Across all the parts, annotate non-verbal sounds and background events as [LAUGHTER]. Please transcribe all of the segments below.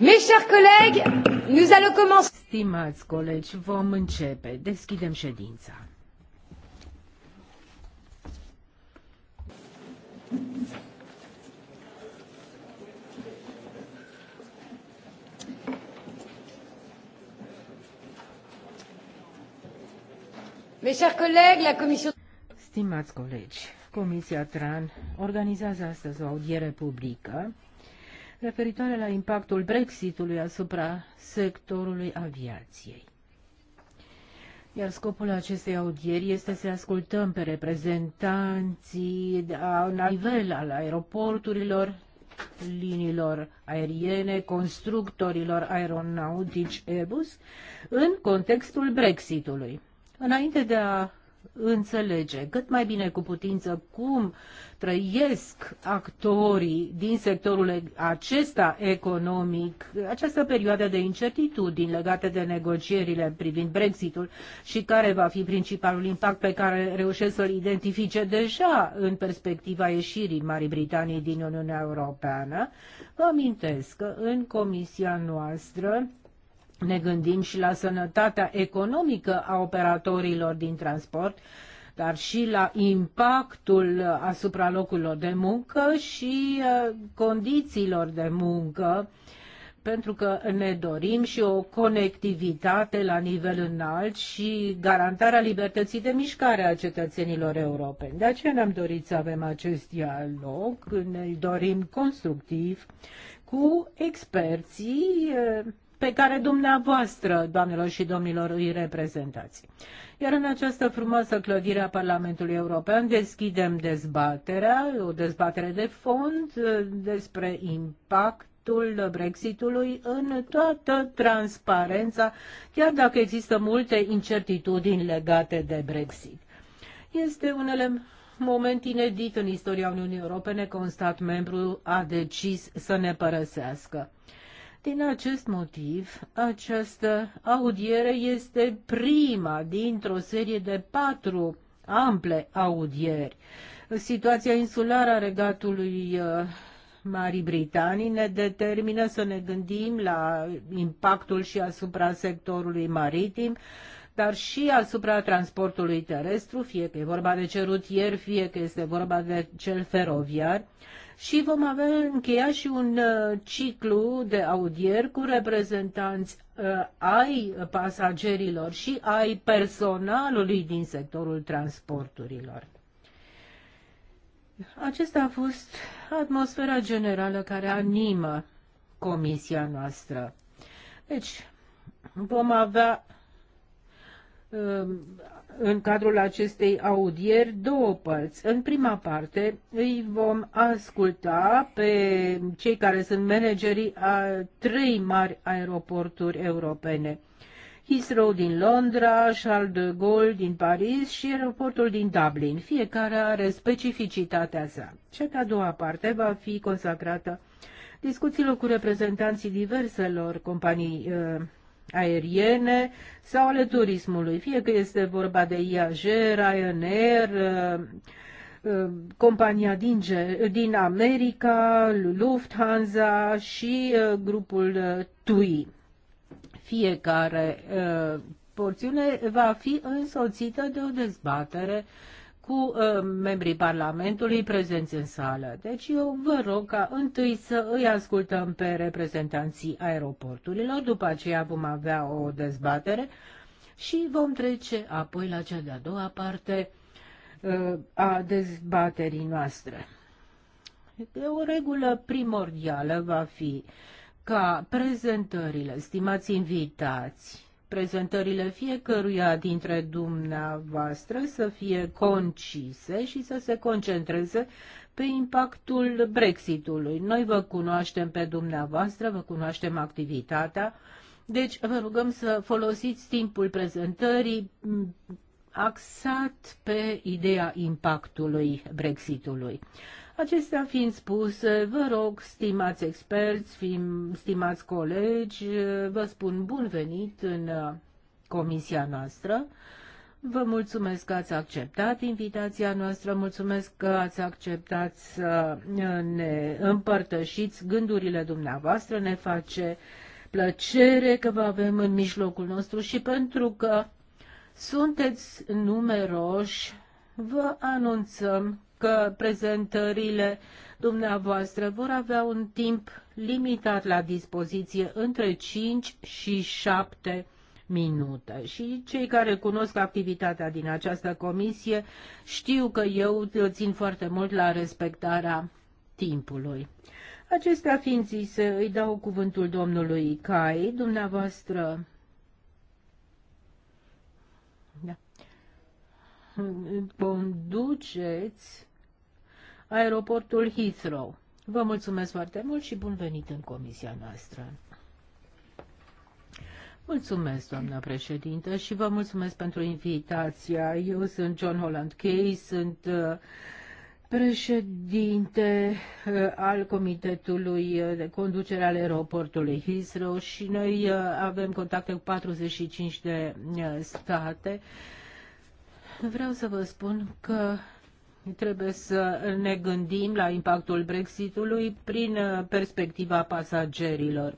Mes chers collègues, nous allons commencer. Stimați colegi, vom începe. Deschidem ședința. Mes chers collègues, la commission Stimați colegi, Comisia TRAN organizează astăzi o audiere publică referitoare la impactul Brexitului asupra sectorului aviației. Iar scopul acestei audieri este să ascultăm pe reprezentanții la nivel al aeroporturilor, liniilor aeriene, constructorilor aeronautici Airbus, în contextul Brexitului. Înainte de a înțelege cât mai bine cu putință cum trăiesc actorii din sectorul acesta economic această perioadă de incertitudini legate de negocierile privind Brexitul și care va fi principalul impact pe care reușesc să-l identifice deja în perspectiva ieșirii Marii Britanii din Uniunea Europeană. Vă amintesc că în comisia noastră ne gândim și la sănătatea economică a operatorilor din transport, dar și la impactul asupra locurilor de muncă și uh, condițiilor de muncă, pentru că ne dorim și o conectivitate la nivel înalt și garantarea libertății de mișcare a cetățenilor europeni. De aceea ne-am dorit să avem acest dialog, ne dorim constructiv cu experții uh, pe care dumneavoastră, doamnelor și domnilor, îi reprezentați. Iar în această frumoasă clădire a Parlamentului European deschidem dezbaterea, o dezbatere de fond uh, despre impact impactul Brexitului în toată transparența, chiar dacă există multe incertitudini legate de Brexit. Este un moment inedit în istoria Uniunii Europene că un stat membru a decis să ne părăsească. Din acest motiv, această audiere este prima dintr-o serie de patru ample audieri. Situația insulară a regatului uh, Marii Britanii ne determină să ne gândim la impactul și asupra sectorului maritim, dar și asupra transportului terestru, fie că e vorba de cerutier, fie că este vorba de cel feroviar, și vom avea încheia și un uh, ciclu de audieri cu reprezentanți uh, ai pasagerilor și ai personalului din sectorul transporturilor. Acesta a fost atmosfera generală care animă comisia noastră. Deci, vom avea uh, în cadrul acestei audieri două părți. În prima parte îi vom asculta pe cei care sunt managerii a trei mari aeroporturi europene. Heathrow din Londra, Charles de Gaulle din Paris și aeroportul din Dublin. Fiecare are specificitatea sa. Cea de-a doua parte va fi consacrată discuțiilor cu reprezentanții diverselor companii uh, aeriene sau ale turismului, fie că este vorba de IAG, Ryanair, uh, uh, compania din, din America, Lufthansa și uh, grupul TUI. Fiecare porțiune va fi însoțită de o dezbatere uh, cu uh, membrii Parlamentului prezenți în sală. Deci eu vă rog ca întâi să îi ascultăm pe reprezentanții aeroporturilor, după aceea vom avea o dezbatere și vom trece apoi la cea de-a doua parte uh, a dezbaterii noastre. O regulă primordială va fi ca prezentările, stimați invitați, prezentările fiecăruia dintre dumneavoastră să fie concise și să se concentreze pe impactul Brexitului. Noi vă cunoaștem pe dumneavoastră, vă cunoaștem activitatea, deci vă rugăm să folosiți timpul prezentării mm, axat pe ideea impactului Brexitului. Acestea fiind spuse, vă rog, stimați experți, stimați colegi, vă spun bun venit în uh, comisia noastră. Vă mulțumesc că ați acceptat invitația noastră, mulțumesc că ați acceptat să uh, ne împărtășiți gândurile dumneavoastră, ne face plăcere că vă avem în mijlocul nostru și pentru că sunteți numeroși, vă anunțăm că prezentările dumneavoastră vor avea un timp limitat la dispoziție între 5 și 7 minute. Și cei care cunosc activitatea din această comisie știu că eu țin foarte mult la respectarea timpului. Acestea fiind zise, îi dau cuvântul domnului Cai, dumneavoastră. Da. Conduceți aeroportul Heathrow. Vă mulțumesc foarte mult și bun venit în comisia noastră. Mulțumesc, doamna președintă, și vă mulțumesc pentru invitația. Eu sunt John Holland Key, sunt uh, președinte uh, al Comitetului de Conducere al Aeroportului Heathrow și noi uh, avem contacte cu 45 de state. Vreau să vă spun că trebuie să ne gândim la impactul Brexitului prin uh, perspectiva pasagerilor.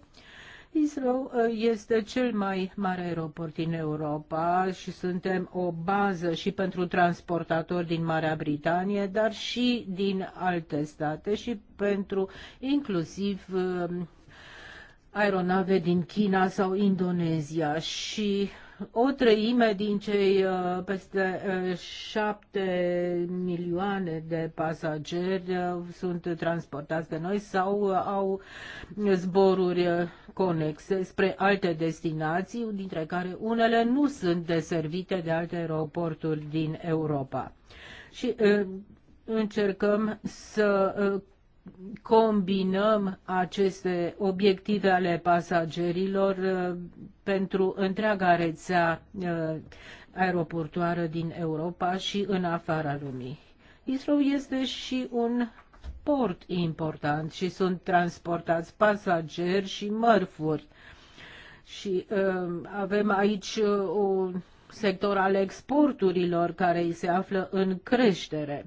Israel uh, este cel mai mare aeroport din Europa și suntem o bază și pentru transportatori din Marea Britanie, dar și din alte state și pentru inclusiv uh, aeronave din China sau Indonezia și o treime din cei uh, peste 7 uh, milioane de pasageri uh, sunt transportați de noi sau au zboruri conexe spre alte destinații, dintre care unele nu sunt deservite de alte aeroporturi din Europa. Și încercăm să combinăm aceste obiective ale pasagerilor uh, pentru întreaga rețea uh, aeroportoară din Europa și în afara lumii. Israel este și un port important și sunt transportați pasageri și mărfuri. Și uh, avem aici uh, un sector al exporturilor care se află în creștere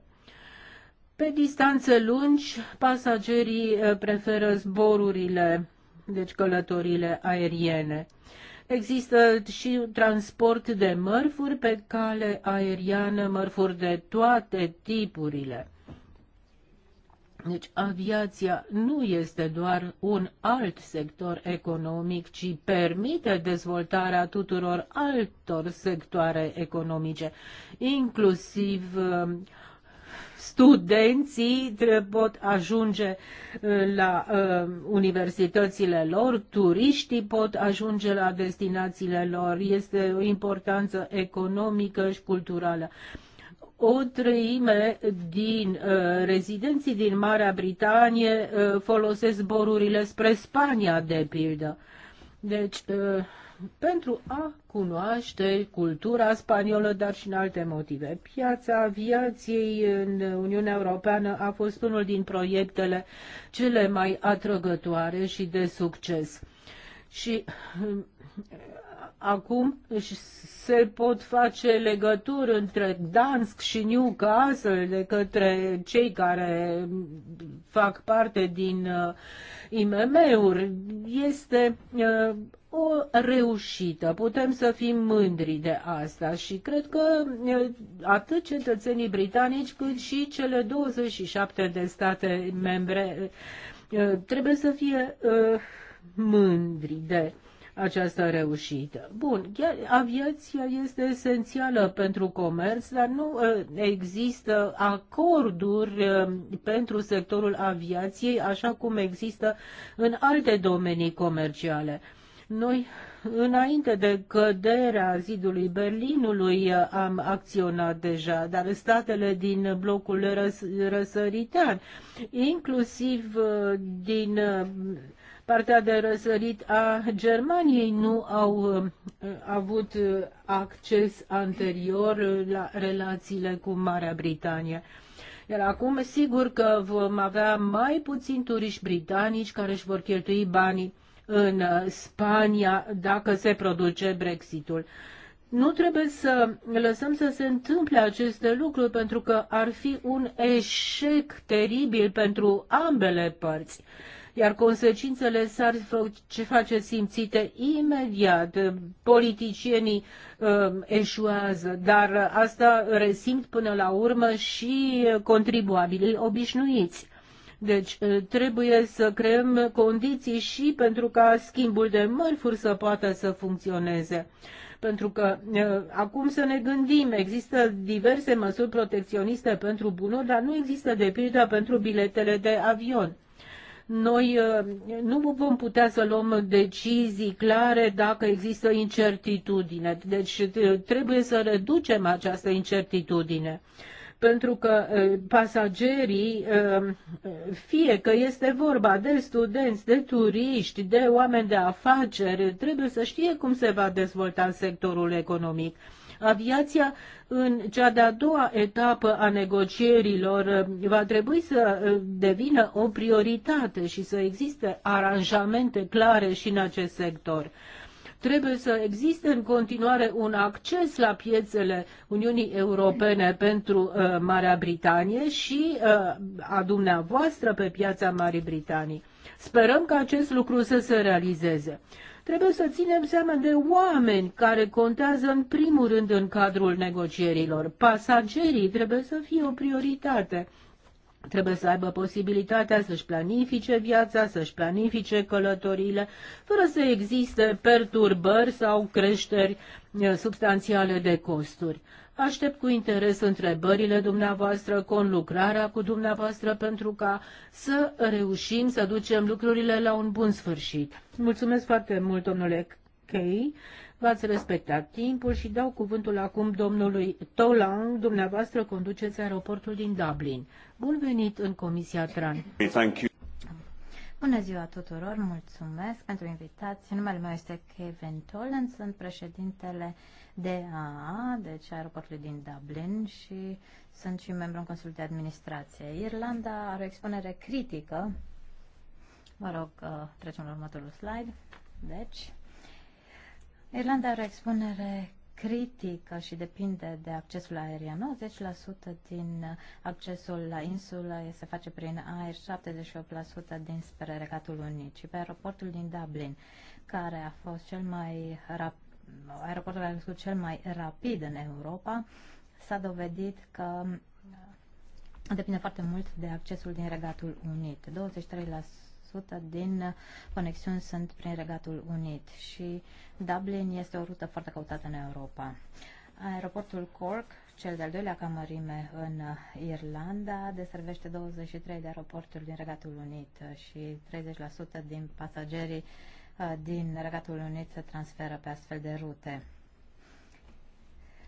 pe distanțe lungi, pasagerii eh, preferă zborurile, deci călătorile aeriene. Există și transport de mărfuri pe cale aeriană, mărfuri de toate tipurile. Deci aviația nu este doar un alt sector economic, ci permite dezvoltarea tuturor altor sectoare economice, inclusiv eh, studenții pot ajunge uh, la uh, universitățile lor, turiștii pot ajunge la destinațiile lor, este o importanță economică și culturală o treime din uh, rezidenții din Marea Britanie uh, folosesc zborurile spre Spania, de pildă. Deci, uh, pentru a cunoaște cultura spaniolă, dar și în alte motive. Piața aviației în Uniunea Europeană a fost unul din proiectele cele mai atrăgătoare și de succes. Și mm, acum se pot face legături între Dansk și Newcastle de către cei care mm, fac parte din uh, IMM-uri. Este uh, o reușită. Putem să fim mândri de asta și cred că atât cetățenii britanici cât și cele 27 de state membre trebuie să fie mândri de această reușită. Bun, aviația este esențială pentru comerț, dar nu există acorduri pentru sectorul aviației așa cum există în alte domenii comerciale. Noi, înainte de căderea zidului Berlinului, am acționat deja, dar statele din blocul răs- răsăritean, inclusiv uh, din uh, partea de răsărit a Germaniei nu au uh, avut acces anterior la relațiile cu Marea Britanie. Iar acum, sigur că vom avea mai puțini turiști britanici care își vor cheltui banii în uh, Spania dacă se produce Brexitul. Nu trebuie să lăsăm să se întâmple aceste lucruri pentru că ar fi un eșec teribil pentru ambele părți iar consecințele s-ar face simțite imediat. Politicienii uh, eșuează, dar asta resimt până la urmă și contribuabilii obișnuiți. Deci trebuie să creăm condiții și pentru ca schimbul de mărfuri să poată să funcționeze. Pentru că acum să ne gândim, există diverse măsuri protecționiste pentru bunuri, dar nu există de pildă pentru biletele de avion noi nu vom putea să luăm decizii clare dacă există incertitudine. Deci trebuie să reducem această incertitudine pentru că pasagerii, fie că este vorba de studenți, de turiști, de oameni de afaceri, trebuie să știe cum se va dezvolta sectorul economic. Aviația în cea de-a doua etapă a negocierilor va trebui să devină o prioritate și să existe aranjamente clare și în acest sector. Trebuie să existe în continuare un acces la piețele Uniunii Europene pentru uh, Marea Britanie și uh, a dumneavoastră pe piața Marii Britanii. Sperăm că acest lucru să se realizeze. Trebuie să ținem seama de oameni care contează în primul rând în cadrul negocierilor. Pasagerii trebuie să fie o prioritate. Trebuie să aibă posibilitatea să-și planifice viața, să-și planifice călătorile, fără să existe perturbări sau creșteri substanțiale de costuri. Aștept cu interes întrebările dumneavoastră, conlucrarea cu dumneavoastră, pentru ca să reușim să ducem lucrurile la un bun sfârșit. Mulțumesc foarte mult, domnule kei V-ați respectat timpul și dau cuvântul acum domnului Tolan, dumneavoastră conduceți aeroportul din Dublin. Bun venit în Comisia Tran. Thank you. Bună ziua tuturor, mulțumesc pentru invitație. Numele meu este Kevin Tolan, sunt președintele DAA, deci aeroportului din Dublin și sunt și membru în Consiliul de Administrație. Irlanda are o expunere critică. mă rog, uh, trecem la următorul slide. Deci, Irlanda are expunere critică și depinde de accesul aerian. 90% din accesul la insulă se face prin aer, 78% spre Regatul Unit și pe aeroportul din Dublin, care a fost cel mai rap- aeroportul care a fost cel mai rapid în Europa, s-a dovedit că depinde foarte mult de accesul din Regatul Unit. 23% din conexiuni sunt prin Regatul Unit și Dublin este o rută foarte căutată în Europa. Aeroportul Cork, cel de-al doilea ca mărime în Irlanda, deservește 23 de aeroporturi din Regatul Unit și 30% din pasagerii uh, din Regatul Unit se transferă pe astfel de rute.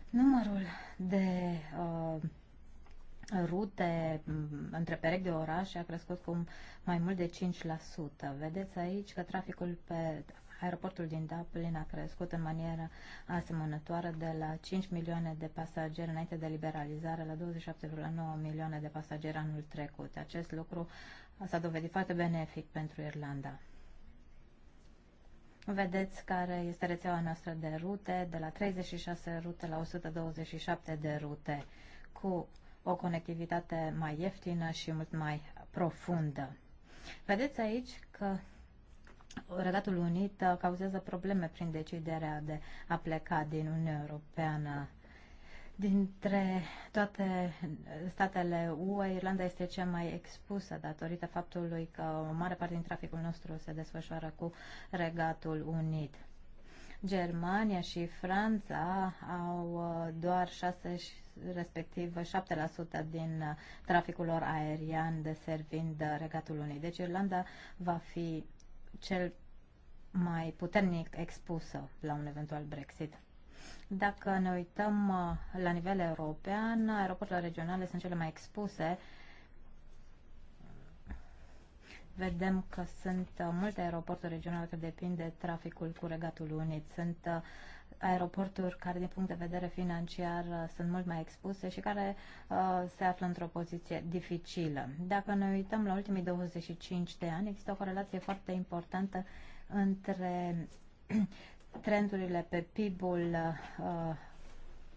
Numărul de uh, rute între perechi de orașe a crescut cu mai mult de 5%. Vedeți aici că traficul pe aeroportul din Dublin a crescut în manieră asemănătoare de la 5 milioane de pasageri înainte de liberalizare la 27,9 milioane de pasageri anul trecut. Acest lucru s-a dovedit foarte benefic pentru Irlanda. Vedeți care este rețeaua noastră de rute, de la 36 rute la 127 de rute, cu o conectivitate mai ieftină și mult mai profundă. Vedeți aici că Regatul Unit uh, cauzează probleme prin deciderea de a pleca din Uniunea Europeană. Dintre toate statele UE, Irlanda este cea mai expusă datorită faptului că o mare parte din traficul nostru se desfășoară cu Regatul Unit. Germania și Franța au uh, doar 6 respectiv 7% din uh, traficul lor aerian deservind uh, Regatul Unii. Deci Irlanda va fi cel mai puternic expusă la un eventual Brexit. Dacă ne uităm uh, la nivel european, aeroporturile regionale sunt cele mai expuse. Vedem că sunt multe aeroporturi regionale care depind de traficul cu Regatul Unit. Sunt aeroporturi care din punct de vedere financiar uh, sunt mult mai expuse și care uh, se află într-o poziție dificilă. Dacă ne uităm la ultimii 25 de ani, există o corelație foarte importantă între [CLEARS THROAT] trendurile pe PIB-ul uh,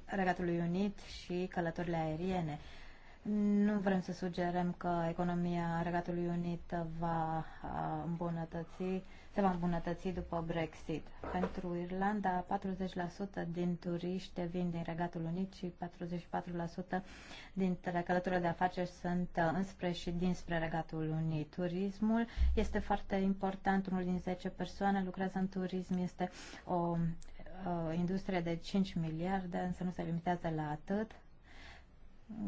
Regatului Unit și călătorile aeriene. Nu vrem să sugerăm că economia Regatului Unit va îmbunătăți, se va îmbunătăți după Brexit. Pentru Irlanda, 40% din turiști vin din Regatul Unit și 44% dintre călătorile de afaceri sunt uh, înspre și dinspre Regatul Unit. Turismul este foarte important. Unul din 10 persoane lucrează în turism. Este o, o uh, industrie de 5 miliarde, însă nu se limitează la atât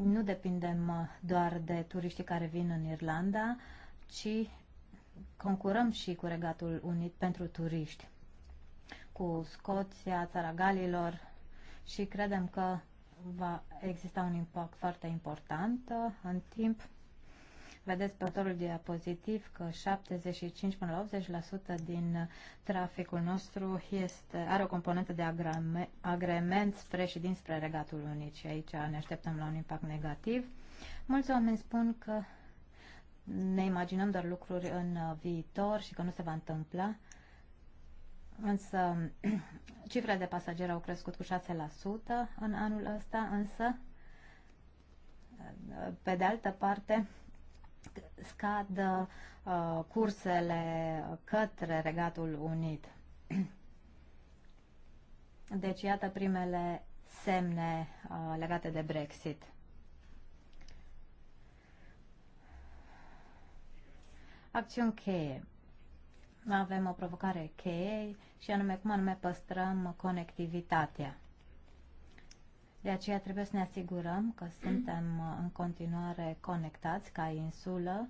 nu depindem uh, doar de turiștii care vin în Irlanda, ci concurăm și cu Regatul Unit pentru turiști, cu Scoția, Țara Galilor și credem că va exista un impact foarte important uh, în timp Vedeți pe totul diapozitiv că 75 până la 80% din traficul nostru este, are o componentă de agreme, agrement spre și dinspre Regatul unic. și aici ne așteptăm la un impact negativ. Mulți oameni spun că ne imaginăm doar lucruri în viitor și că nu se va întâmpla. Însă [CLEARS THROAT] cifrele de pasageri au crescut cu 6% în anul ăsta, însă pe de altă parte scad uh, cursele către Regatul Unit. [CLEARS THROAT] Deci, iată primele semne uh, legate de Brexit. Acțiuni cheie. Avem o provocare cheie și anume cum anume păstrăm conectivitatea. De aceea trebuie să ne asigurăm că suntem uh, în continuare conectați ca insulă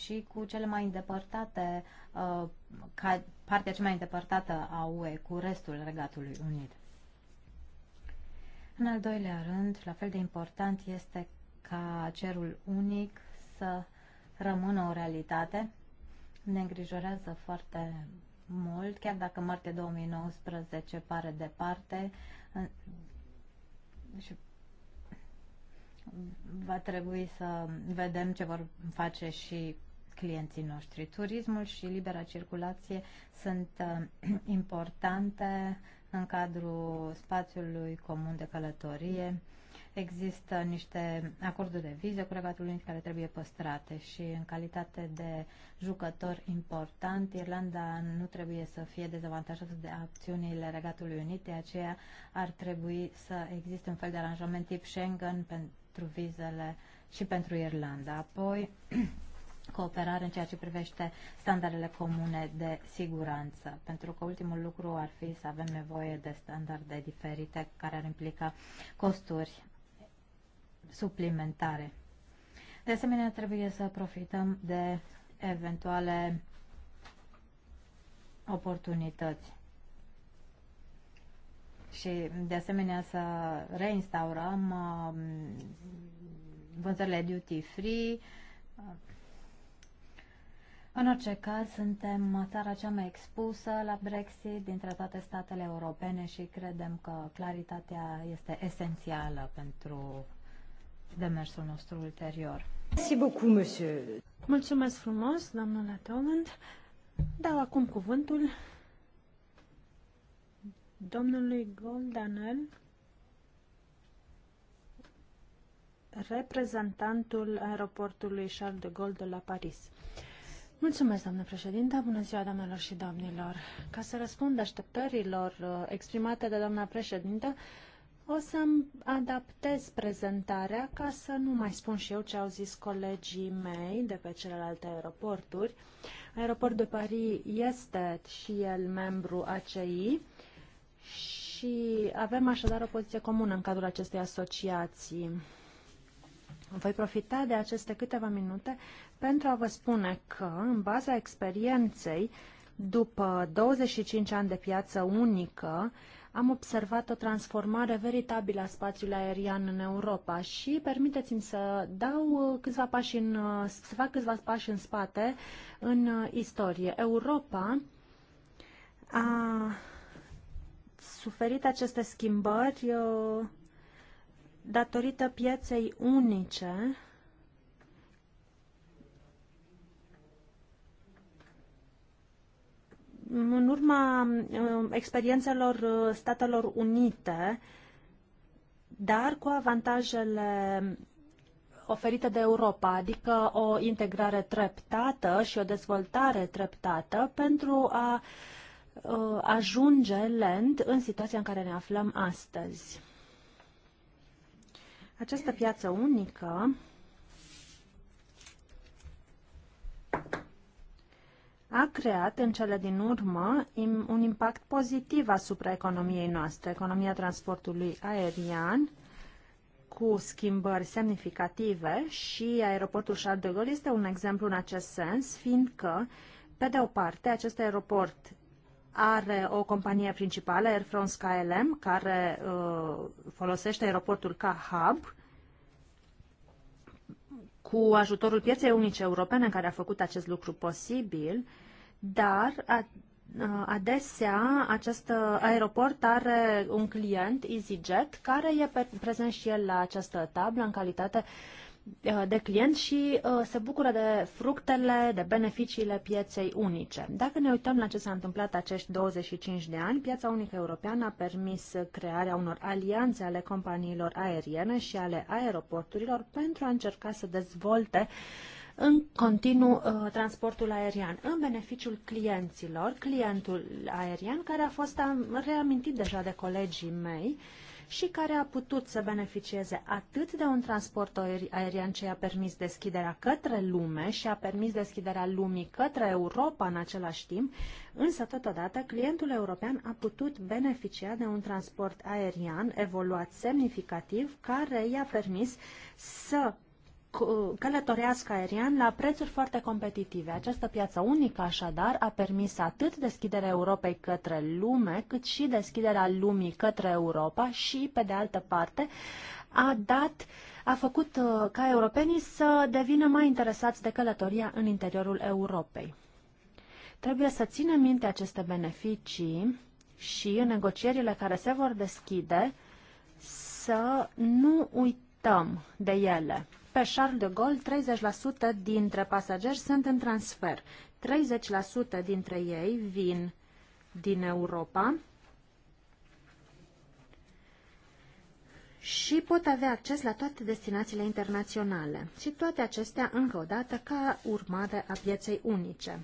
și cu cele mai îndepărtate, uh, ca partea cea mai îndepărtată a UE cu restul Regatului Unit. În al doilea rând, la fel de important este ca cerul unic să rămână o realitate. Ne îngrijorează foarte mult, chiar dacă martie 2019 pare departe, și va trebui să vedem ce vor face și clienții noștri. Turismul și libera circulație sunt eh, importante în cadrul spațiului comun de călătorie Există niște acorduri de viză cu Regatul Unit care trebuie păstrate și în calitate de jucător important, Irlanda nu trebuie să fie dezavantajată de acțiunile Regatului Unit, de aceea ar trebui să existe un fel de aranjament tip Schengen pentru vizele și pentru Irlanda. Apoi, [CLEARS THROAT] cooperare în ceea ce privește standardele comune de siguranță, pentru că ultimul lucru ar fi să avem nevoie de standarde diferite care ar implica costuri suplimentare. De asemenea, trebuie să profităm de eventuale oportunități și, de asemenea, să reinstaurăm um, vânzările duty free. În orice caz, suntem țara cea mai expusă la Brexit dintre toate statele europene și credem că claritatea este esențială pentru demersul nostru ulterior. Mulțumesc frumos, domnule Toland. Dau acum cuvântul domnului Goldanel, reprezentantul aeroportului Charles de Gaulle de la Paris. Mulțumesc, doamnă președinte. Bună ziua, doamnelor și domnilor. Ca să răspund așteptărilor uh, exprimate de doamna președintă, o să-mi adaptez prezentarea ca să nu mai spun și eu ce au zis colegii mei de pe celelalte aeroporturi. Aeroportul de Paris este și el membru ACI și avem așadar o poziție comună în cadrul acestei asociații. Voi profita de aceste câteva minute pentru a vă spune că, în baza experienței, după 25 ani de piață unică, am observat o transformare veritabilă a spațiului aerian în Europa și permiteți-mi să dau uh, câțiva pași în, uh, să fac câțiva pași în spate în uh, istorie. Europa a suferit aceste schimbări datorită pieței unice în urma uh, experiențelor uh, Statelor Unite, dar cu avantajele oferite de Europa, adică o integrare treptată și o dezvoltare treptată pentru a uh, ajunge lent în situația în care ne aflăm astăzi. Această piață unică a creat în cele din urmă un impact pozitiv asupra economiei noastre, economia transportului aerian, cu schimbări semnificative și aeroportul Charles de Gaulle este un exemplu în acest sens, fiindcă, pe de o parte, acest aeroport are o companie principală, Air France KLM, care uh, folosește aeroportul ca hub cu ajutorul pieței unice europene care a făcut acest lucru posibil, dar a, adesea acest aeroport are un client, EasyJet, care e prezent și el la această tablă în calitate uh, Uh, de clienți și uh, se bucură de fructele, de beneficiile pieței unice. Dacă ne uităm la ce s-a întâmplat acești 25 de ani, piața unică europeană a permis crearea unor alianțe ale companiilor aeriene și ale aeroporturilor pentru a încerca să dezvolte în continuu uh, transportul aerian, în beneficiul clienților, clientul aerian, care a fost reamintit deja de colegii mei, și care a putut să beneficieze atât de un transport aerian ce i-a permis deschiderea către lume și a permis deschiderea lumii către Europa în același timp, însă totodată clientul european a putut beneficia de un transport aerian evoluat semnificativ care i-a permis să călătorească aerian la prețuri foarte competitive. Această piață unică, așadar, a permis atât deschiderea Europei către lume, cât și deschiderea lumii către Europa și, pe de altă parte, a dat a făcut uh, ca europenii să devină mai interesați de călătoria în interiorul Europei. Trebuie să ținem minte aceste beneficii și în negocierile care se vor deschide să nu uităm de ele. Pe Charles de Gaulle, 30% dintre pasageri sunt în transfer. 30% dintre ei vin din Europa și pot avea acces la toate destinațiile internaționale. Și toate acestea, încă o dată, ca urmare a pieței unice.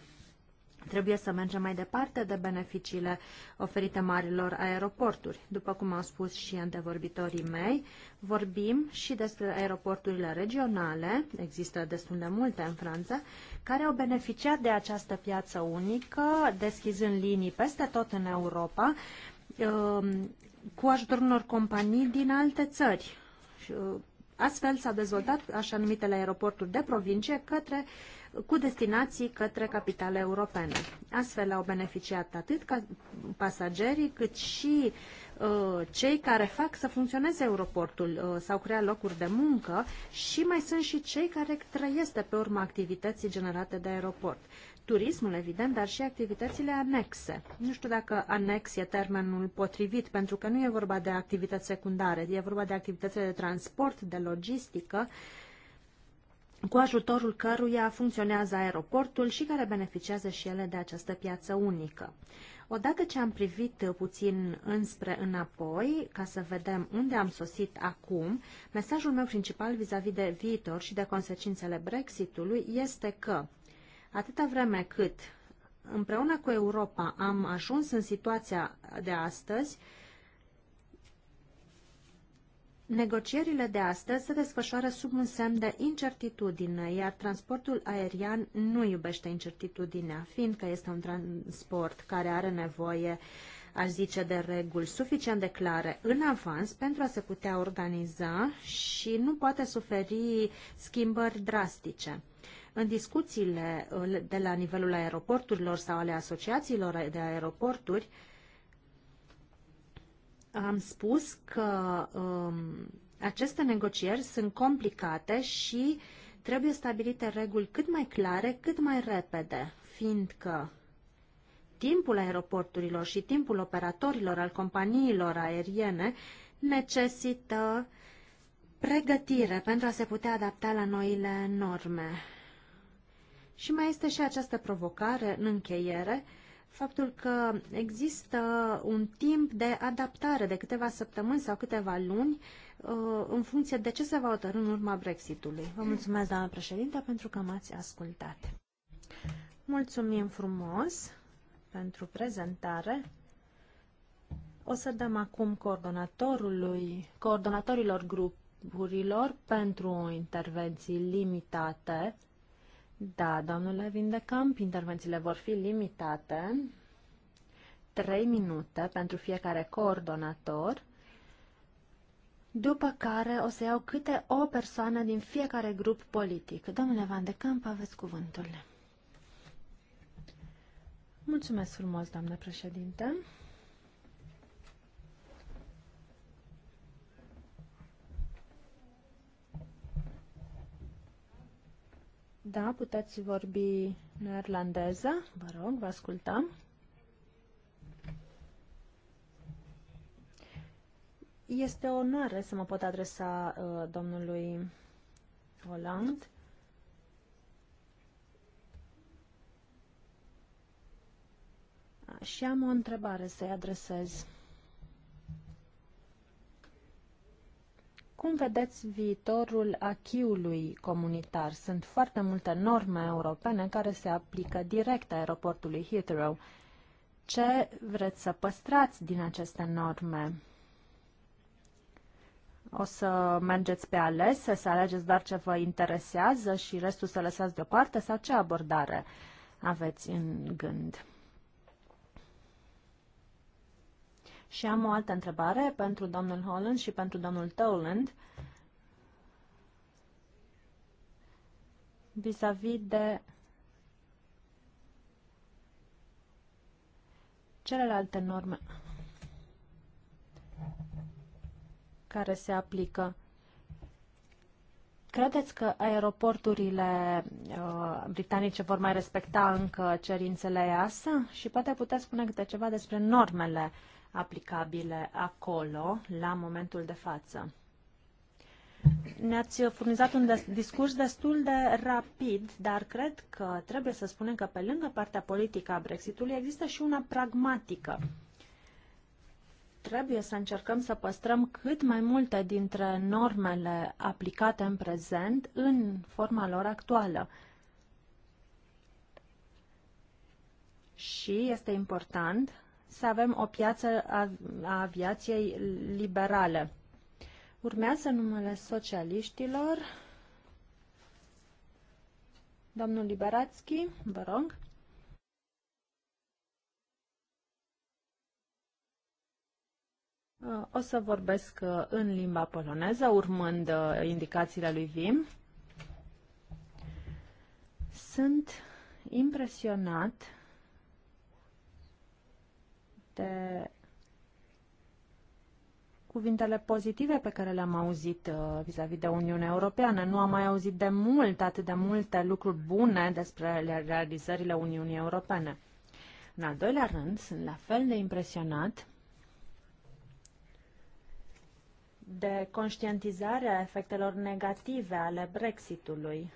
Trebuie să mergem mai departe de beneficiile oferite marilor aeroporturi. După cum au spus și antevorbitorii mei, vorbim și despre aeroporturile regionale, există destul de multe în Franța, care au beneficiat de această piață unică, deschizând linii peste tot în Europa, um, cu ajutorul unor companii din alte țări. Uh, astfel s a dezvoltat așa numitele aeroporturi de provincie către uh, cu destinații către capitale europene. Astfel au beneficiat atât ca pasagerii cât și uh, cei care fac să funcționeze aeroportul, uh, sau crea locuri de muncă și mai sunt și cei care trăiesc de pe urma activității generate de aeroport. Turismul, evident, dar și activitățile anexe. Nu știu dacă anex e termenul potrivit, pentru că nu e vorba de activități secundare, e vorba de activitățile de transport, de logistică, cu ajutorul căruia funcționează aeroportul și care beneficiază și ele de această piață unică. Odată ce am privit puțin înspre înapoi, ca să vedem unde am sosit acum, mesajul meu principal vis-a-vis -vis de viitor și de consecințele Brexitului este că, atâta vreme cât împreună cu Europa am ajuns în situația de astăzi, uh, Negocierile de astăzi se desfășoară sub un semn de incertitudine, iar transportul aerian nu iubește incertitudinea, fiindcă este un transport care are nevoie, aș zice, de reguli suficient de clare în avans pentru a se putea organiza și nu poate suferi schimbări drastice. În discuțiile uh, de la nivelul aeroporturilor sau ale asociațiilor de aeroporturi, am spus că um, aceste negocieri sunt complicate și trebuie stabilite reguli cât mai clare, cât mai repede, fiindcă timpul aeroporturilor și timpul operatorilor al companiilor aeriene necesită pregătire pentru a se putea adapta la noile norme. Și mai este și această provocare în încheiere, uh, faptul că există un timp de adaptare de câteva săptămâni sau câteva luni uh, în funcție de ce se va hotărâ în urma Brexitului. Vă mulțumesc, doamna președinte, pentru că m-ați ascultat. Mulțumim frumos pentru prezentare. O să dăm acum coordonatorului, coordonatorilor grupurilor pentru intervenții limitate da, domnule Vindecamp, intervențiile vor fi limitate. 3 minute pentru fiecare coordonator, după care o să iau câte o persoană din fiecare grup politic. Domnule Van de Camp, aveți cuvântul. Mulțumesc frumos, doamnă președinte. Da, puteți vorbi neerlandeză. Vă rog, vă ascultăm. Este o onoare să mă pot adresa uh, domnului Holland. Și am o întrebare să-i adresez. Cum vedeți viitorul achiului comunitar? Sunt foarte multe norme europene care se aplică direct aeroportului Heathrow. Ce vreți să păstrați din aceste norme? O să mergeți pe alese, să alegeți doar ce vă interesează și restul să lăsați deoparte sau ce abordare aveți în gând? Și am o altă întrebare pentru domnul Holland și pentru domnul Toland vis-a-vis -vis de celelalte norme care se aplică. Credeți că aeroporturile uh, britanice vor mai respecta încă cerințele EASA? Și poate puteți spune câte ceva despre normele uh, aplicabile acolo, la momentul de față. Ne-ați furnizat un discurs destul de rapid, dar cred că trebuie să spunem că pe lângă partea politică a Brexitului există și una pragmatică. Trebuie să încercăm să păstrăm cât mai multe dintre normele aplicate în prezent în forma lor actuală. Și este important să avem o piață a, aviației liberale. Urmează numele socialiștilor. Domnul Liberațchi, vă rog. O să vorbesc uh, în limba poloneză, urmând uh, indicațiile lui Vim. Sunt impresionat toate cuvintele pozitive pe care le-am auzit uh, vis-a-vis -vis de Uniunea Europeană. Nu am mai auzit de mult atât de multe lucruri bune despre realizările Uniunii Europene. În al doilea rând, sunt la fel de impresionat de conștientizarea efectelor negative ale Brexitului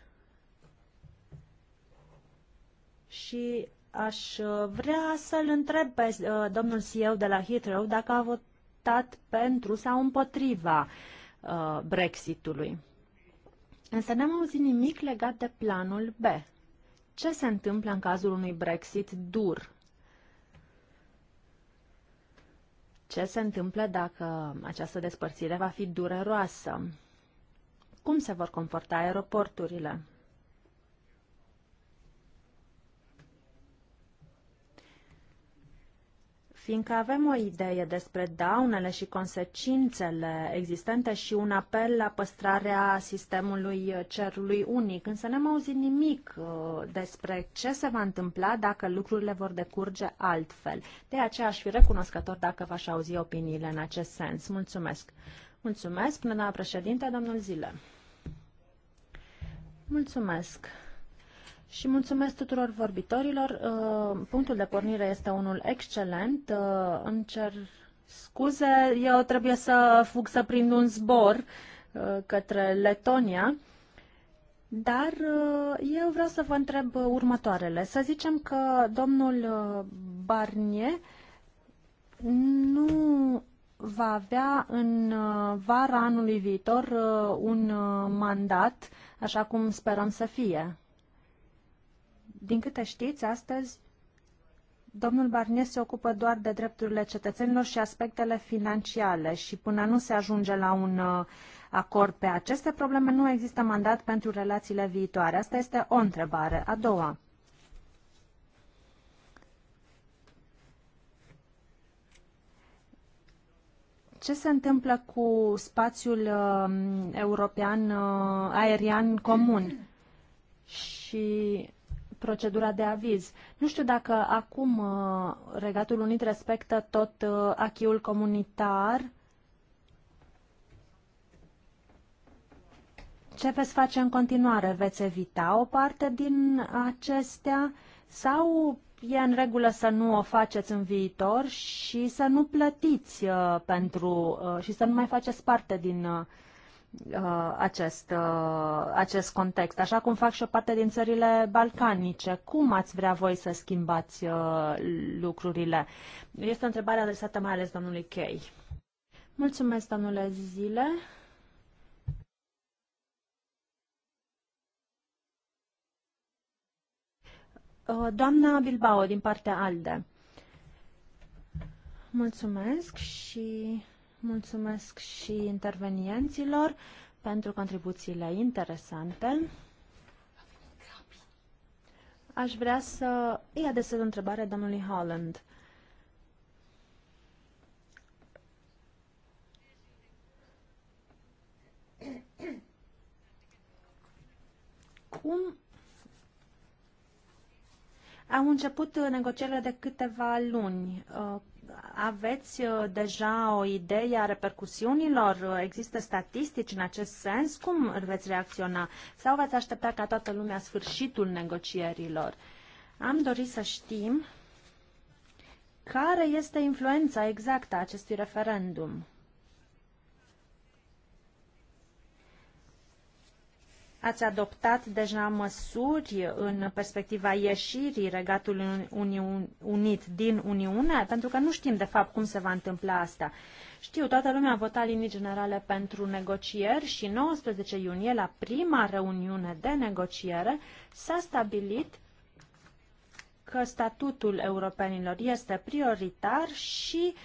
și Aș uh, vrea să-l întreb pe uh, domnul CEO de la Heathrow dacă a votat pentru sau împotriva uh, Brexitului. Însă n-am auzit nimic legat de planul B. Ce se întâmplă în cazul unui Brexit dur? Ce se întâmplă dacă această despărțire va fi dureroasă? Cum se vor comporta aeroporturile? fiindcă avem o idee despre daunele și consecințele existente și un apel la păstrarea sistemului cerului unic, însă n-am auzit nimic uh, despre ce se va întâmpla dacă lucrurile vor decurge altfel. De aceea aș fi recunoscător dacă v-aș auzi opiniile în acest sens. Mulțumesc! Mulțumesc, până președinte, domnul Zile. Mulțumesc! Și mulțumesc tuturor vorbitorilor. Uh, punctul de pornire este unul excelent. Uh, îmi cer scuze, eu trebuie să fug să prind un zbor uh, către Letonia. Dar eu vreau să vă întreb următoarele. Să zicem că domnul Barnier nu va avea în vara anului viitor un mandat, așa cum sperăm să fie. Din câte știți, astăzi domnul Barnier se ocupă doar de drepturile cetățenilor și aspectele financiare și până nu se ajunge la un uh, acord pe aceste probleme, nu există mandat pentru relațiile viitoare. Asta este o întrebare. A doua. ce se întâmplă cu spațiul uh, european uh, aerian comun? Și procedura de aviz. Nu știu dacă acum uh, Regatul Unit respectă tot uh, achiul comunitar. Ce veți face în continuare? Veți evita o parte din acestea sau e în regulă să nu o faceți în viitor și să nu plătiți uh, pentru și să nu mai faceți parte din Uh, acest, uh, acest context, așa cum fac și o parte din țările balcanice. Cum ați vrea voi să schimbați uh, lucrurile? Este o întrebare adresată mai ales domnului Chei. Mulțumesc, domnule Zile. Doamna Bilbao, din partea ALDE. Mulțumesc și Mulțumesc și intervenienților pentru contribuțiile interesante. Aș vrea să îi adresez o întrebare domnului Holland. Cum au început negocierile de câteva luni. Uh, aveți uh, deja o idee a repercusiunilor? Există statistici în acest sens? Cum veți reacționa? Sau veți aștepta ca toată lumea sfârșitul negocierilor? Am dorit să știm care este influența exactă a acestui referendum. Ați adoptat deja măsuri în perspectiva ieșirii Regatului Unit din Uniune? Pentru că nu știm, de fapt, cum se va întâmpla asta. Știu, toată lumea a votat linii generale pentru negocieri și 19 iunie, la prima reuniune de negociere, s-a stabilit că statutul europenilor este prioritar și uh,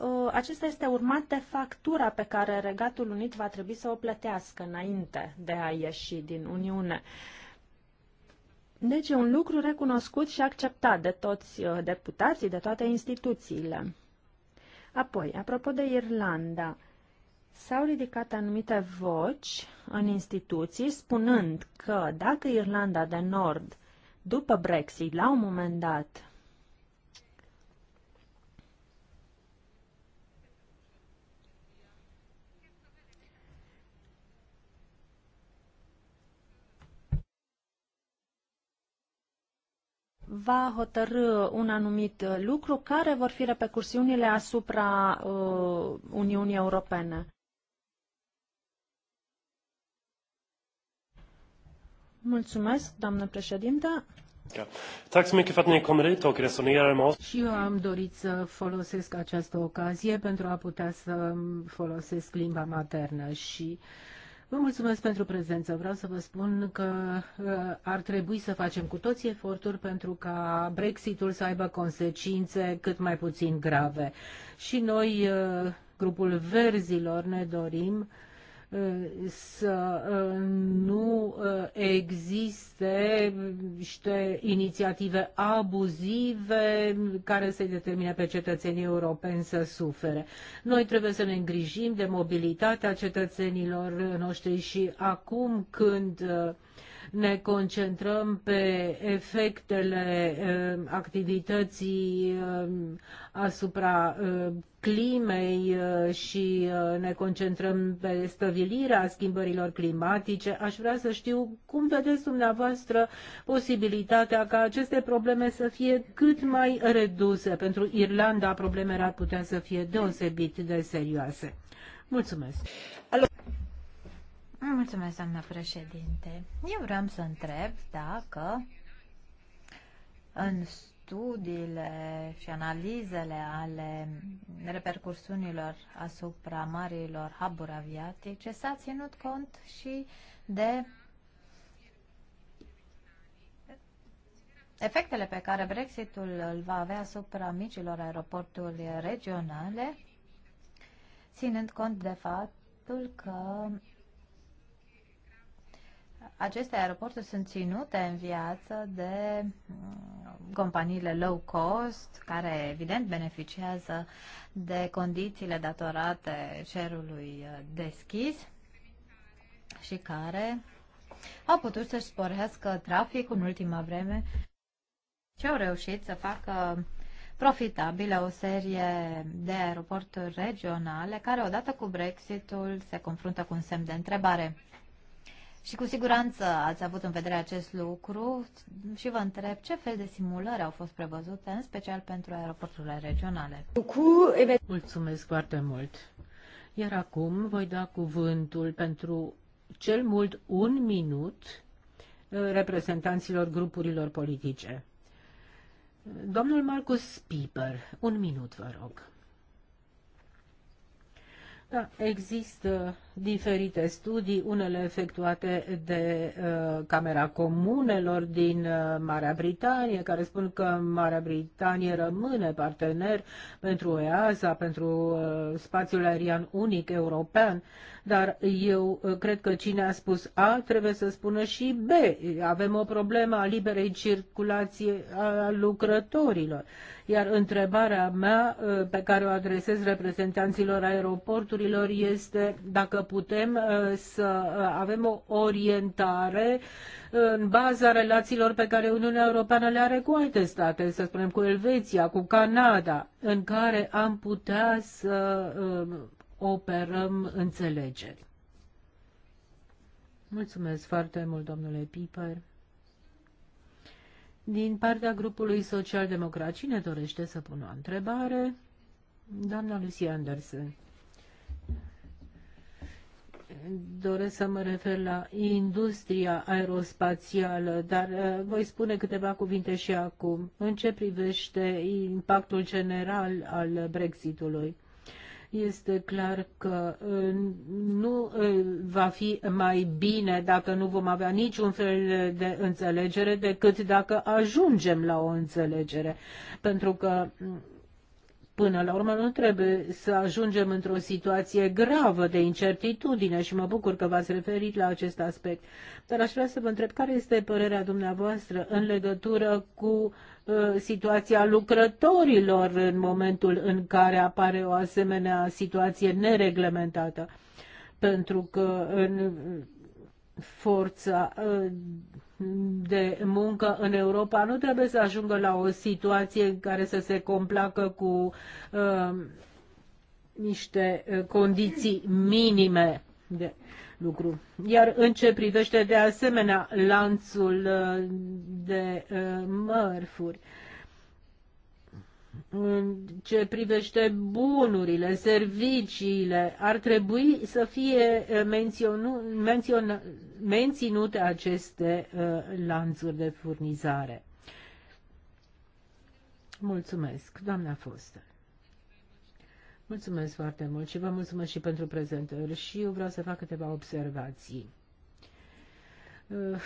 Uh, acesta este urmat de factura pe care Regatul Unit va trebui să o plătească înainte de a ieși din Uniune. Deci e un lucru recunoscut și acceptat de toți uh, deputații, de toate instituțiile. Apoi, apropo de Irlanda, s-au ridicat anumite voci în instituții spunând că dacă Irlanda de Nord, după Brexit, la un moment dat, va hotărâ un anumit lucru, care vor fi repercursiunile asupra uh, Uniunii Europene. Mulțumesc, doamnă președintă. Tack så mycket för att ni kommer hit och resonerar med oss. Și eu am dorit să folosesc această ocazie pentru a putea să folosesc limba maternă și uh, Vă mulțumesc pentru prezență. Vreau să vă spun că uh, ar trebui să facem cu toți eforturi pentru ca Brexitul să aibă consecințe cât mai puțin grave. Și noi, uh, grupul verzilor, ne dorim să uh, nu uh, existe niște inițiative abuzive care să-i determine pe cetățenii europeni să sufere. Noi trebuie să ne îngrijim de mobilitatea cetățenilor noștri și acum când uh, ne concentrăm pe efectele eh, activității eh, asupra eh, climei și ne concentrăm pe stăvilirea schimbărilor climatice. Aș vrea să știu cum vedeți dumneavoastră posibilitatea ca aceste probleme să fie cât mai reduse. Pentru Irlanda problemele ar putea să fie deosebit de serioase. Mulțumesc! Alo. Ah, mulțumesc, doamna președinte. Eu vreau să întreb dacă în studiile și analizele ale repercursiunilor asupra marilor hub aviatice s-a ținut cont și de efectele pe care Brexitul îl va avea asupra micilor aeroporturi regionale, ținând cont de faptul că aceste aeroporturi sunt ținute în viață de mm, companiile low cost, care evident beneficiază de condițiile datorate cerului uh, deschis și care au putut să-și sporească traficul în ultima vreme și au reușit să facă profitabile o serie de aeroporturi regionale care odată cu Brexitul se confruntă cu un semn de întrebare. Și cu siguranță ați avut în vedere acest lucru și vă întreb ce fel de simulări au fost prevăzute, în special pentru aeroporturile regionale. Mulțumesc foarte mult! Iar acum voi da cuvântul pentru cel mult un minut uh, reprezentanților grupurilor politice. Domnul Marcus Piper, un minut, vă rog. Da, există diferite studii, unele efectuate de uh, Camera Comunelor din uh, Marea Britanie, care spun că Marea Britanie rămâne partener pentru EASA, pentru uh, spațiul aerian unic european, dar eu uh, cred că cine a spus A trebuie să spună și B. Avem o problemă a liberei circulații a lucrătorilor. Iar întrebarea mea uh, pe care o adresez reprezentanților aeroporturilor este dacă putem uh, să uh, avem o orientare uh, în baza relațiilor pe care Uniunea Europeană le are cu alte state, să spunem cu Elveția, cu Canada, în care am putea să um, operăm înțelegeri. Mulțumesc foarte mult, domnule Piper. Din partea grupului social-democrat, cine dorește să pună o întrebare? Doamna Lucy Anderson doresc să mă refer la industria aerospațială, dar uh, voi spune câteva cuvinte și acum în ce privește impactul general al Brexitului. Este clar că uh, nu uh, va fi mai bine dacă nu vom avea niciun fel de înțelegere decât dacă ajungem la o înțelegere, pentru că Până la urmă nu trebuie să ajungem într-o situație gravă de incertitudine și mă bucur că v-ați referit la acest aspect. Dar aș vrea să vă întreb care este părerea dumneavoastră în legătură cu uh, situația lucrătorilor în momentul în care apare o asemenea situație nereglementată. Pentru că în forța uh, de muncă în Europa nu trebuie să ajungă la o situație în care să se complacă cu uh, niște uh, condiții minime de lucru. Iar în ce privește de asemenea lanțul uh, de uh, mărfuri, uh, în ce privește bunurile, serviciile, ar trebui să fie eh, menținute aceste eh, lanțuri de furnizare. Mulțumesc, doamna Foster. Mulțumesc foarte mult și vă mulțumesc și pentru prezentări și eu vreau să fac câteva observații. Uh,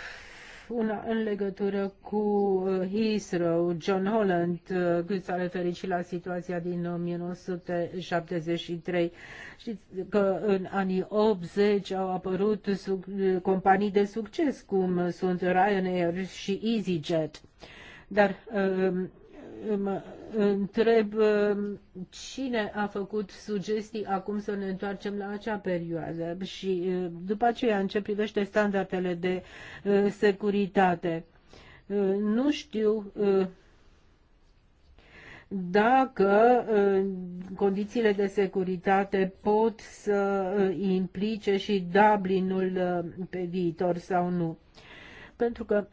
una în legătură cu uh, Heathrow, John Holland, uh, cât s-a referit și la situația din 1973. Știți că în anii 80 au apărut companii de succes, cum sunt Ryanair și EasyJet. Dar uh, mă întreb um, cine a făcut sugestii acum să ne întoarcem la acea perioadă și um, după aceea în ce privește standardele de uh, securitate. Uh, nu știu uh, dacă condițiile de securitate pot să implice și Dublinul pe viitor sau nu. Pentru că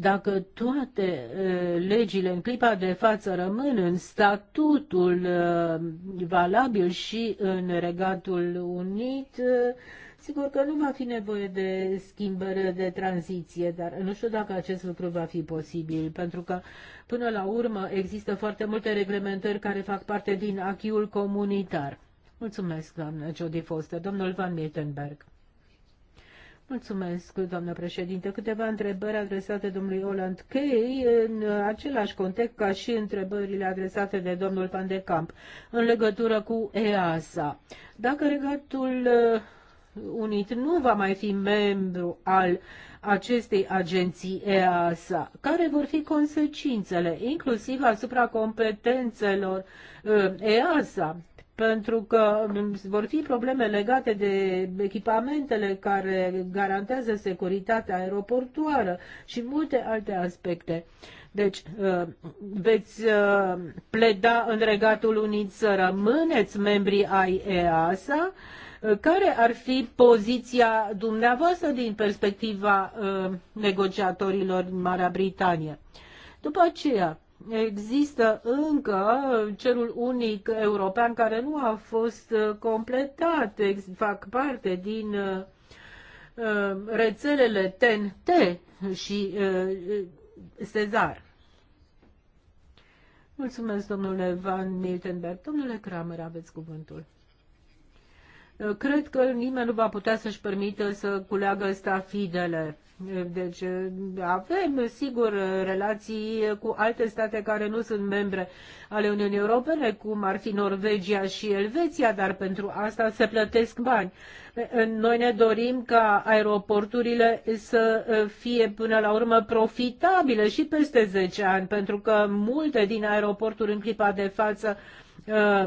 dacă toate uh, legile în clipa de față rămân în statutul uh, valabil și în Regatul Unit, uh, sigur că nu va fi nevoie de schimbări de tranziție, dar nu știu dacă acest lucru va fi posibil, pentru că până la urmă există foarte multe reglementări care fac parte din achiul comunitar. Mulțumesc, doamnă Jodie Foster. Domnul Van Miltenberg. Mulțumesc, doamnă președinte. Câteva întrebări adresate domnului Oland Key în același context ca și întrebările adresate de domnul Van de Camp în legătură cu EASA. Dacă Regatul uh, Unit nu va mai fi membru al acestei agenții EASA, care vor fi consecințele, inclusiv asupra competențelor uh, EASA, pentru că mm, vor fi probleme legate de echipamentele care garantează securitatea aeroportuară și multe alte aspecte. Deci uh, veți uh, pleda în Regatul Unit să rămâneți membrii ai EASA. Uh, care ar fi poziția dumneavoastră din perspectiva negociatorilor din Marea Britanie? După aceea, există încă cerul unic european care nu a fost uh, completat, fac parte din uh, uh, rețelele TNT și Cezar. Mulțumesc, domnule Van Miltenberg. Domnule Kramer, aveți cuvântul. Uh, cred că nimeni nu va putea să-și permită să culeagă stafidele. Uh, deci uh, avem, sigur, relații cu alte state care nu sunt membre ale Uniunii Europene, cum ar fi Norvegia și Elveția, dar pentru asta se plătesc bani. Noi ne dorim ca aeroporturile să fie până la urmă profitabile și peste 10 ani, pentru că multe din aeroporturi în clipa de față Uh,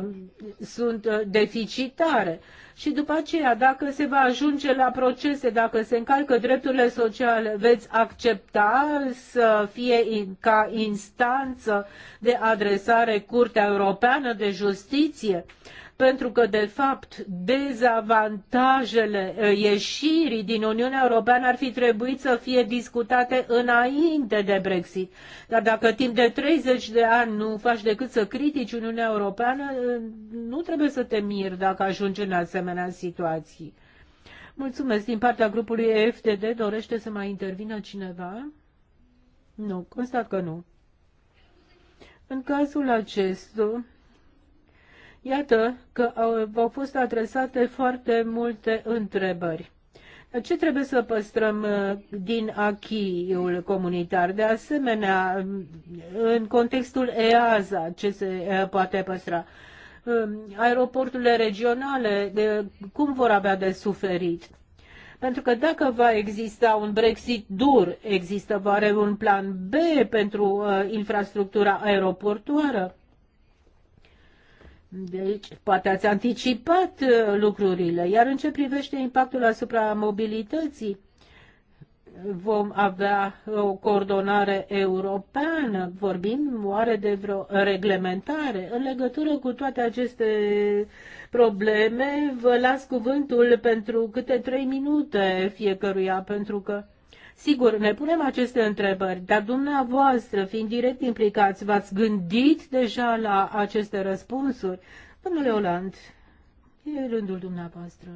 sunt uh, deficitare. Și după aceea, dacă se va ajunge la procese, dacă se încalcă drepturile sociale, veți accepta să fie in, ca instanță de adresare Curtea Europeană de Justiție? pentru că, de fapt, dezavantajele ă, ieșirii din Uniunea Europeană ar fi trebuit să fie discutate înainte de Brexit. Dar dacă timp de 30 de ani nu faci decât să critici Uniunea Europeană, ă, nu trebuie să te miri dacă ajungi în asemenea situații. Mulțumesc. Din partea grupului EFTD dorește să mai intervină cineva? Nu, constat că nu. În cazul acesta, Iată că au, au fost adresate foarte multe întrebări. Ce trebuie să păstrăm uh, din achiul comunitar? De asemenea, mm, în contextul EASA, ce se uh, poate păstra? Um, aeroporturile regionale, cum vor avea de suferit? Pentru că dacă va exista un Brexit dur, există oare un plan B pentru uh, infrastructura aeroportuară? Deci, poate ați anticipat uh, lucrurile. Iar în ce privește impactul asupra mobilității, vom avea o coordonare europeană? Vorbim oare de vreo reglementare? În legătură cu toate aceste probleme, vă las cuvântul pentru câte trei minute fiecăruia, pentru că Sigur, ne punem aceste întrebări, dar dumneavoastră, fiind direct implicați, v-ați gândit deja la aceste răspunsuri? Domnule Oland, e rândul dumneavoastră.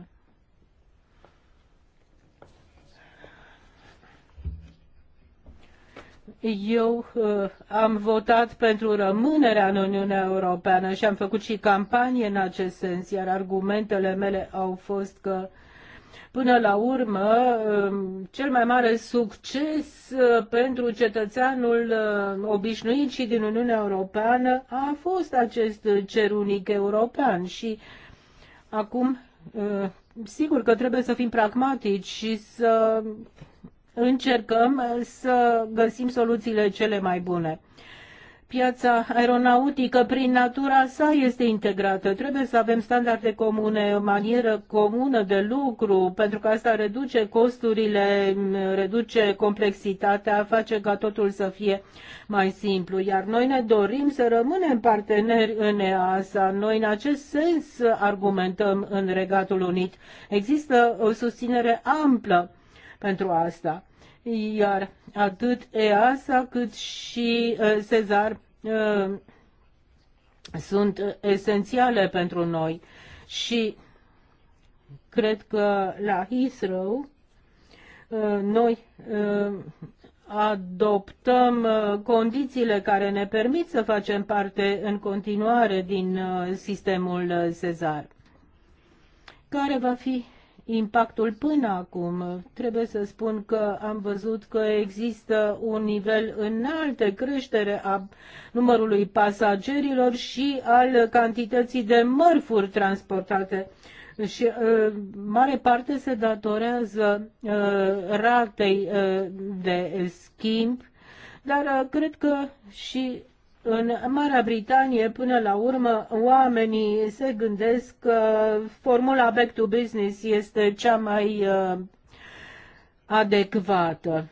Eu uh, am votat pentru rămânerea în Uniunea Europeană și am făcut și campanie în acest sens, iar argumentele mele au fost că uh, Până la urmă, um, cel mai mare succes uh, pentru cetățeanul uh, obișnuit și din Uniunea Europeană a fost acest cer unic european și acum uh, sigur că trebuie să fim pragmatici și să încercăm să găsim soluțiile cele mai bune piața aeronautică, prin natura sa, este integrată. Trebuie să avem standarde comune, o manieră comună de lucru, pentru că asta reduce costurile, reduce complexitatea, face ca totul să fie mai simplu. Iar noi ne dorim să rămânem parteneri în EASA. Noi, în acest sens, argumentăm în Regatul Unit. Există o susținere amplă pentru asta iar atât EASA cât și Cezar uh, uh, sunt esențiale pentru noi și cred că la Heathrow uh, noi adoptăm condițiile care ne permit să facem parte în continuare din sistemul Sezar. Care va fi impactul până acum. Trebuie să spun că am văzut că există un nivel înalt de creștere a numărului pasagerilor și al cantității de mărfuri transportate. Și uh, mare parte se datorează uh, ratei uh, de schimb, dar uh, cred că și în Marea Britanie, până la urmă, oamenii se gândesc că formula back to business este cea mai uh, adecvată.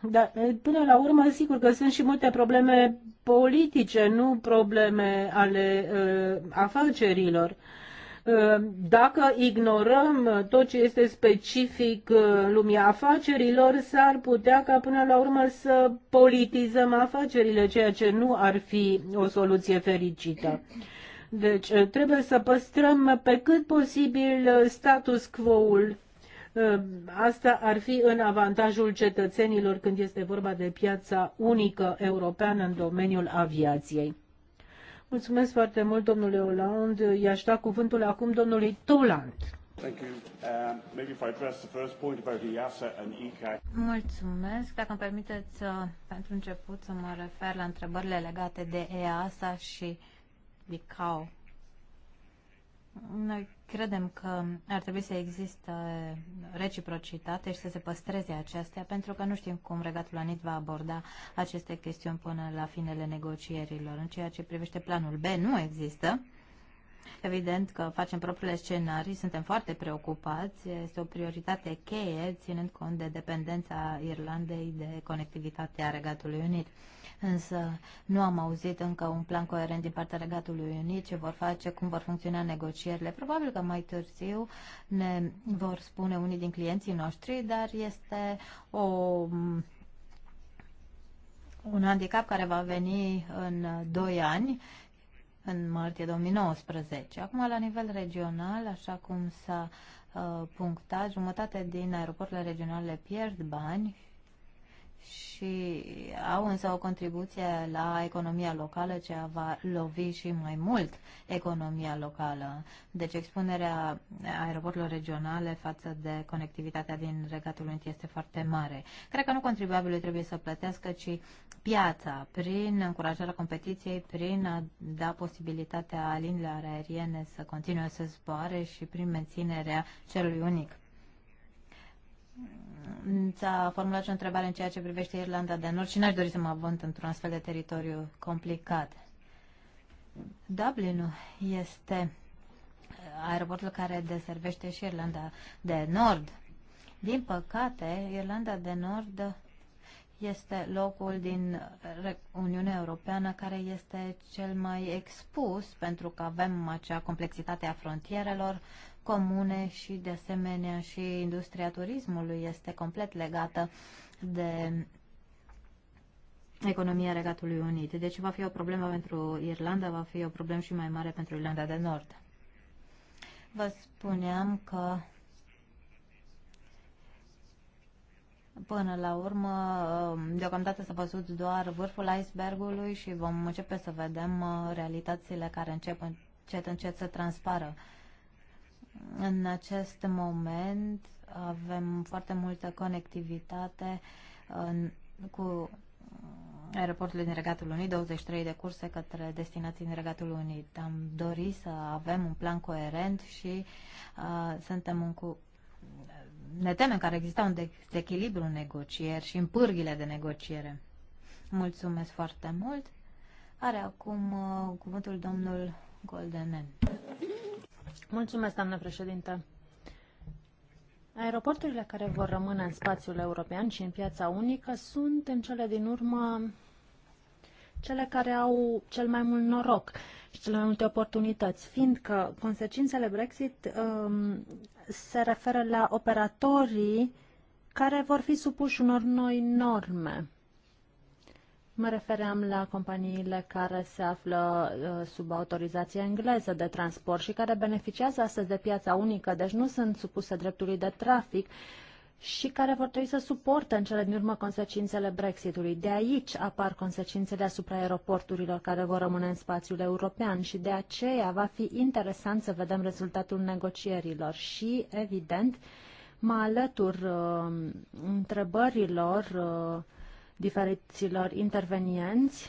Dar, uh, până la urmă, sigur că sunt și multe probleme politice, nu probleme ale uh, afacerilor. Uh, Ehm, dacă ignorăm tot ce este specific eh, lumii afacerilor, s-ar putea ca până la urmă să politizăm afacerile, ceea ce nu ar fi o soluție fericită. Deci eh, trebuie să păstrăm pe cât posibil eh, status quo-ul. Ehm, asta ar fi în avantajul cetățenilor când este vorba de piața unică europeană în domeniul aviației. Mulțumesc foarte mult, domnule Hollande. I-aș da cuvântul acum domnului Toland. Uh, Mulțumesc. Dacă îmi permiteți uh, pentru început să mă refer la întrebările legate de EASA și ICAO. Noi credem că ar trebui să existe reciprocitate și să se păstreze acestea, pentru că nu știm cum Regatul Unit va aborda aceste chestiuni până la finele negocierilor. În ceea ce privește planul B, nu există. Evident că facem propriile scenarii, suntem foarte preocupați, este o prioritate cheie, ținând cont de dependența Irlandei de conectivitatea Regatului Unit. Însă nu am auzit încă un plan coerent din partea Regatului Unit ce vor face, cum vor funcționa negocierile. Probabil că mai târziu ne vor spune unii din clienții noștri, dar este o un handicap care va veni în 2 ani în martie 2019. Acum, la nivel regional, așa cum s-a uh, punctat, jumătate din aeroporturile regionale pierd bani și au însă o contribuție la economia locală ce va lovi și mai mult economia locală. Deci expunerea aeroporturilor regionale față de conectivitatea din Regatul Unit este foarte mare. Cred că nu contribuabilul trebuie să plătească, ci piața, prin încurajarea competiției, prin a da posibilitatea liniilor aeriene să continue să zboare și prin menținerea celui unic s-a formulat și o întrebare în ceea ce privește Irlanda de Nord și n-aș dori să mă avânt într-un astfel de teritoriu complicat. Dublinul este aeroportul care deservește și Irlanda de Nord. Din păcate, Irlanda de Nord este locul din Uniunea Europeană care este cel mai expus pentru că avem acea complexitate a frontierelor, comune și, de asemenea, și industria turismului este complet legată de economia Regatului Unit. Deci va fi o problemă pentru Irlanda, va fi o problemă și mai mare pentru Irlanda de Nord. Vă spuneam că Până la urmă, deocamdată s-a văzut doar vârful icebergului și vom începe să vedem uh, realitățile care încep încet încet să transpară în acest moment avem foarte multă conectivitate în, cu aeroporturile din Regatul Unit, 23 de curse către destinații din Regatul Unit. Am dorit să avem un plan coerent și uh, suntem în cu ne temem că ar exista un dezechilibru în negocieri și în pârghile de negociere. Mulțumesc foarte mult. Are acum uh, cuvântul domnul Goldenen. Aeroporturile care vor rămâne în spațiul european și în piața unică sunt, în cele din urmă, cele care au cel mai mult noroc și cele mai multe oportunități, fiindcă consecințele Brexit um, se referă la operatorii care vor fi supuși unor noi norme. Mă refeream la companiile care se află uh, sub autorizație engleză de transport și care beneficiază astăzi de piața unică, deci nu sunt supuse dreptului de trafic și care vor trebui să suporte în cele din urmă consecințele Brexitului. De aici apar consecințele asupra aeroporturilor care vor rămâne în spațiul european și de aceea va fi interesant să vedem rezultatul negocierilor și, evident, mă alătur uh, întrebărilor uh, diferiților intervenienți.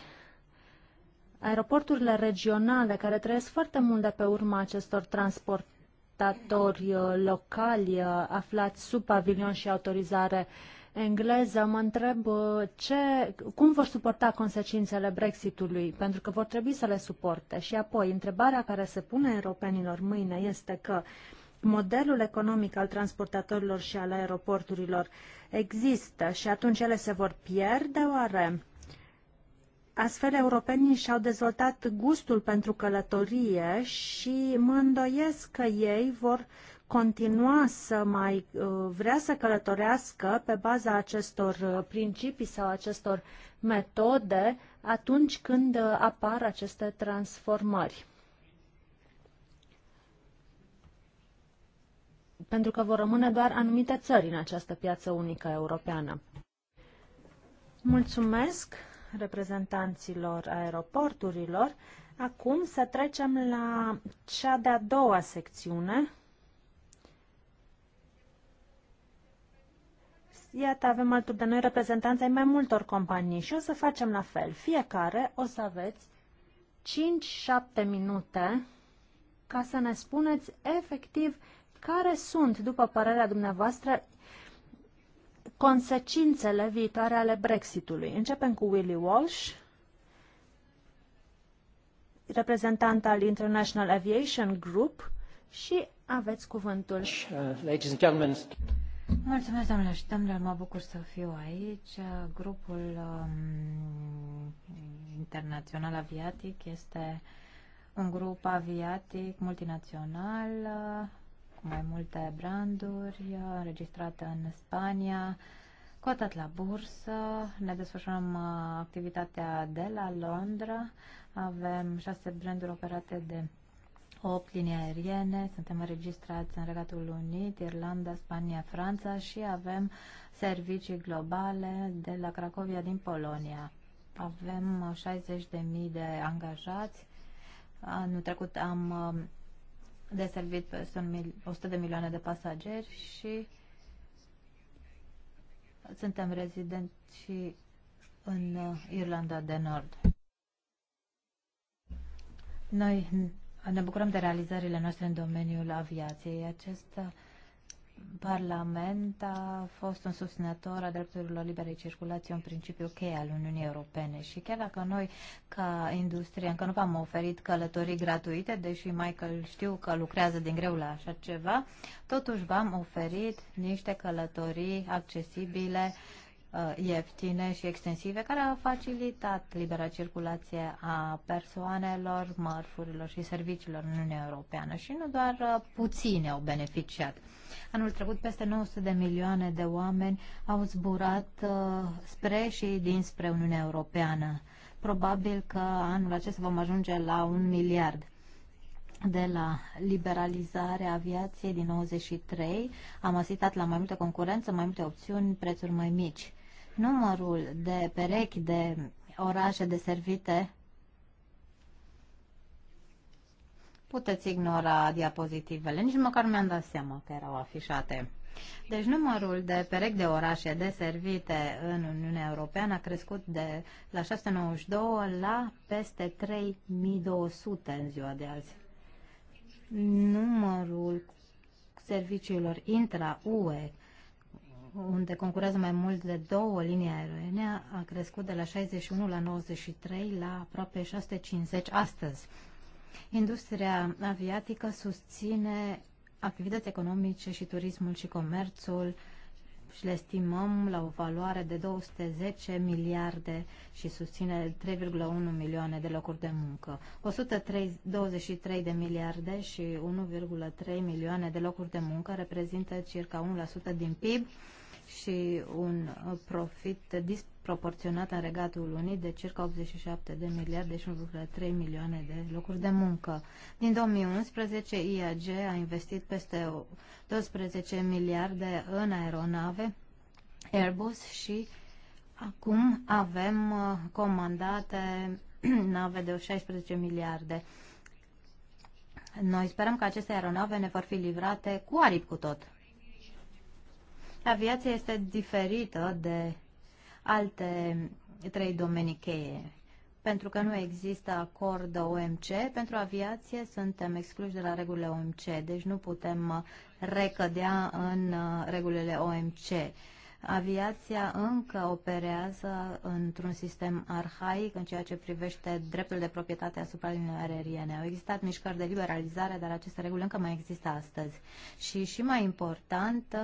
Aeroporturile regionale care trăiesc foarte mult de pe urma acestor transportatori uh, locali uh, aflați sub pavilion și autorizare engleză, mă întreb uh, ce, cum vor suporta consecințele Brexitului, pentru că vor trebui să le suporte. Și apoi, întrebarea care se pune europenilor mâine este că modelul economic al transportatorilor și al aeroporturilor uh, există și atunci ele se vor pierde oare? Astfel, europenii și-au dezvoltat gustul pentru călătorie și mă îndoiesc că ei vor continua să mai uh, vrea să călătorească pe baza acestor uh, principii sau acestor metode atunci când uh, apar aceste transformări. pentru că vor rămâne doar anumite țări în această piață unică europeană. Mulțumesc reprezentanților aeroporturilor. Acum să trecem la cea de-a doua secțiune. Iată, avem alături de noi reprezentanții mai multor companii și o să facem la fel. Fiecare o să aveți 5-7 minute ca să ne spuneți efectiv care sunt, după părerea dumneavoastră, consecințele viitoare ale Brexitului. Începem cu Willie Walsh, reprezentant al International Aviation Group și aveți cuvântul. Ladies and gentlemen. Mulțumesc, doamnelor și domnilor, mă bucur să fiu aici. Grupul um, internațional aviatic este un grup aviatic multinațional mai multe branduri uh, înregistrată în Spania, cotat la bursă, ne desfășurăm uh, activitatea de la Londra, avem șase branduri operate de 8 linii aeriene, suntem înregistrați în Regatul Unit, Irlanda, Spania, Franța și avem servicii globale de la Cracovia din Polonia. Avem 60.000 uh, de angajați. Anul trecut am de servit peste 100 de milioane de pasageri și suntem rezidenți și în uh, Irlanda de Nord. Noi ne bucurăm de realizările noastre în domeniul aviației. acesta. Parlament a fost un susținător a drepturilor liberei circulații, un principiu cheie al Uniunii Europene și chiar dacă noi, ca industrie, încă nu v-am oferit călătorii gratuite, deși Michael știu că lucrează din greu la așa ceva, totuși v-am oferit niște călătorii accesibile uh, Uh, ieftine și extensive, care au facilitat libera circulație a persoanelor, mărfurilor și serviciilor în Uniunea Europeană și nu doar uh, puține au beneficiat. Anul trecut, peste 900 de milioane de oameni au zburat uh, spre și dinspre Uniunea Europeană. Probabil că anul acesta vom ajunge la un miliard de la liberalizarea aviației din 93 am asistat la mai multă concurență, mai multe opțiuni, prețuri mai mici. Numărul de perechi de orașe deservite Puteți ignora diapozitivele, nici măcar mi-am dat seama că erau afișate. Deci numărul de perechi de orașe deservite în Uniunea Europeană a crescut de la 692 la peste 3200 în ziua de azi. Numărul serviciilor intra-UE unde concurează mai mult de două linii aeriene, a crescut de la 61 la 93 la aproape 650 astăzi. Industria aviatică susține activități economice și turismul și comerțul și le estimăm la o valoare de 210 miliarde și susține 3,1 milioane de locuri de muncă. 123 de miliarde și 1,3 milioane de locuri de muncă reprezintă circa 1% din PIB și un uh, profit disproporționat în Regatul Unit de circa 87 de miliarde și 1,3 milioane de locuri de muncă. Din 2011, IAG a investit peste 12 miliarde în aeronave Airbus și acum avem uh, comandate [CLEARS THROAT] nave de 16 miliarde. Noi sperăm că aceste aeronave ne vor fi livrate cu aripi cu tot. Aviația este diferită de alte trei domenii cheie. Pentru că nu există acord OMC, pentru aviație suntem excluși de la regulile OMC, deci nu putem uh, recădea în uh, regulile OMC. Aviația încă operează într-un sistem arhaic în ceea ce privește dreptul de proprietate asupra liniilor aeriene. Au existat mișcări de liberalizare, dar aceste reguli încă mai există astăzi. Și și mai important,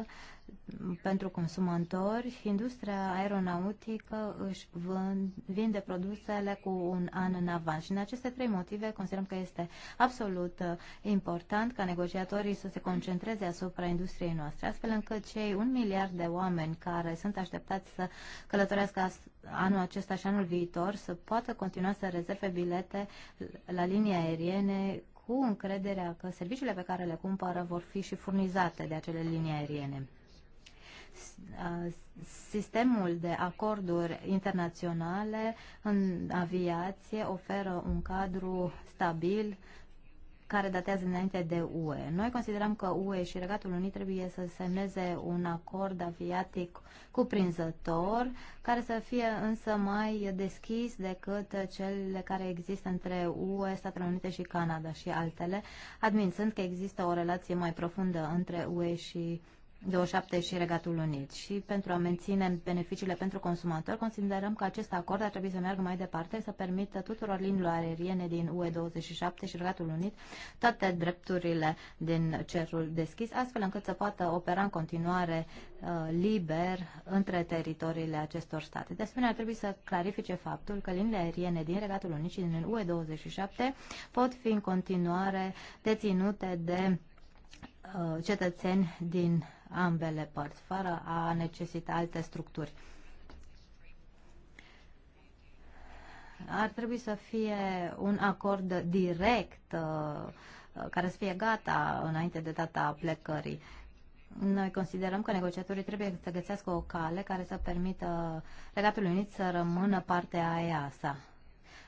pentru consumatori, industria aeronautică își vând, vinde produsele cu un an în avans. Și în aceste trei motive considerăm că este absolut uh, important ca negociatorii să se concentreze asupra industriei noastre, astfel încât cei un miliard de oameni care sunt așteptați să călătorească anul acesta și anul viitor să poată continua să rezerve bilete la linii aeriene cu încrederea că serviciile pe care le cumpără vor fi și furnizate de acele linii aeriene sistemul de acorduri internaționale în aviație oferă un cadru stabil care datează înainte de UE. Noi considerăm că UE și Regatul Unit trebuie să semneze un acord aviatic cuprinzător, care să fie însă mai deschis decât cele care există între UE, Statele Unite și Canada și altele, admințând că există o relație mai profundă între UE și 27 și Regatul Unit. Și pentru a menține beneficiile pentru consumator, considerăm că acest acord ar trebui să meargă mai departe, să permită tuturor linilor aeriene din UE27 și Regatul Unit toate drepturile din cerul deschis, astfel încât să poată opera în continuare uh, liber între teritoriile acestor state. De asemenea, ar trebui să clarifice faptul că liniile aeriene din Regatul Unit și din UE27 pot fi în continuare deținute de uh, cetățeni din ambele părți, fără a necesita alte structuri. Ar trebui să fie un acord direct uh, care să fie gata înainte de data plecării. Noi considerăm că negociatorii trebuie să găsească o cale care să permită Regatul Unit să rămână parte a EASA.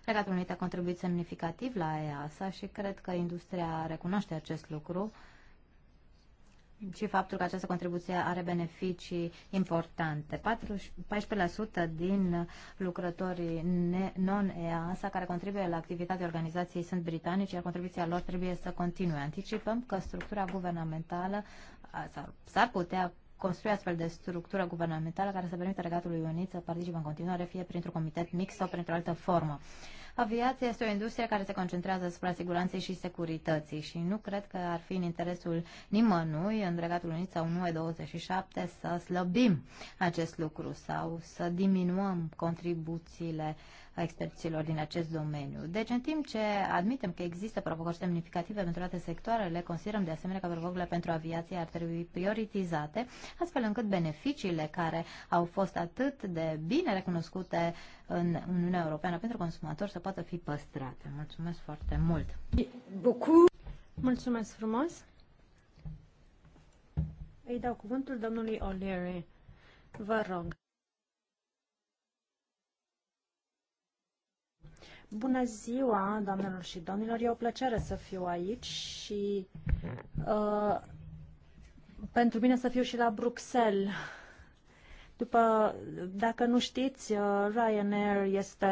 Regatul Unit a contribuit semnificativ la EASA și cred că industria recunoaște acest lucru și faptul că această contribuție are beneficii importante. 14% din lucrătorii non-EASA care contribuie la activitatea organizației sunt britanici, iar contribuția lor trebuie să continue. Anticipăm că structura guvernamentală s-ar putea construi astfel de structură guvernamentală care să permită Regatului Unit să participe în continuare, fie printr-un comitet mix sau printr-o altă formă. Aviația este o industrie care se concentrează asupra siguranței și securității și nu cred că ar fi în interesul nimănui în Regatul Unit sau în UE27 să slăbim acest lucru sau să diminuăm contribuțiile uh, a experților din acest domeniu. Deci, în timp ce admitem că există provocări semnificative pentru toate sectoarele, considerăm de asemenea că provocările pentru aviație ar trebui prioritizate, astfel încât beneficiile care au fost atât de bine recunoscute în Uniunea Europeană pentru consumatori să poată fi păstrate. Mulțumesc foarte mult! Mulțumesc frumos! Îi dau cuvântul domnului O'Leary. Vă rog. Bună ziua, doamnelor și domnilor. E o plăcere să fiu aici și uh, pentru mine să fiu și la Bruxelles. După, dacă nu știți, uh, Ryanair este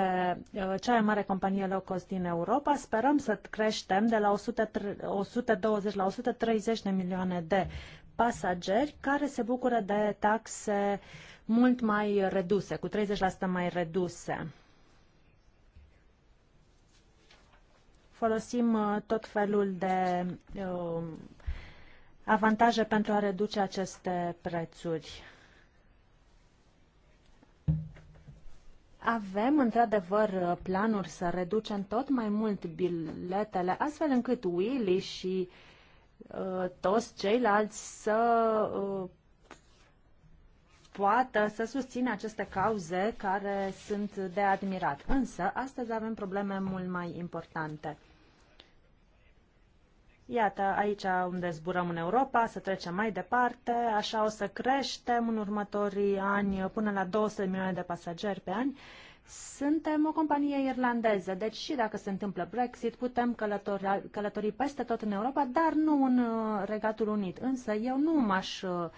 uh, cea mai mare companie low cost din Europa. Sperăm să creștem de la 100, 120 la 130 de milioane de pasageri care se bucură de taxe mult mai reduse, cu 30% mai reduse. folosim uh, tot felul de uh, avantaje pentru a reduce aceste prețuri. Avem, într-adevăr, uh, planuri să reducem tot mai mult biletele, astfel încât Willy și uh, toți ceilalți să uh, poată să susțină aceste cauze care sunt de admirat. Însă, astăzi avem probleme mult mai importante. Iată, aici unde zburăm în Europa, să trecem mai departe, așa o să creștem în următorii ani până la 200 milioane de pasageri pe an. Suntem o companie irlandeză, deci și dacă se întâmplă Brexit, putem călători, călători peste tot în Europa, dar nu în uh, Regatul Unit. Însă eu nu m-aș uh,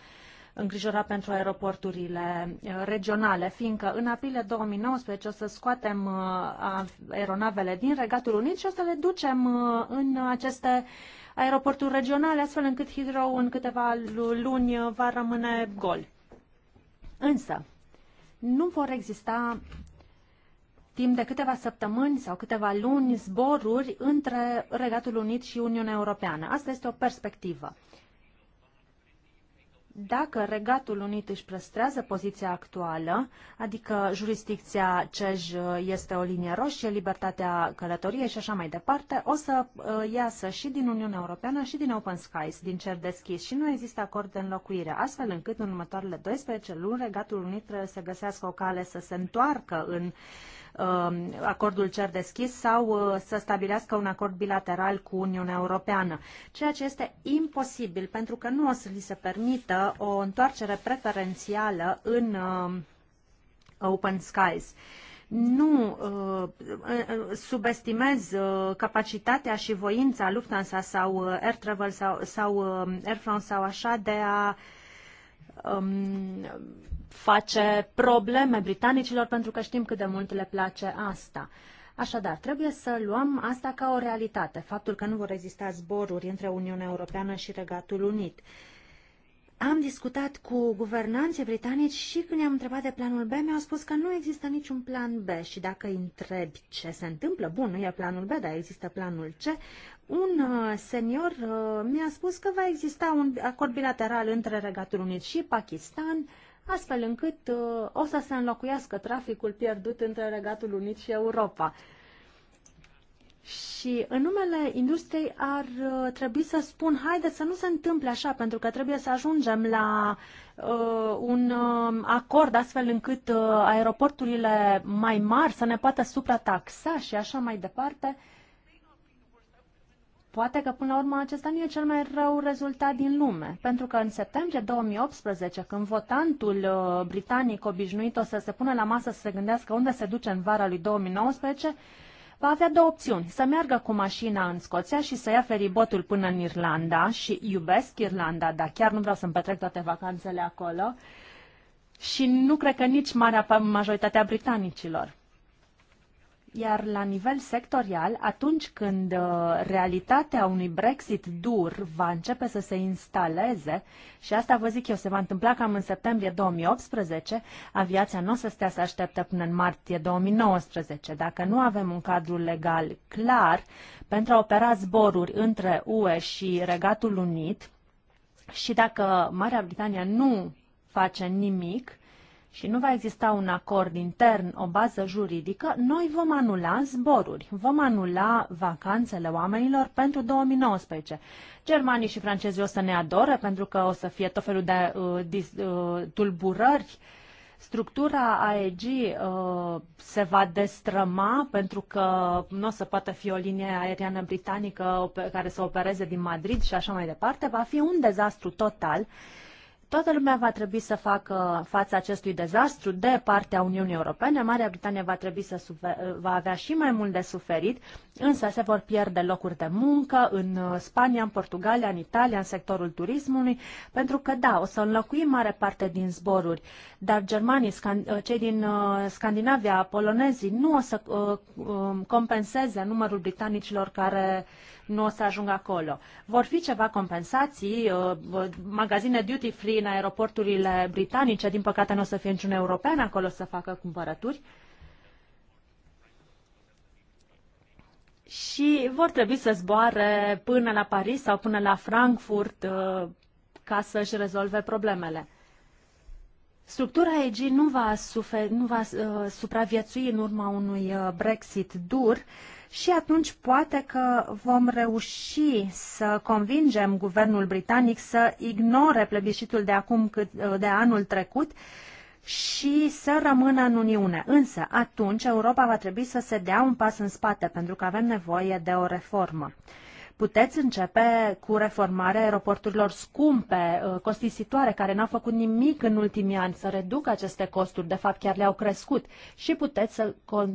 îngrijora pentru aeroporturile uh, regionale, fiindcă în aprilie 2019 o să scoatem aeronavele din Regatul Unit și o să le ducem în aceste aeroporturi regionale, astfel încât Heathrow în câteva luni va rămâne gol. Însă, nu vor exista timp de câteva săptămâni sau câteva luni zboruri între Regatul Unit și Uniunea Europeană. Asta este o perspectivă. Dacă Regatul Unit își păstrează poziția actuală, adică jurisdicția CEJ este o linie roșie, libertatea călătoriei și așa mai departe, o să uh, iasă și din Uniunea Europeană și din Open Skies, din cer deschis și nu există acord de înlocuire, astfel încât în următoarele 12 luni Regatul Unit trebuie să găsească o cale să se întoarcă în uh, Um, acordul cer deschis sau uh, să stabilească un acord bilateral cu Uniunea Europeană, ceea ce este imposibil pentru că nu o să li se permită o întoarcere preferențială în um, Open Skies nu uh, subestimez uh, capacitatea și voința Lufthansa sau Air Travel sau, sau um, Air France sau așa de a uh, um, face probleme britanicilor pentru că știm cât de mult le place asta. Așadar, trebuie să luăm asta ca o realitate, faptul că nu vor exista zboruri între Uniunea Europeană și Regatul Unit. Uh, am discutat cu guvernanții britanici și când i-am întrebat de planul B, mi-au spus că nu există niciun plan B și dacă îi întrebi ce se întâmplă, bun, nu e planul B, dar există planul C, un uh, senior uh, mi-a spus că va exista un acord bilateral între Regatul Unit și Pakistan, astfel încât uh, o să se înlocuiască traficul pierdut între Regatul Unit și Europa. Și în numele industriei ar uh, trebui să spun, haideți să nu se întâmple așa, pentru că trebuie să ajungem la uh, un uh, acord astfel încât uh, aeroporturile mai mari să ne poată suprataxa și așa mai departe. Poate că până la urmă acesta nu e cel mai rău rezultat din lume, pentru că în septembrie 2018, când votantul uh, britanic obișnuit o să se pună la masă să se gândească unde se duce în vara lui 2019, va avea două opțiuni. Să meargă cu mașina în Scoția și să ia feribotul până în Irlanda și iubesc Irlanda, dar chiar nu vreau să-mi petrec toate vacanțele acolo și nu cred că nici marea majoritatea britanicilor. Iar la nivel sectorial, atunci când uh, realitatea unui Brexit dur va începe să se instaleze, și asta vă zic eu, se va întâmpla cam în septembrie 2018, aviația nu o să stea să aștepte până în martie 2019. Dacă nu avem un cadru legal clar pentru a opera zboruri între UE și Regatul Unit, și dacă Marea Britanie nu face nimic, și nu va exista un acord intern, o bază juridică, noi vom anula zboruri, vom anula vacanțele oamenilor pentru 2019. Germanii și francezii o să ne adore pentru că o să fie tot felul de uh, dis, uh, tulburări. Structura AEG uh, se va destrăma pentru că nu o să poată fi o linie aeriană britanică care să opereze din Madrid și așa mai departe. Va fi un dezastru total. Uh, Toată lumea va trebui să facă față acestui dezastru de partea Uniunii Europene. Marea Britanie va trebui să sufer, va avea și mai mult de suferit, însă se vor pierde locuri de muncă în Spania, în Portugalia, în Italia, în sectorul turismului, pentru că da, o să înlocuim mare parte din zboruri, dar germanii, cei din uh, Scandinavia, polonezii nu o să uh, um, compenseze numărul britanicilor care uh, nu o să ajungă acolo. Vor fi ceva compensații, uh, uh, magazine duty free în aeroporturile britanice, din păcate nu o să fie niciun european acolo să facă cumpărături. Și vor trebui să zboare până la Paris sau până la Frankfurt uh, ca să-și rezolve problemele. Structura EG nu va, sufer, nu va uh, supraviețui în urma unui uh, Brexit dur și atunci poate că vom reuși să convingem guvernul britanic să ignore plebiscitul de acum cât, de anul trecut și să rămână în Uniune. Însă, atunci Europa va trebui să se dea un pas în spate, pentru că avem nevoie de o reformă. Puteți începe cu reformarea aeroporturilor scumpe, uh, costisitoare, care n-au făcut nimic în ultimii ani să reducă aceste costuri, de fapt chiar le-au crescut și puteți să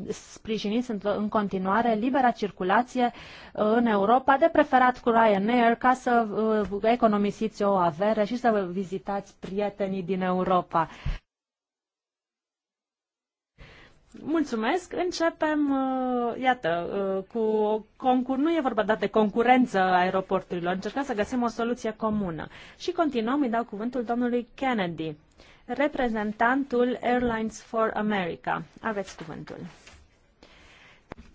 sprijiniți în continuare libera circulație uh, în Europa, de preferat cu Ryanair, ca să uh, economisiți o avere și să vizitați prietenii din Europa. Mulțumesc. Începem, uh, iată, uh, cu concur... nu e vorba de, de concurență aeroporturilor. Încercăm să găsim o soluție comună. Și continuăm, îi dau cuvântul domnului Kennedy, reprezentantul Airlines for America. Aveți cuvântul.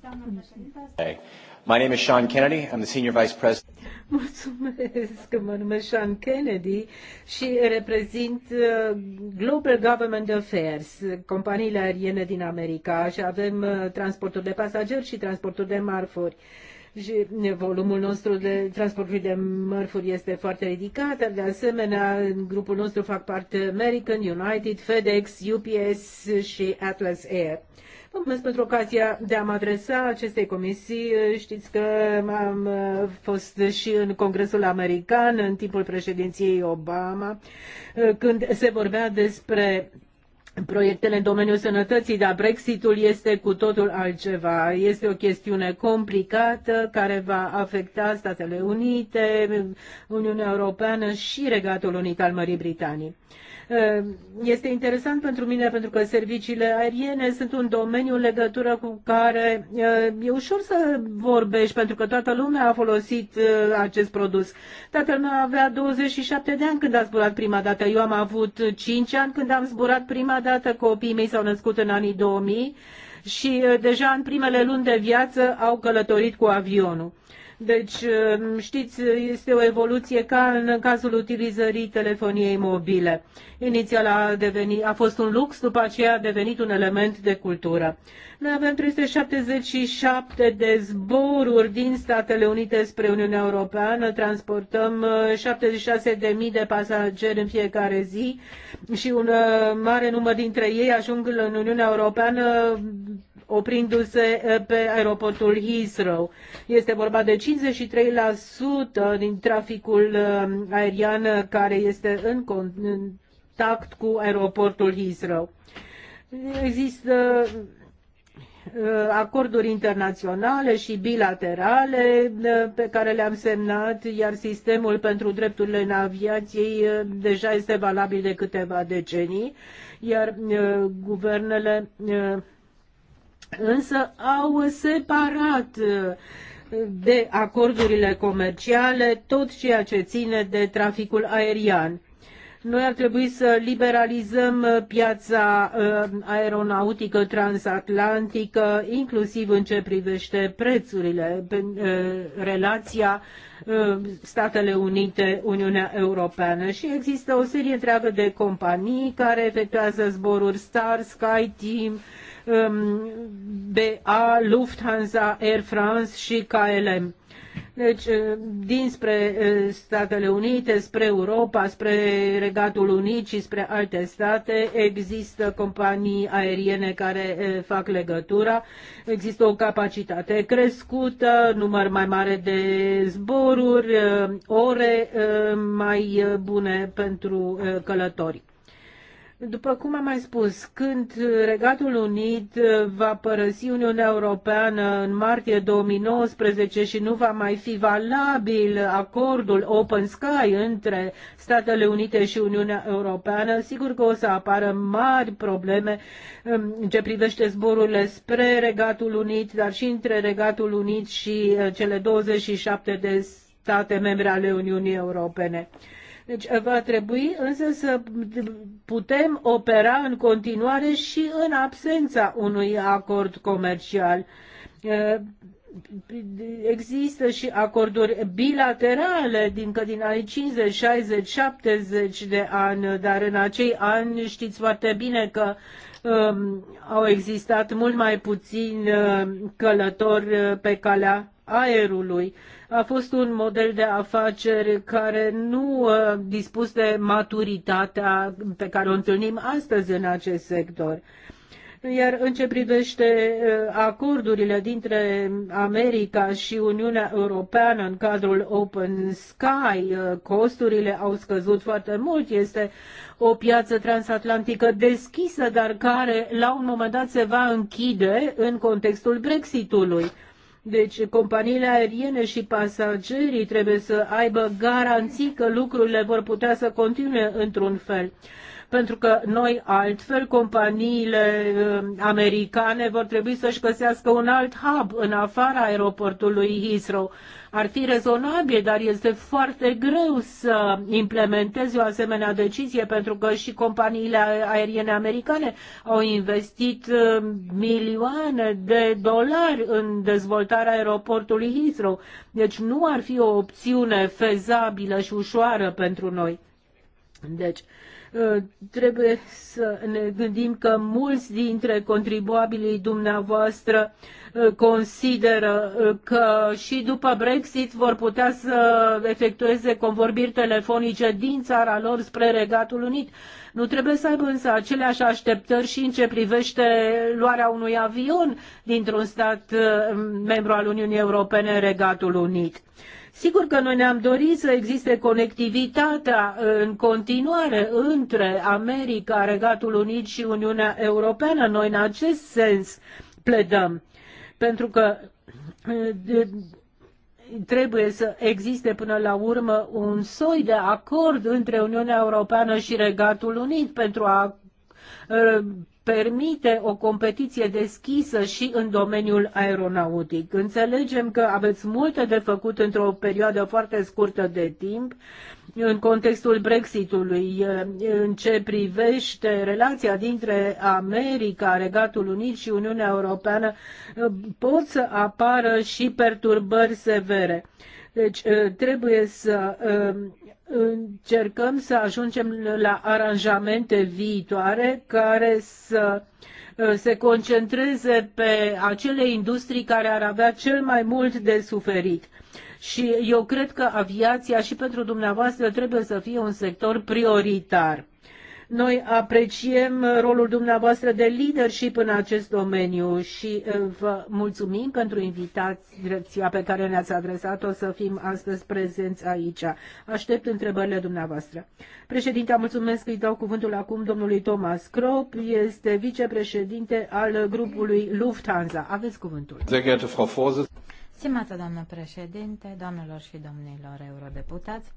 Doamna președintă, My name is Sean Kennedy. I'm the Senior Vice President. Mulțumesc că mă numesc Sean Kennedy și reprezint uh, Global Government Affairs, companiile aeriene din America și avem uh, transporturi de pasageri și transporturi de marfuri și uh, volumul nostru de transporturi de mărfuri este foarte ridicat, de asemenea în grupul nostru fac parte American, United, FedEx, UPS și Atlas Air. Vă mulțumesc pentru ocazia de a mă adresa acestei comisii. Știți că am fost și în Congresul American în timpul președinției Obama, când se vorbea despre proiectele în domeniul sănătății, dar Brexitul este cu totul altceva. Este o chestiune complicată care va afecta Statele Unite, Uniunea Europeană și Regatul Unit al Mării Britanii. Ehm, este interesant pentru mine pentru că serviciile aeriene sunt un domeniu în legătură cu care ehm, e ușor să vorbești pentru că toată lumea a folosit ehm, acest produs. Tatăl meu avea 27 de ani când a zburat prima dată. Eu am avut 5 ani când am zburat prima dată. Copiii mei s-au născut în anii 2000 și deja în primele luni de viață au călătorit cu avionul. Deci, uh, știți, este o evoluție ca în cazul utilizării telefoniei mobile. Inițial a, devenit, a fost un lux, după aceea a devenit un element de cultură. Noi avem 377 de zboruri din Statele Unite spre Uniunea Europeană, transportăm 76.000 uh, de pasageri în fiecare zi și un uh, mare număr dintre ei ajung în Uniunea Europeană oprindu-se eh, pe aeroportul Heathrow. Este vorba de 53% din traficul eh, aerian eh, care este în contact cu aeroportul Heathrow. Există acorduri internaționale și bilaterale pe care le-am semnat, iar sistemul pentru drepturile în aviației deja este valabil de câteva decenii, iar guvernele însă au separat uh, de acordurile comerciale tot ceea ce ține de traficul aerian. Noi ar trebui să liberalizăm uh, piața uh, aeronautică transatlantică, inclusiv în ce privește prețurile, relația Statele Unite, Uniunea Europeană. Și există o serie întreagă de companii care efectuează zboruri Star, Sky, Team, BA, um, Lufthansa, Air France și KLM. Deci, uh, dinspre uh, Statele Unite, spre Europa, spre Regatul Unit și spre alte state, există companii aeriene care uh, fac legătura, există o capacitate crescută, număr mai mare de zboruri, ore mai bune pentru călători. După cum am mai spus, când Regatul Unit uh, va părăsi Uniunea Europeană în martie 2019 și nu va mai fi valabil acordul Open Sky între Statele Unite și Uniunea Europeană, sigur că o să apară mari probleme um, în ce privește zborurile spre Regatul Unit, dar și între Regatul Unit și uh, cele 27 de state membre ale Uniunii Europene. Deci eh, va trebui însă să putem opera în continuare și în absența unui acord comercial. Eh, există și acorduri bilaterale din, din anii 50, 60, 70 de ani, dar în acei ani știți foarte bine că um, au existat mult mai puțini eh, călători pe calea aerului a fost un model de afaceri care nu ă, dispus de maturitatea pe care o întâlnim astăzi în acest sector. Iar în ce privește ă, acordurile dintre America și Uniunea Europeană în cadrul Open Sky, ă, costurile au scăzut foarte mult. Este o piață transatlantică deschisă, dar care la un moment dat se va închide în contextul Brexitului. Deci companiile aeriene și pasagerii trebuie să aibă garanții că lucrurile vor putea să continue într-un fel. Pentru că noi altfel companiile uh, americane vor trebui să-și găsească un alt hub în afara aeroportului Heathrow ar fi rezonabil, dar este foarte greu să implementezi o asemenea decizie pentru că și companiile aeriene americane au investit uh, milioane de dolari în dezvoltarea aeroportului Heathrow. Deci nu ar fi o opțiune fezabilă și ușoară pentru noi. Deci, uh, Uh, trebuie să ne gândim că mulți dintre contribuabilii dumneavoastră uh, consideră uh, că și după Brexit vor putea să efectueze convorbiri telefonice din țara lor spre Regatul Unit. Nu trebuie să aibă însă aceleași așteptări și în ce privește luarea unui avion dintr-un stat membru al Uniunii Europene, Regatul Unit. Sigur că noi ne-am dorit să existe conectivitatea în continuare între America, Regatul Unit și Uniunea Europeană. Noi în acest sens pledăm. Pentru că eh, trebuie să existe până la urmă un soi de acord între Uniunea Europeană și Regatul Unit pentru a eh, permite o competiție deschisă și în domeniul aeronautic. Înțelegem că aveți multe de făcut într-o perioadă foarte scurtă de timp în contextul Brexitului, în ce privește relația dintre America, Regatul Unit și Uniunea Europeană, pot să apară și perturbări severe. Deci trebuie să încercăm să ajungem la aranjamente viitoare care să uh, se concentreze pe acele industrii care ar avea cel mai mult de suferit. Și eu cred că aviația și pentru dumneavoastră trebuie să fie un sector prioritar. Noi apreciem rolul dumneavoastră de leadership în acest domeniu și uh, vă mulțumim pentru invitația pe care ne-ați adresat-o să fim astăzi prezenți aici. Aștept întrebările dumneavoastră. Președinte, mulțumesc, îi dau cuvântul acum domnului Thomas Krop, este vicepreședinte al grupului Lufthansa. Aveți cuvântul. Stimată doamnă președinte, doamnelor și domnilor eurodeputați,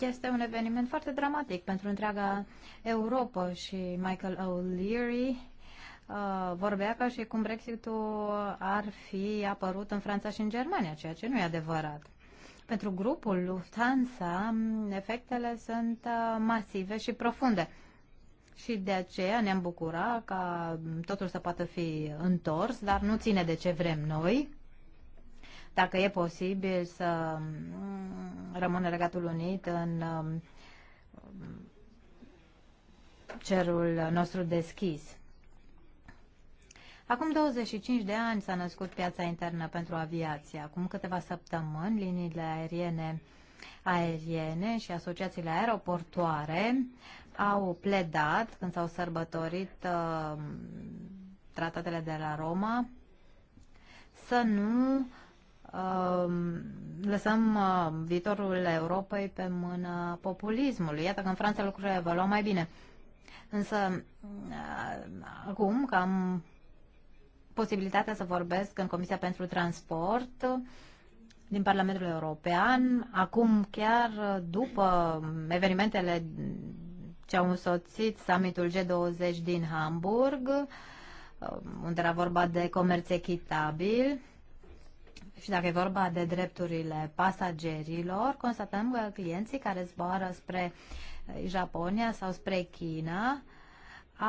este un eveniment foarte dramatic pentru întreaga Europa și Michael O'Leary uh, vorbea ca și cum Brexitul ar fi apărut în Franța și în Germania, ceea ce nu e adevărat. Pentru grupul Lufthansa, efectele sunt uh, masive și profunde. Și de aceea ne-am bucura ca totul să poată fi întors, dar nu ține de ce vrem noi dacă e posibil să mm, rămână Regatul Unit în mm, cerul nostru deschis. Acum 25 de ani s-a născut piața internă pentru aviație. Acum câteva săptămâni, liniile aeriene aeriene și asociațiile aeroportoare au pledat când s-au sărbătorit uh, tratatele de la Roma să nu Um, lăsăm uh, viitorul Europei pe mână populismului. Iată că în Franța lucrurile vă luau mai bine. Însă, uh, acum că am posibilitatea să vorbesc în Comisia pentru Transport din Parlamentul European, acum chiar după evenimentele ce au însoțit summitul G20 din Hamburg, uh, unde era vorba de comerț echitabil, și dacă e vorba de drepturile pasagerilor, constatăm că clienții care zboară spre eh, Japonia sau spre China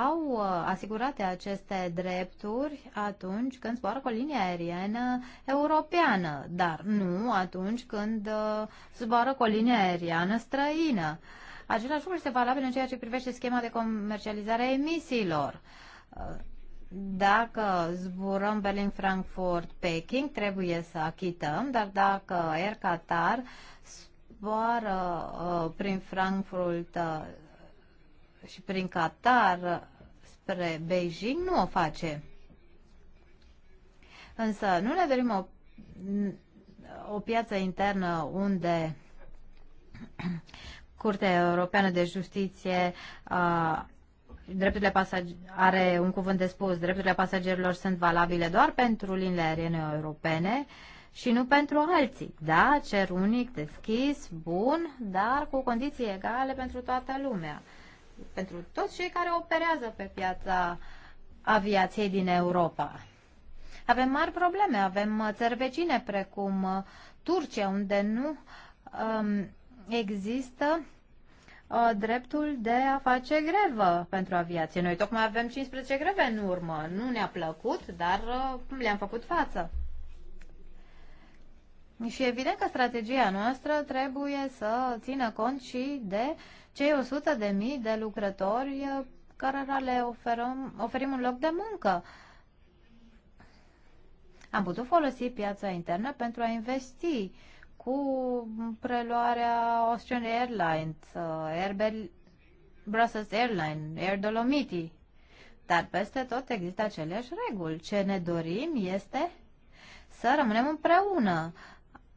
au eh, asigurate aceste drepturi atunci când zboară cu o linie aeriană europeană, dar nu atunci când eh, zboară cu o linie aeriană străină. Același lucru este valabil în ceea ce privește schema de comercializare a emisiilor dacă zburăm Berlin-Frankfurt-Peking, trebuie să achităm, dar dacă Air Qatar zboară uh, prin Frankfurt uh, și prin Qatar uh, spre Beijing, nu o face. Însă nu ne dorim o, o piață internă unde [CLEARS THROAT] Curtea Europeană de Justiție a uh, drepturile pasag- are un cuvânt de spus, drepturile pasagerilor sunt valabile doar pentru linile aeriene europene și nu pentru alții. Da, cer unic, deschis, bun, dar cu condiții egale pentru toată lumea. Pentru toți cei care operează pe piața aviației din Europa. Avem mari probleme, avem uh, țări vecine precum uh, Turcia, unde nu um, există Uh, dreptul de a face grevă pentru aviație. Noi tocmai avem 15 greve în urmă. Nu ne-a plăcut, dar uh, le-am făcut față. Și evident că strategia noastră trebuie să țină cont și de cei 100 de mii de lucrători uh, cărora le oferăm, oferim un loc de muncă. Am putut folosi piața internă pentru a investi uh, cu preluarea Austrian Airlines, uh, Air Bel Brussels Airlines, Air Dolomiti. Dar peste tot există aceleași reguli. Ce ne dorim este să rămânem împreună.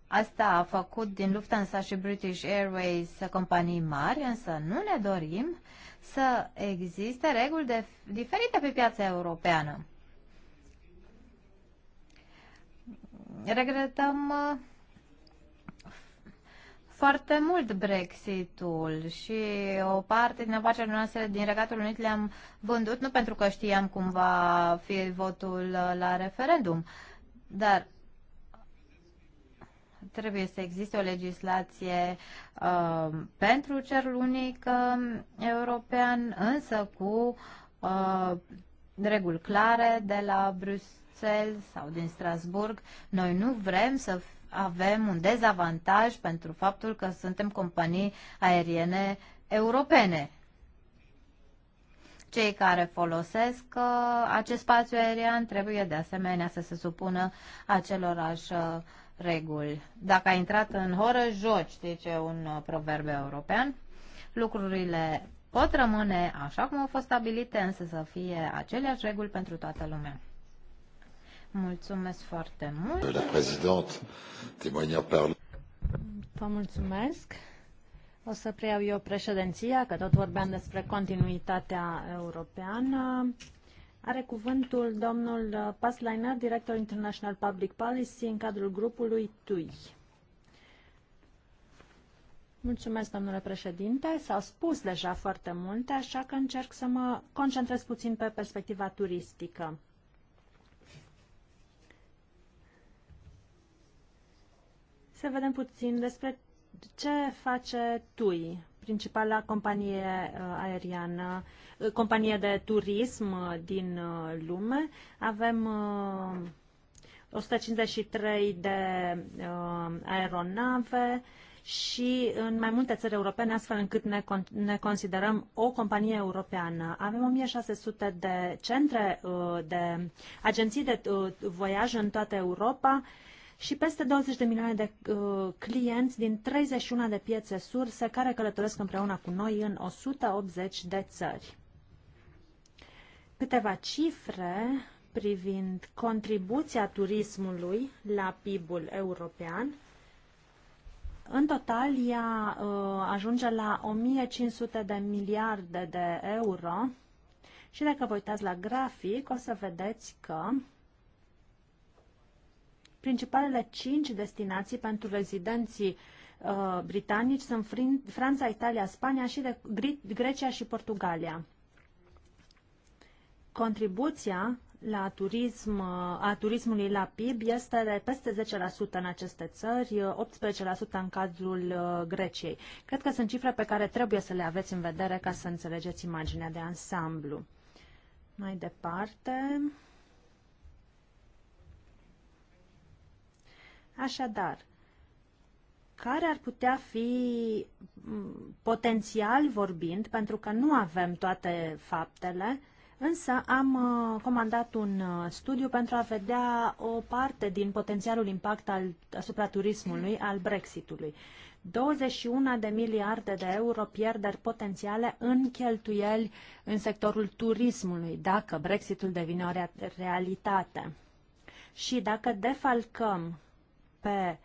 Asta a făcut din Lufthansa și British Airways companii mari, însă nu ne dorim să existe reguli de, diferite pe piața europeană. Regretăm uh, foarte mult Brexitul și o parte din afacerile noastre din Regatul Unit le-am vândut nu pentru că știam cum va fi votul la referendum, dar trebuie să existe o legislație uh, pentru cerul unic uh, european, însă cu uh, reguli clare de la Bruxelles sau din Strasburg. Noi nu vrem să avem un dezavantaj pentru faptul că suntem companii aeriene europene. Cei care folosesc uh, acest spațiu aerian trebuie de asemenea să se supună acelorași uh, reguli. Dacă ai intrat în horă, joci, zice un uh, proverb european. Lucrurile pot rămâne așa cum au fost stabilite, însă să fie aceleași reguli pentru toată lumea. Mulțumesc foarte mult. La președinte, témoigna par... Vă mulțumesc. O să preiau eu președinția, că tot vorbeam despre continuitatea europeană. Are cuvântul domnul Paslainer, director International Public Policy, în cadrul grupului TUI. Mulțumesc, domnule președinte. S-au spus deja foarte multe, așa că încerc să mă concentrez puțin pe perspectiva turistică. să vedem puțin despre ce face TUI, principala companie uh, aeriană, uh, companie de turism uh, din lume. Avem 153 de aeronave și în mai multe țări europene, astfel încât ne, con- ne considerăm o companie europeană. Avem 1600 de centre, de agenții de voiaj în toată Europa și peste 20 de milioane de uh, clienți din 31 de piețe surse care călătoresc împreună cu noi în 180 de țări. Câteva cifre privind contribuția turismului la PIB-ul european. În total, ea uh, ajunge la 1500 de miliarde de euro și dacă vă uitați la grafic, o să vedeți că Principalele cinci destinații pentru rezidenții uh, britanici sunt Franța, Italia, Spania și Grecia și Portugalia. Contribuția la turism, uh, a turismului la PIB este de peste 10% în aceste țări, 18% uh, în cazul uh, Greciei. Cred că sunt cifre pe care trebuie să le aveți în vedere ca să înțelegeți imaginea de ansamblu. Mai departe, Așadar, care ar putea fi potențial vorbind, pentru că nu avem toate faptele, însă am uh, comandat un uh, studiu pentru a vedea o parte din potențialul impact al, asupra turismului al Brexitului. 21 de miliarde de euro pierderi potențiale în cheltuieli în sectorul turismului, dacă Brexitul devine o realitate. Și dacă defalcăm pe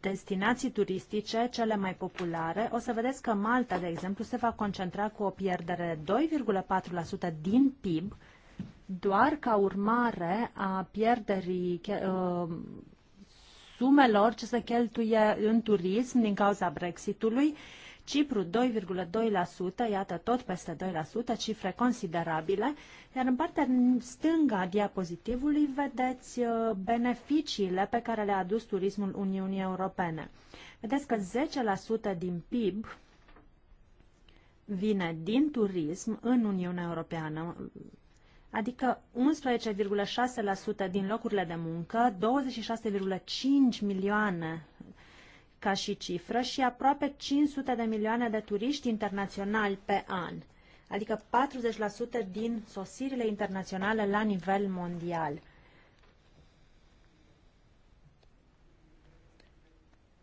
destinații turistice cele mai populare, o să vedeți că Malta, de exemplu, se va concentra cu o pierdere 2,4% din PIB, doar ca urmare a pierderii uh, sumelor ce se cheltuie în turism din cauza Brexitului Cipru 2,2%, iată tot peste 2%, cifre considerabile, iar în partea stânga a diapozitivului vedeți uh, beneficiile pe care le-a adus turismul Uniunii Europene. Vedeți că 10% din PIB vine din turism în Uniunea Europeană, adică 11,6% din locurile de muncă, 26,5 milioane ca și cifră și aproape 500 de milioane de turiști internaționali pe an, adică 40% din sosirile internaționale la nivel mondial.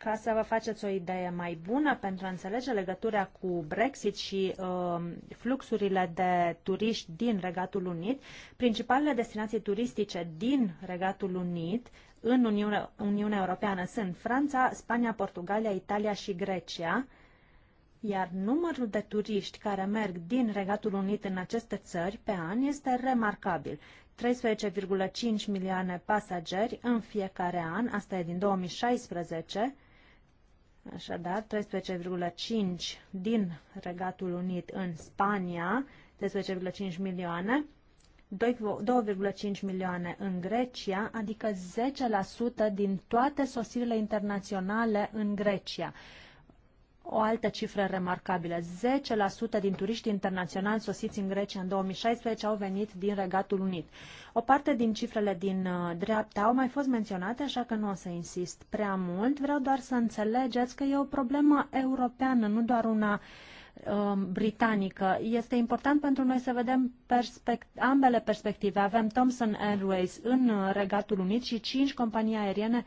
ca să vă faceți o idee mai bună pentru a înțelege legătura cu Brexit și uh, fluxurile de turiști din Regatul Unit, principalele destinații turistice din Regatul Unit în Uniunea, Uniunea Europeană sunt Franța, Spania, Portugalia, Italia și Grecia, iar numărul de turiști care merg din Regatul Unit în aceste țări pe an este remarcabil. 13,5 milioane pasageri în fiecare an, asta e din 2016, Așadar, 13,5 din Regatul Unit în Spania, 13,5 milioane, 2,5 milioane în Grecia, adică 10% din toate sosirile internaționale în Grecia. O altă cifră remarcabilă, 10% din turiștii internaționali sosiți în Grecia în 2016 au venit din Regatul Unit. O parte din cifrele din uh, dreapta au mai fost menționate, așa că nu o să insist prea mult. Vreau doar să înțelegeți că e o problemă europeană, nu doar una uh, britanică. Este important pentru noi să vedem perspect- ambele perspective. Avem Thomson Airways în uh, Regatul Unit și cinci companii aeriene uh,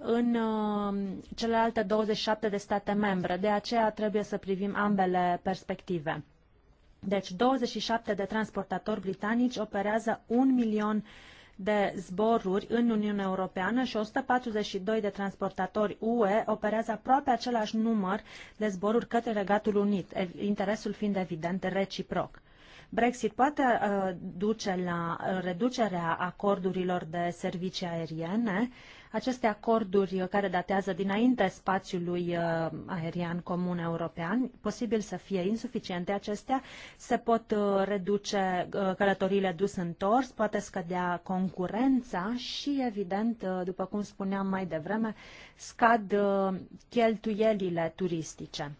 în uh, celelalte 27 de state membre. De aceea trebuie să privim ambele perspective. Deci 27 de transportatori britanici operează un milion de zboruri în Uniunea Europeană și 142 de transportatori UE operează aproape același număr de zboruri către Regatul Unit, interesul fiind evident reciproc. Brexit poate uh, duce la uh, reducerea acordurilor de servicii aeriene, aceste acorduri care datează dinainte spațiului uh, aerian comun european, posibil să fie insuficiente acestea, se pot uh, reduce uh, călătorile dus-întors, poate scădea concurența și, evident, după cum spuneam mai devreme, scad cheltuielile turistice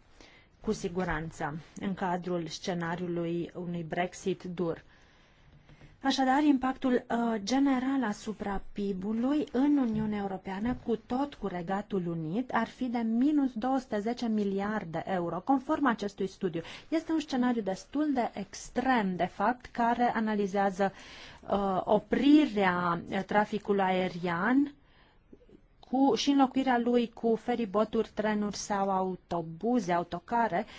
cu siguranță în cadrul scenariului unui Brexit dur. Așadar, impactul uh, general asupra PIB-ului în Uniunea Europeană, cu tot cu Regatul Unit, ar fi de minus 210 miliarde euro, conform acestui studiu. Este un scenariu destul de extrem, de fapt, care analizează uh, oprirea traficului aerian cu, și înlocuirea lui cu feriboturi, trenuri sau autobuze, autocare, uh,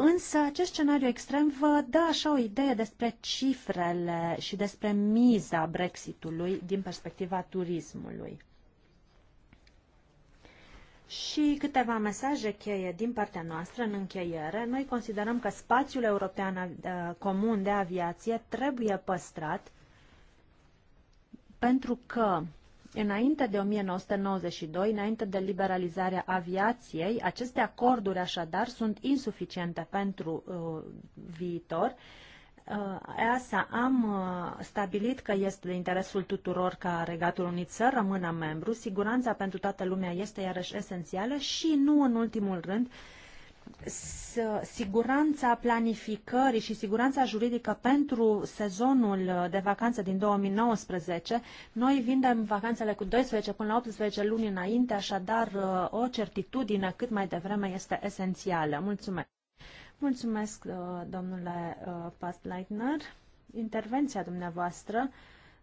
Însă acest scenariu extrem vă dă așa o idee despre cifrele și despre miza Brexitului din perspectiva turismului. Și câteva mesaje cheie din partea noastră în încheiere. Noi considerăm că spațiul european uh, comun de aviație trebuie păstrat pentru că Înainte de 1992, înainte de liberalizarea aviației, aceste acorduri așadar sunt insuficiente pentru uh, viitor. Uh, EASA am uh, stabilit că este de interesul tuturor ca Regatul Unit să rămână membru. Siguranța pentru toată lumea este iarăși esențială și nu în ultimul rând uh, siguranța planificării și siguranța juridică pentru sezonul de vacanță din 2019. Noi vindem vacanțele cu 12 până la 18 luni înainte, așadar o certitudine cât mai devreme este esențială. Mulțumesc! Mulțumesc, uh, domnule uh, Pastleitner. Intervenția dumneavoastră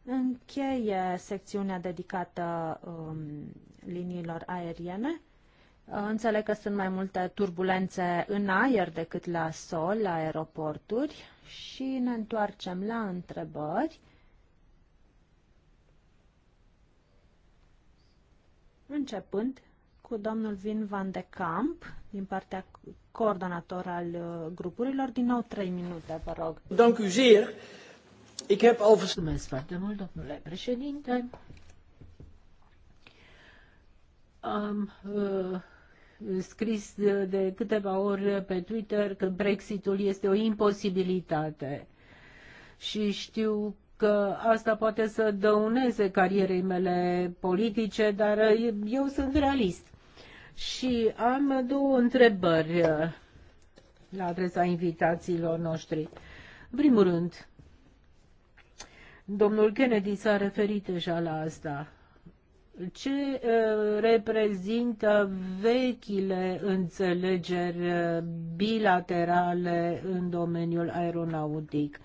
încheie secțiunea dedicată um, liniilor aeriene. Uh, înțeleg că sunt mai multe turbulențe în aer decât la sol, la aeroporturi și ne întoarcem la întrebări. Începând cu domnul Vin van de Camp, din partea coordonator al uh, grupurilor. Din nou, trei minute, vă rog. Mulțumesc foarte mult, domnule președinte. Am uh, scris de câteva ori pe Twitter că Brexitul este o imposibilitate. Și știu că asta poate să dăuneze carierei mele politice, dar eu sunt realist. Și am două întrebări la adresa invitațiilor noștri. În primul rând, domnul Kennedy s-a referit deja la asta ce reprezintă vechile înțelegeri bilaterale în domeniul aeronautic.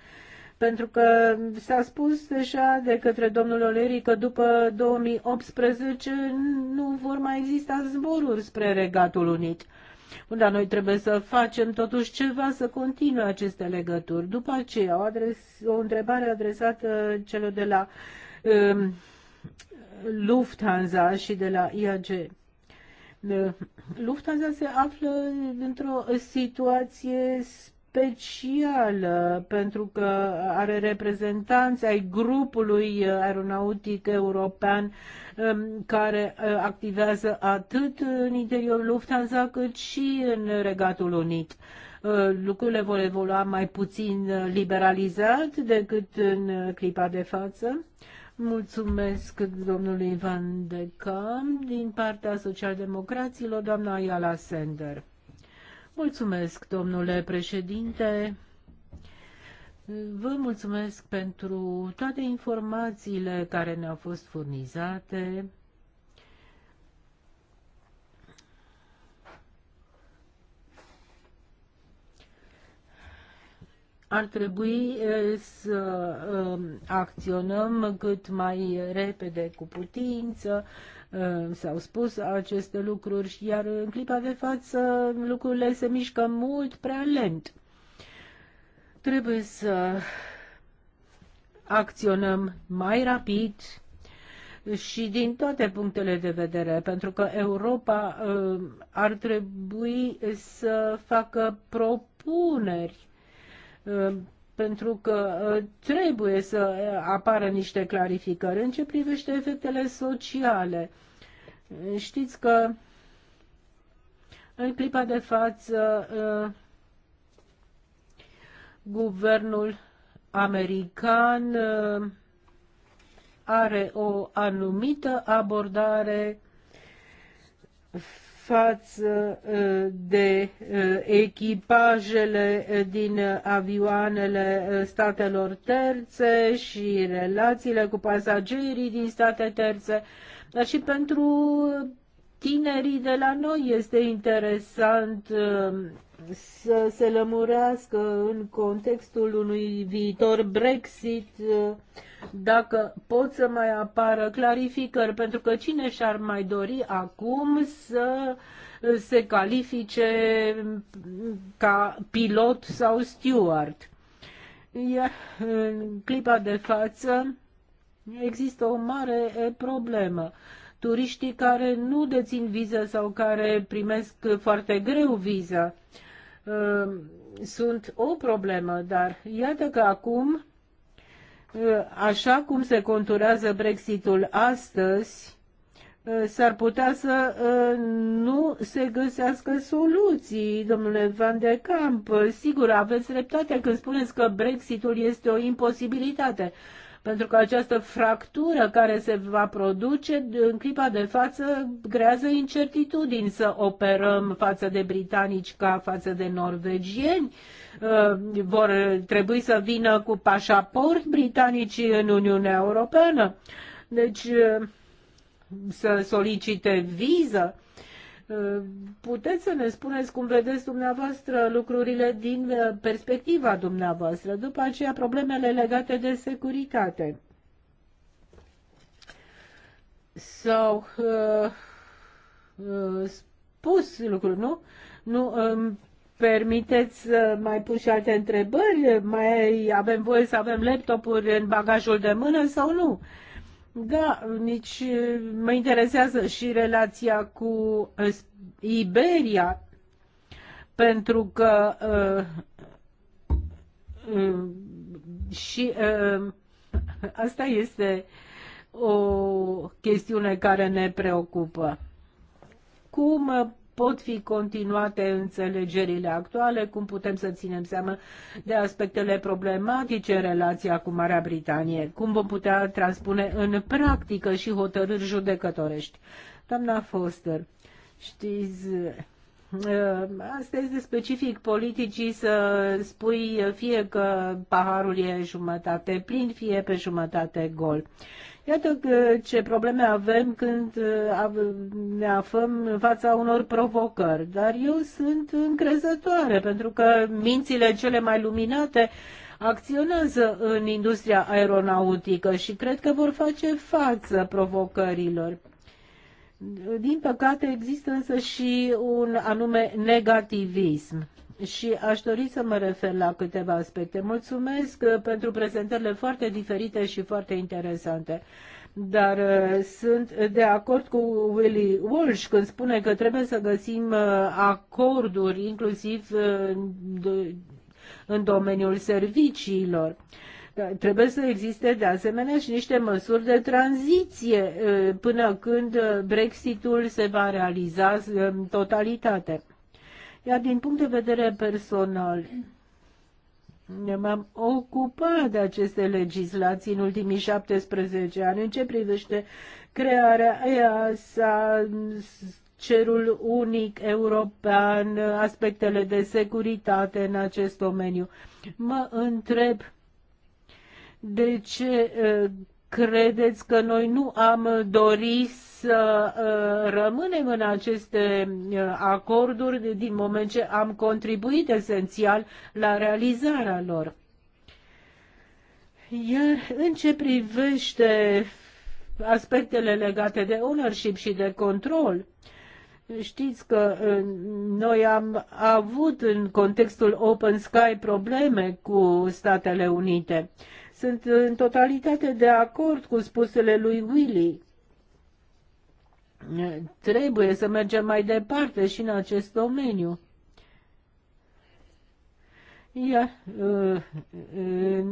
Pentru că s-a spus deja de către domnul Oleri că după 2018 nu vor mai exista zboruri spre Regatul Unit. Dar noi trebuie să facem totuși ceva să continue aceste legături. După aceea, o, adres, o întrebare adresată celor de la uh, Lufthansa și de la IAG. Lufthansa se află într-o situație specială pentru că are reprezentanți ai grupului aeronautic european um, care uh, activează atât în interiorul Lufthansa cât și în Regatul Unit. Uh, lucrurile vor evolua mai puțin liberalizat decât în clipa de față Mulțumesc domnului Van de Cam din partea socialdemocraților, doamna Ayala Sender. Mulțumesc, domnule președinte. Vă mulțumesc pentru toate informațiile care ne-au fost furnizate. ar trebui să acționăm cât mai repede cu putință. S-au spus aceste lucruri, iar în clipa de față lucrurile se mișcă mult prea lent. Trebuie să acționăm mai rapid și din toate punctele de vedere, pentru că Europa ar trebui să facă propuneri Uh, pentru că uh, trebuie să apară niște clarificări în ce privește efectele sociale. Știți că în clipa de față uh, guvernul american are o anumită abordare față uh, de uh, echipajele uh, din avioanele statelor terțe și relațiile cu pasagerii din state terțe, dar și pentru tinerii de la noi este interesant să se lămurească în contextul unui viitor Brexit dacă pot să mai apară clarificări, pentru că cine și-ar mai dori acum să se califice ca pilot sau steward. Iar în clipa de față există o mare problemă. Turiștii care nu dețin viză sau care primesc foarte greu viză ă, sunt o problemă, dar iată că acum așa cum se conturează Brexitul astăzi, ă, s-ar putea să ă, nu se găsească soluții, domnule Van de Camp. Sigur, aveți dreptate când spuneți că Brexitul este o imposibilitate, pentru că această fractură care se va produce în clipa de față creează incertitudini să operăm față de britanici ca față de norvegieni Uh, vor trebui să vină cu pașaport britanici în Uniunea Europeană. Deci uh, să solicite viză. Uh, puteți să ne spuneți cum vedeți dumneavoastră lucrurile din perspectiva dumneavoastră, după aceea problemele legate de securitate. Sau uh, uh, spus lucruri, nu? Nu, um, permiteți să mai pun și alte întrebări? Mai avem voie să avem laptopuri în bagajul de mână sau nu? Da, nici mă interesează și relația cu uh, Iberia, pentru că uh, uh, și uh, asta este o chestiune care ne preocupă. Cum pot fi continuate înțelegerile actuale, cum putem să ținem seama de aspectele problematice în relația cu Marea Britanie, cum vom putea transpune în practică și hotărâri judecătorești. Doamna Foster, știți, uh, Asta este specific politicii să spui fie că paharul e jumătate plin, fie pe jumătate gol. Iată că ce probleme avem când uh, ne aflăm în fața unor provocări, dar eu sunt încrezătoare pentru că mințile cele mai luminate acționează în industria aeronautică și cred că vor face față provocărilor. Din păcate există însă și un anume negativism și aș dori să mă refer la câteva aspecte. Mulțumesc uh, pentru prezentările foarte diferite și foarte interesante. Dar uh, sunt de acord cu Willy Walsh când spune că trebuie să găsim uh, acorduri inclusiv în domeniul serviciilor. Da, trebuie să existe de asemenea și niște măsuri de tranziție până când Brexitul se va realiza în totalitate. Iar din punct de vedere personal, m-am ocupat de aceste legislații în ultimii 17 ani în ce privește crearea EASA, cerul unic european, aspectele de securitate în acest domeniu. Mă întreb de ce eh, credeți că noi nu am dorit să ă, rămânem în aceste ă, acorduri din moment ce am contribuit esențial la realizarea lor. Iar în ce privește aspectele legate de ownership și de control, Știți că ă, noi am avut în contextul Open Sky probleme cu Statele Unite. Sunt în totalitate de acord cu spusele lui Willy. Trebuie să mergem mai departe și în acest domeniu. Iar, uh, uh,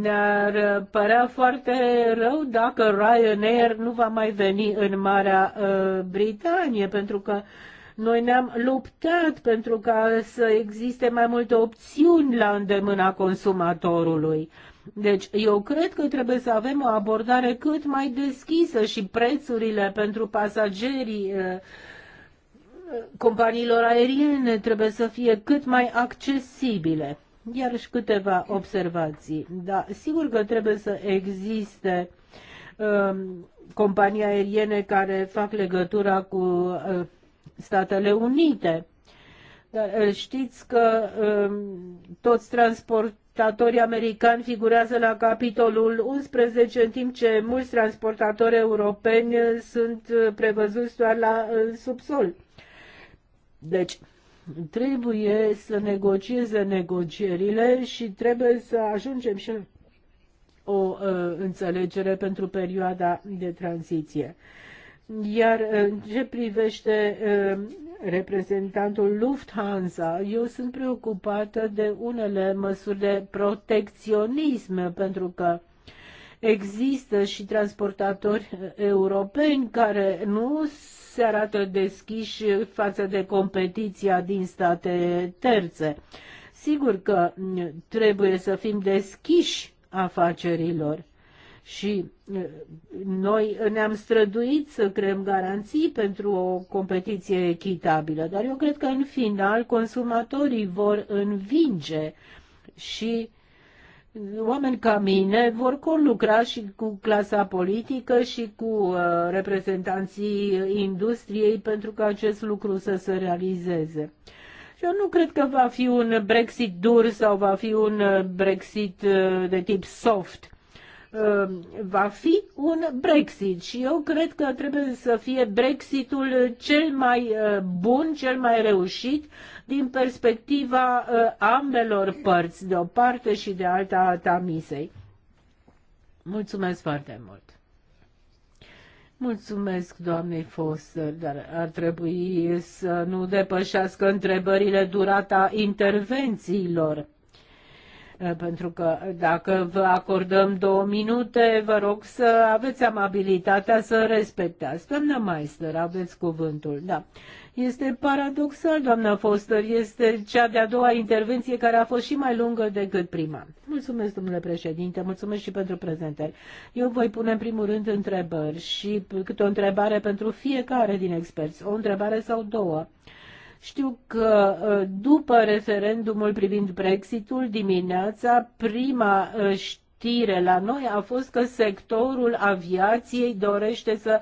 ne-ar părea foarte rău dacă Ryanair nu va mai veni în Marea uh, Britanie, pentru că noi ne-am luptat pentru ca să existe mai multe opțiuni la îndemâna consumatorului. Deci eu cred că trebuie să avem o abordare cât mai deschisă și prețurile pentru pasagerii eh, eh, companiilor aeriene trebuie să fie cât mai accesibile. Iar și câteva observații. Da, sigur că trebuie să existe um, companii aeriene care fac legătura cu uh, Statele Unite. Dar eh, știți că eh, toți transportatorii americani figurează la capitolul 11, în timp ce mulți transportatori europeni eh, sunt prevăzuți doar la subsol. Deci, trebuie să negocieze negocierile și trebuie să ajungem și o uh, înțelegere pentru perioada de tranziție. Iar uh, în ce privește uh, reprezentantul Lufthansa, eu sunt preocupată de unele măsuri de protecționism, pentru că există și transportatori uh, europeni care nu se arată deschiși față de competiția din state terțe. Sigur că trebuie să fim deschiși afacerilor și noi ne-am străduit să creăm garanții pentru o competiție echitabilă, dar eu cred că în final consumatorii vor învinge și oameni ca mine vor conlucra și cu clasa politică și cu reprezentanții industriei pentru că acest lucru să se realizeze. eu nu cred că va fi un Brexit dur sau va fi un Brexit de tip soft. Uh, va fi un Brexit și eu cred că trebuie să fie Brexitul cel mai uh, bun, cel mai reușit din perspectiva uh, ambelor părți, de o parte și de alta a Tamisei. Mulțumesc foarte mult! Mulțumesc, doamnei Foster, dar ar trebui să nu depășească întrebările durata intervențiilor. Eh, pentru că dacă vă acordăm două minute, vă rog să aveți amabilitatea să respectați. Doamna Meister, aveți cuvântul, da. Este paradoxal, doamna Foster, este cea de-a doua intervenție care a fost și mai lungă decât prima. Mulțumesc, domnule președinte, mulțumesc și pentru prezentări. Eu voi pune în primul rând întrebări și câte o întrebare pentru fiecare din experți, o întrebare sau două. Știu că ă, după referendumul privind Brexitul dimineața, prima ă, știre la noi a fost că sectorul aviației dorește să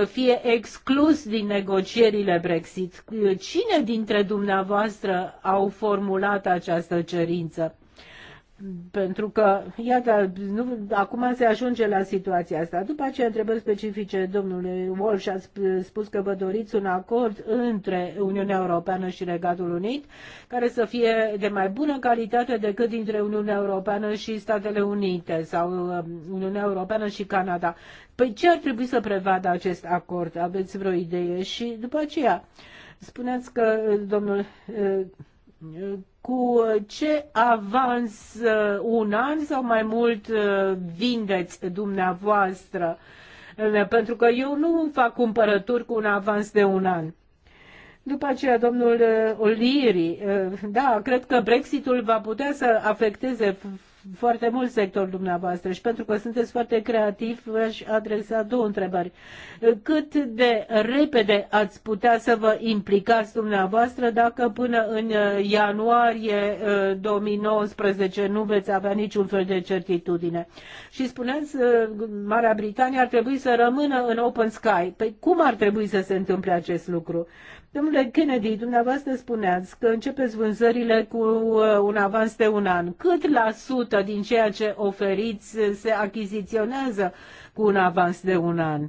ă, fie exclus din negocierile Brexit. Cine dintre dumneavoastră au formulat această cerință? pentru că, iată, nu, acum se ajunge la situația asta. După aceea, întrebări specifice, domnule Walsh a spus că vă doriți un acord între Uniunea Europeană și Regatul Unit, care să fie de mai bună calitate decât dintre Uniunea Europeană și Statele Unite sau um, Uniunea Europeană și Canada. Păi ce ar trebui să prevadă acest acord? Aveți vreo idee? Și după aceea, spuneți că domnul uh, uh, cu uh, ce avans uh, un an sau mai mult uh, vindeți dumneavoastră? Pentru că eu nu fac cumpărături cu un avans de un an. După aceea, domnul O'Leary, da, cred că Brexitul va putea să afecteze foarte mult sectorul dumneavoastră și pentru că sunteți foarte creativ, v-aș adresa două întrebări. Cât de repede ați putea să vă implicați dumneavoastră dacă până în uh, ianuarie 2019 uh, nu veți avea niciun fel de certitudine? Și spuneați, uh, Marea Britanie ar trebui să rămână în open sky. Păi cum ar trebui să se întâmple acest lucru? Domnule Kennedy, dumneavoastră spuneați că începeți vânzările cu uh, un avans de un an. Cât la sută din ceea ce oferiți se achiziționează cu un avans de un an?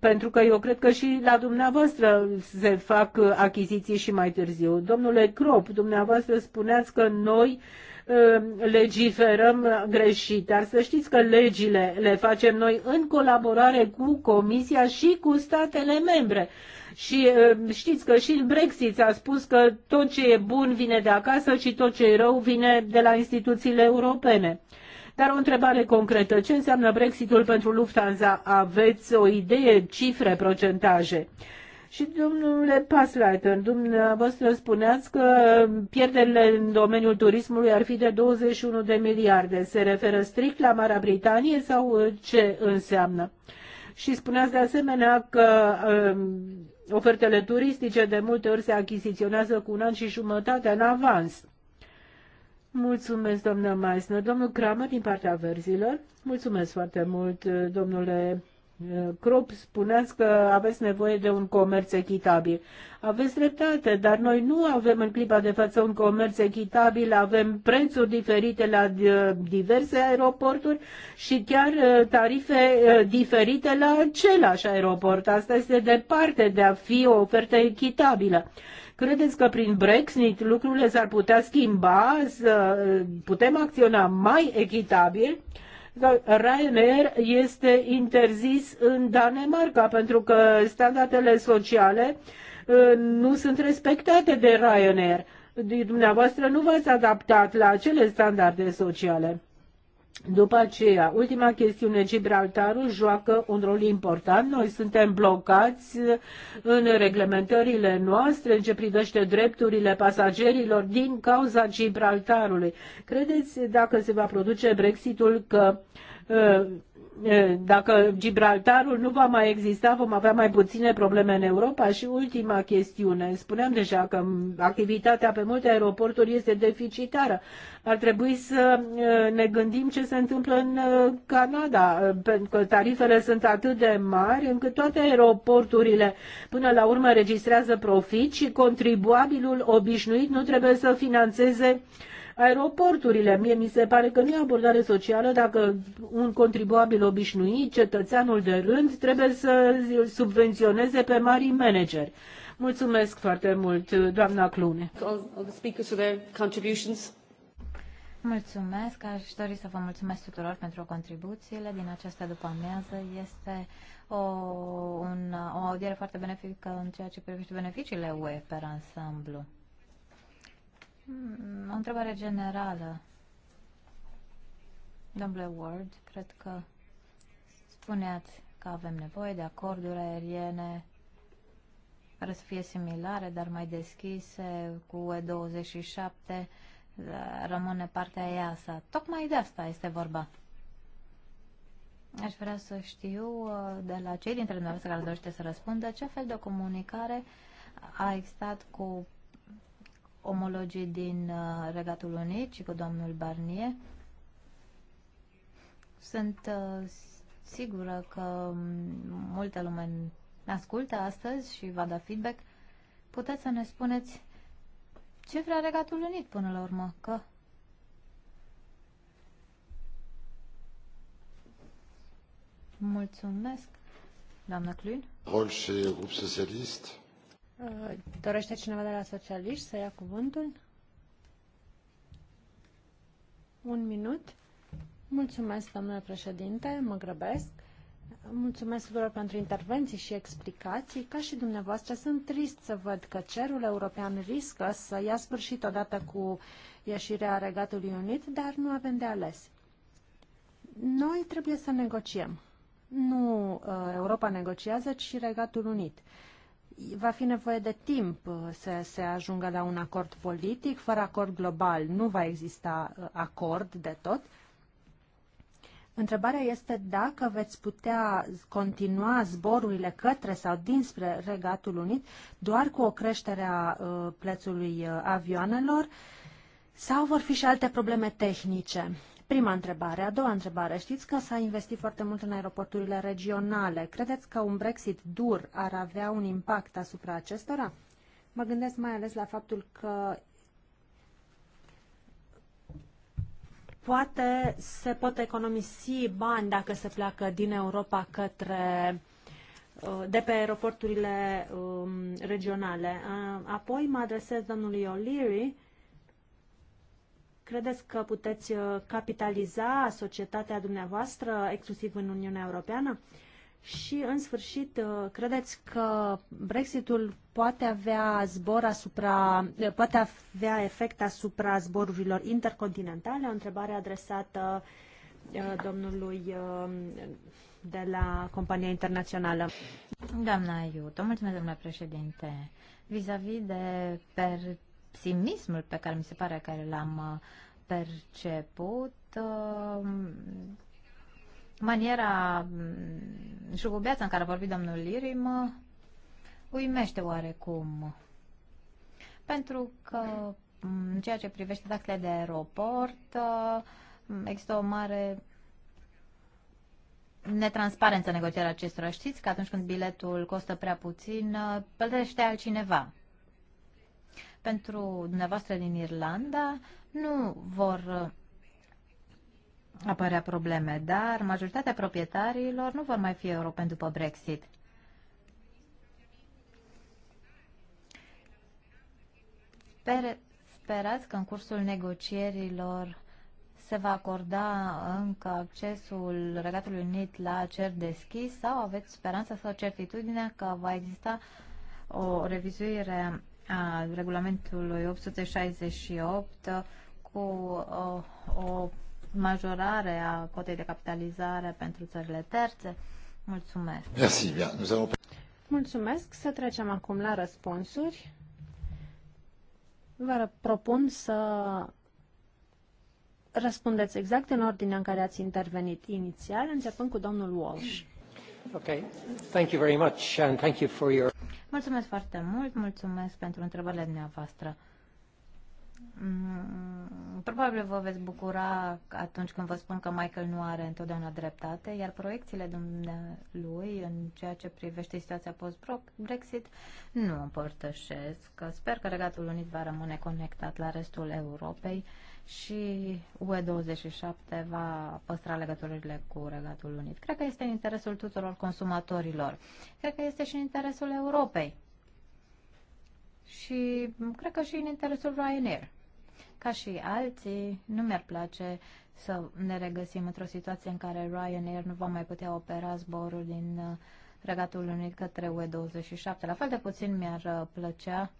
Pentru că eu cred că și la dumneavoastră se fac achiziții și mai târziu. Domnule Crop, dumneavoastră spuneați că noi uh, Ehm, legiferăm greșit, dar să știți că legile le facem noi în colaborare cu Comisia și cu statele membre. Și ehm, știți că și în Brexit a spus că tot ce e bun vine de acasă și tot ce e rău vine de la instituțiile europene. Dar o întrebare concretă. Ce înseamnă Brexitul pentru Lufthansa? Aveți o idee, cifre, procentaje? Și domnule Paslaiter, dumneavoastră spuneați că pierderile în domeniul turismului ar fi de 21 de miliarde. Se referă strict la Marea Britanie sau ce înseamnă? Și spuneați de asemenea că um, ofertele turistice de multe ori se achiziționează cu un an și jumătate în avans. Mulțumesc, doamnă Meisner. Domnul Kramer, din partea verzilor. Mulțumesc foarte mult, domnule Crop, spuneați că aveți nevoie de un comerț echitabil. Aveți dreptate, dar noi nu avem în clipa de față un comerț echitabil, avem prețuri diferite la uh, diverse aeroporturi și chiar uh, tarife uh, diferite la același aeroport. Asta este departe de a fi o ofertă echitabilă. Credeți că prin Brexit lucrurile s-ar putea schimba, să putem acționa mai echitabil? că Ryanair este interzis în Danemarca pentru că standardele sociale uh, nu sunt respectate de Ryanair. Dumneavoastră nu v-ați adaptat la acele standarde sociale. După aceea, ultima chestiune, Gibraltarul joacă un rol important. Noi suntem blocați în reglementările noastre în ce privește drepturile pasagerilor din cauza Gibraltarului. Credeți, dacă se va produce Brexitul, că uh, dacă Gibraltarul nu va mai exista, vom avea mai puține probleme în Europa. Și ultima chestiune, spuneam deja că activitatea pe multe aeroporturi este deficitară. Ar trebui să ne gândim ce se întâmplă în Canada, pentru că tarifele sunt atât de mari încât toate aeroporturile până la urmă registrează profit și contribuabilul obișnuit nu trebuie să financeze uh, aeroporturile. Mie mi se pare că nu e abordare socială dacă un contribuabil obișnuit, cetățeanul de rând, trebuie să îl subvenționeze pe mari manageri. Mulțumesc foarte mult, doamna Clune. Mulțumesc, aș dori să vă mulțumesc tuturor pentru contribuțiile din această după-amiază. Este o, un, o audiere foarte benefică în ceea ce privește beneficiile UE per ansamblu. Mm, o întrebare generală. Domnule Ward, cred că spuneați că avem nevoie de acorduri aeriene care să fie similare, dar mai deschise cu E27 da, rămâne partea EASA. Tocmai de asta este vorba. Aș vrea să știu uh, de la cei dintre dumneavoastră care dorește să răspundă ce fel de comunicare a existat cu omologii din uh, Regatul Unit și cu domnul Barnier. Sunt uh, sigură că um, multă lume ne ascultă astăzi și va da feedback. Puteți să ne spuneți ce vrea Regatul Unit până la urmă, că Mulțumesc, doamna Clun. Rol și grup socialist. Dorește cineva de la socialiști să ia cuvântul? Un minut. Mulțumesc, domnule președinte, mă grăbesc. Mulțumesc tuturor pentru intervenții și explicații. Ca și dumneavoastră, sunt trist să văd că cerul european riscă să ia sfârșit odată cu ieșirea Regatului Unit, dar nu avem de ales. Noi trebuie să negociem. Nu uh, Europa negociază, ci Regatul Unit. Uh, va fi nevoie de timp uh, să se ajungă la un acord politic. Fără acord global nu va exista uh, acord de tot. Întrebarea este dacă veți putea continua zborurile către sau dinspre Regatul Unit doar cu o creștere a uh, prețului avioanelor sau vor fi și alte probleme tehnice. Prima întrebare. A doua întrebare. Știți că s-a investit foarte mult în aeroporturile regionale. Credeți că un Brexit dur ar avea un impact asupra acestora? Mă gândesc mai ales la faptul că poate se pot economisi bani dacă se pleacă din Europa către uh, de pe aeroporturile um, regionale. Apoi mă adresez domnului O'Leary Credeți că puteți uh, capitaliza societatea dumneavoastră exclusiv în Uniunea Europeană? Și, în sfârșit, uh, credeți că Brexitul poate avea, zbor asupra, uh, poate avea efect asupra zborurilor intercontinentale? O întrebare adresată domnului um, de la compania internațională. Doamna Iu, mulțumesc, domnule președinte. Vis-a-vis -vis de per pesimismul pe care mi se pare că l-am uh, perceput, uh, maniera jugubeață mm, în care a vorbit domnul Liri mă uh, uimește oarecum. Pentru că mm, în ceea ce privește taxele de aeroport, există o mare netransparență în negocierea acestora. Știți că atunci când biletul costă prea puțin, plătește altcineva pentru dumneavoastră din Irlanda nu vor uh, apărea probleme, dar majoritatea proprietarilor nu vor mai fi europeni după Brexit. Sper, sperați că în cursul negocierilor se va acorda încă accesul Regatului Unit la cer deschis sau aveți speranța sau certitudinea că va exista o revizuire a regulamentului 868 cu o, o majorare a cotei de capitalizare pentru țările terțe. Mulțumesc. Merci, Mulțumesc. Să trecem acum la răspunsuri. Vă propun să răspundeți exact în ordinea în care ați intervenit inițial, începând cu domnul Walsh. Okay. Thank you very much and thank you for your Mulțumesc foarte mult, mulțumesc pentru întrebările dumneavoastră. Mm, probabil vă veți bucura atunci când vă spun că Michael nu are întotdeauna dreptate, iar proiecțiile lui în ceea ce privește situația post-Brexit nu împărtășesc. Sper că Regatul Unit va rămâne conectat la restul Europei și UE27 va păstra legăturile cu Regatul Unit. Cred că este în interesul tuturor consumatorilor. Cred că este și în interesul Europei. Și cred că și în interesul Ryanair. Ca și alții, nu mi-ar place să ne regăsim într-o situație în care Ryanair nu va mai putea opera zborul din uh, Regatul Unit către UE27. La fel de puțin mi-ar uh, plăcea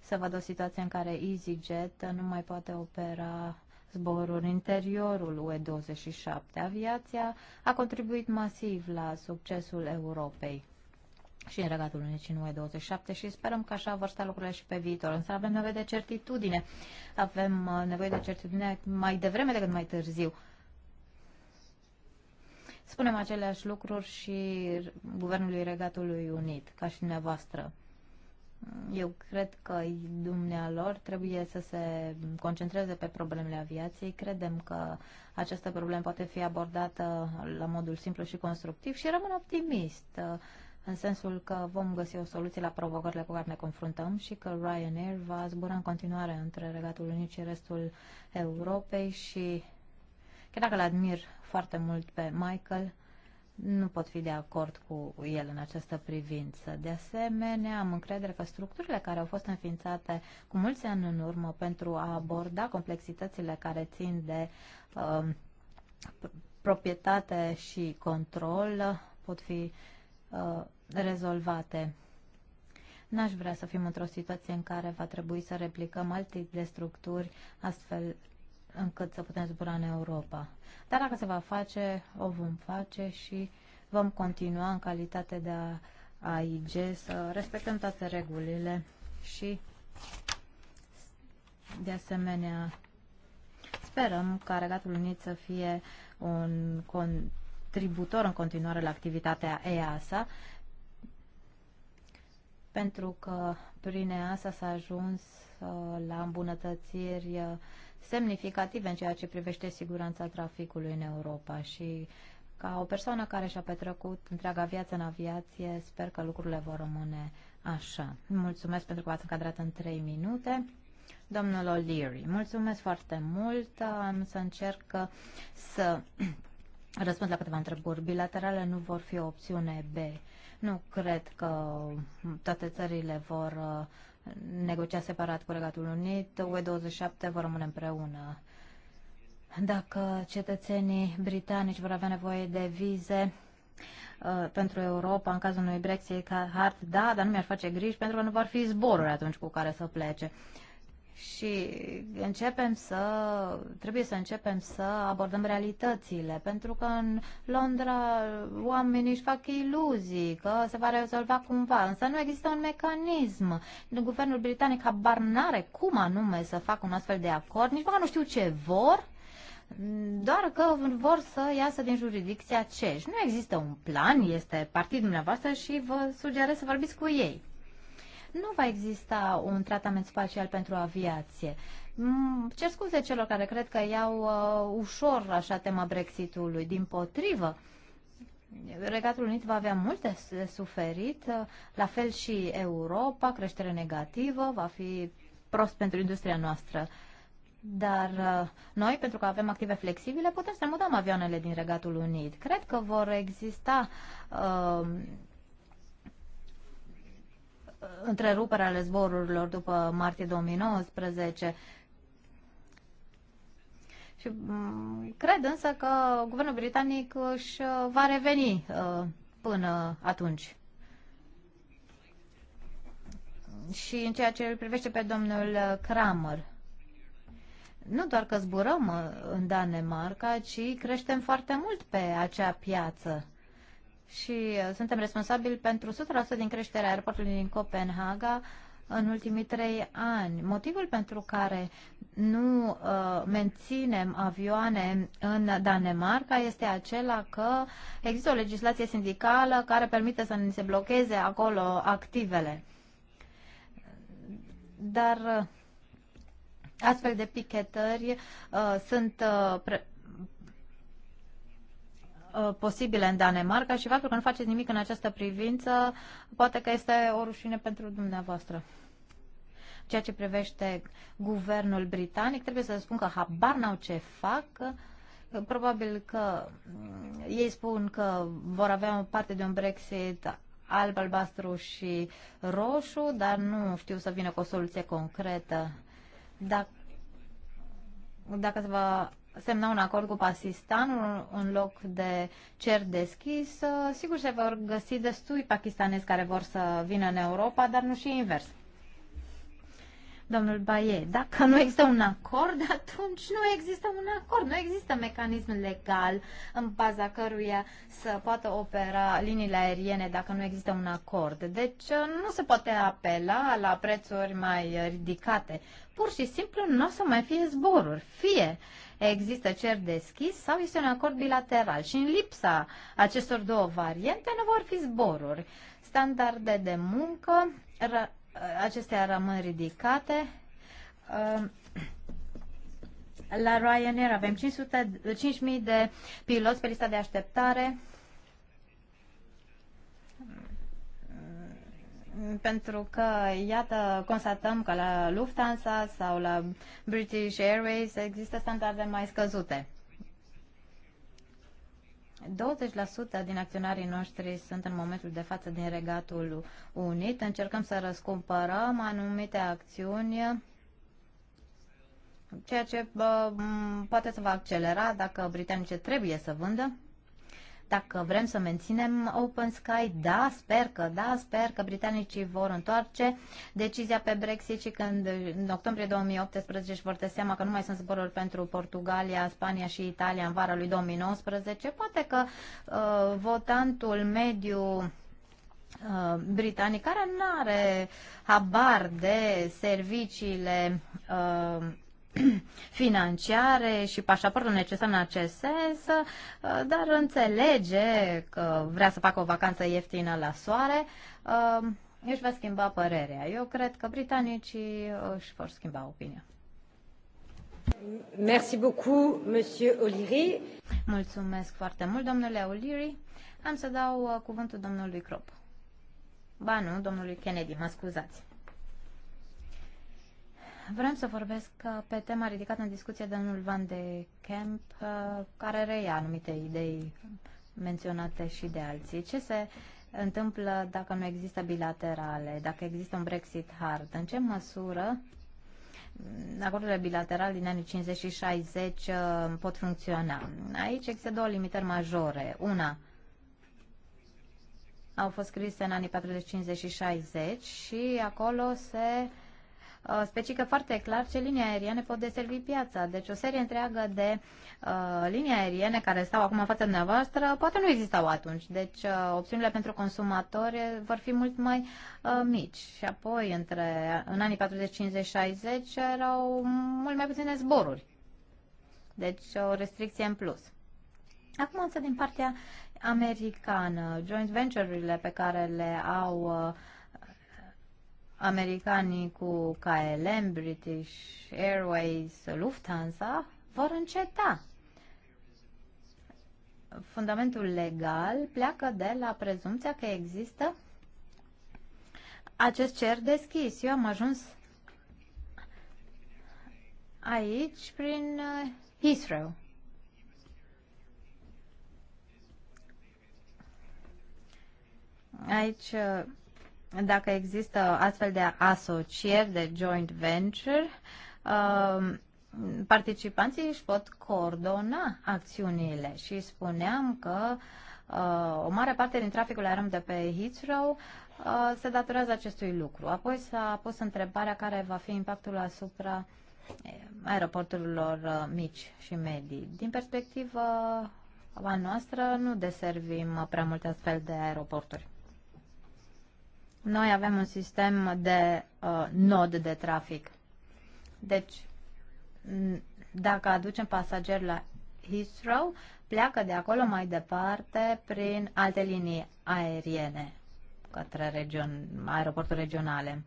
să vadă o situație în care EasyJet nu mai poate opera zboruri în interiorul UE27. Aviația a contribuit masiv la succesul Europei și în regatul unicii în UE27 și sperăm că așa vor sta lucrurile și pe viitor. Însă avem nevoie de certitudine. Avem uh, nevoie de certitudine mai devreme decât mai târziu. Spunem aceleași lucruri și Guvernului Regatului Unit, ca și dumneavoastră. Eu cred că dumnealor trebuie să se concentreze pe problemele aviației. Credem că această problemă poate fi abordată la modul simplu și constructiv și rămân optimist uh, în sensul că vom găsi o soluție la provocările cu care ne confruntăm și că Ryanair va zbura în continuare între Regatul Unit și restul Europei și chiar dacă l admir foarte mult pe Michael, nu pot fi de acord cu el în această privință. De asemenea, am încredere că structurile care au fost înființate cu mulți ani în urmă pentru a aborda complexitățile care țin de uh, proprietate și control pot fi uh, rezolvate. N-aș vrea să fim într-o situație în care va trebui să replicăm alte de structuri astfel încât să putem zbura în Europa. Dar dacă se va face, o vom face și vom continua în calitate de AIG să respectăm toate regulile și de asemenea sperăm ca Regatul Unit să fie un contributor în continuare la activitatea EASA pentru că prin EASA s-a ajuns uh, la îmbunătățiri uh, semnificative în ceea ce privește siguranța traficului în Europa și ca o persoană care și-a petrecut întreaga viață în aviație, sper că lucrurile vor rămâne așa. Mulțumesc pentru că v-ați încadrat în 3 minute. Domnul O'Leary, mulțumesc foarte mult. Am să încerc să [CLEARS THROAT] răspund la câteva întrebări. Bilaterale nu vor fi o opțiune B. Nu cred că toate țările vor uh, negocia separat cu Regatul Unit, UE27 vor rămâne împreună. Dacă cetățenii britanici vor avea nevoie de vize uh, pentru Europa în cazul unui Brexit hard, da, dar nu mi-ar face griji pentru că nu vor fi zboruri atunci cu care să plece. Uh, și începem să, trebuie să începem să abordăm realitățile, pentru că în Londra oamenii își fac iluzii că se va rezolva cumva, însă nu există un mecanism. Guvernul britanic habar n-are cum anume să facă un astfel de acord, nici măcar nu știu ce vor, doar că vor să iasă din jurisdicția CEJ. Nu există un plan, este partidul dumneavoastră și vă sugerez să vorbiți cu ei nu va exista un tratament spațial pentru aviație. Mm, cer scuze celor care cred că iau uh, ușor așa tema Brexitului. Din potrivă, Regatul Unit va avea multe de suferit, uh, la fel și Europa, creștere negativă, va fi prost pentru industria noastră. Dar uh, noi, pentru că avem active flexibile, putem să mutăm avioanele din Regatul Unit. Cred că vor exista uh, întrerupere ale zborurilor după martie 2019. Și mm, cred însă că guvernul britanic își uh, va reveni uh, până atunci. Și în ceea ce îl privește pe domnul Kramer, nu doar că zburăm uh, în Danemarca, ci creștem foarte mult pe acea piață și uh, suntem responsabili pentru 100% din creșterea aeroportului din Copenhaga în ultimii trei ani. Motivul pentru care nu uh, menținem avioane în Danemarca este acela că există o legislație sindicală care permite să ne se blocheze acolo activele. Dar uh, astfel de pichetări uh, sunt uh, Uh, posibile în Danemarca și faptul că nu faceți nimic în această privință poate că este o rușine pentru dumneavoastră. Ceea ce privește guvernul britanic, trebuie să spun că habar n-au ce fac. Probabil că mm, ei spun că vor avea o parte de un Brexit alb, albastru și roșu, dar nu știu să vină cu o soluție concretă. Dacă, dacă se va semna un acord cu Pakistan în loc de cer deschis, uh, sigur se vor găsi destui pakistanezi care vor să vină în Europa, dar nu și invers. Domnul Baie, dacă nu există un acord, [LAUGHS] atunci nu există un acord, nu există mecanism legal în baza căruia să poată opera liniile aeriene dacă nu există un acord. Deci uh, nu se poate apela la prețuri mai ridicate. Pur și simplu nu o să mai fie zboruri. Fie uh, există cer deschis sau este un acord bilateral. Și în lipsa acestor două variante nu vor fi zboruri. Standarde de muncă, ră, acestea rămân ridicate. Ă, la Ryanair avem 500, 5.000 de piloți pe lista de așteptare pentru că, iată, constatăm că la Lufthansa sau la British Airways există standarde mai scăzute. 20% din acționarii noștri sunt în momentul de față din Regatul Unit. Încercăm să răscumpărăm anumite acțiuni, ceea ce bă, poate să va accelera dacă britanice trebuie să vândă dacă vrem să menținem Open Sky, da, sper că, da, sper că britanicii vor întoarce decizia pe Brexit și când în octombrie 2018 își vor te da seama că nu mai sunt zboruri pentru Portugalia, Spania și Italia în vara lui 2019, poate că uh, votantul mediu uh, britanic care nu are habar de serviciile uh, [CLEARS THROAT] financiare și pașaportul necesar în acest sens, uh, dar înțelege că vrea să facă o vacanță ieftină la soare, uh, își va schimba părerea. Eu cred că britanicii își vor schimba opinia. Merci beaucoup, monsieur O'Leary. Mulțumesc foarte mult, domnule O'Leary. Am să dau uh, cuvântul domnului Crop. Ba nu, domnului Kennedy, mă scuzați. Vrem să vorbesc uh, pe tema ridicată în discuție de domnul Van de Camp, uh, care reia anumite idei menționate și de alții. Ce se întâmplă dacă nu există bilaterale, dacă există un Brexit hard? În ce măsură acordurile bilaterale din anii 50 și 60 uh, pot funcționa? Aici există două limitări majore. Una, au fost scrise în anii 40, 50 și 60 și acolo se Uh, specifică foarte clar ce linii aeriene pot deservi piața. Deci o serie întreagă de uh, linii aeriene care stau acum în fața dumneavoastră poate nu existau atunci. Deci uh, opțiunile pentru consumatori vor fi mult mai mici. Și apoi, între, în anii 40, 50, 60 erau mult mai puține zboruri. Deci o restricție în plus. Acum însă din partea americană, joint venture-urile pe care le au uh, americanii cu KLM, British Airways, Lufthansa vor înceta. Fundamentul legal pleacă de la prezumția că există acest cer deschis. Eu am ajuns aici prin uh, Heathrow. Aici uh, dacă există astfel de asocieri, de joint venture, um, participanții își pot coordona acțiunile și spuneam că uh, o mare parte din traficul aerom de pe Heathrow uh, se datorează acestui lucru. Apoi s-a pus întrebarea care va fi impactul asupra eh, aeroporturilor uh, mici și medii. Din perspectivă a noastră, nu deservim prea multe astfel de aeroporturi. Noi avem un sistem de uh, nod de trafic. Deci, dacă aducem pasageri la Heathrow, pleacă de acolo mai departe prin alte linii aeriene către region, aeroporturi regionale.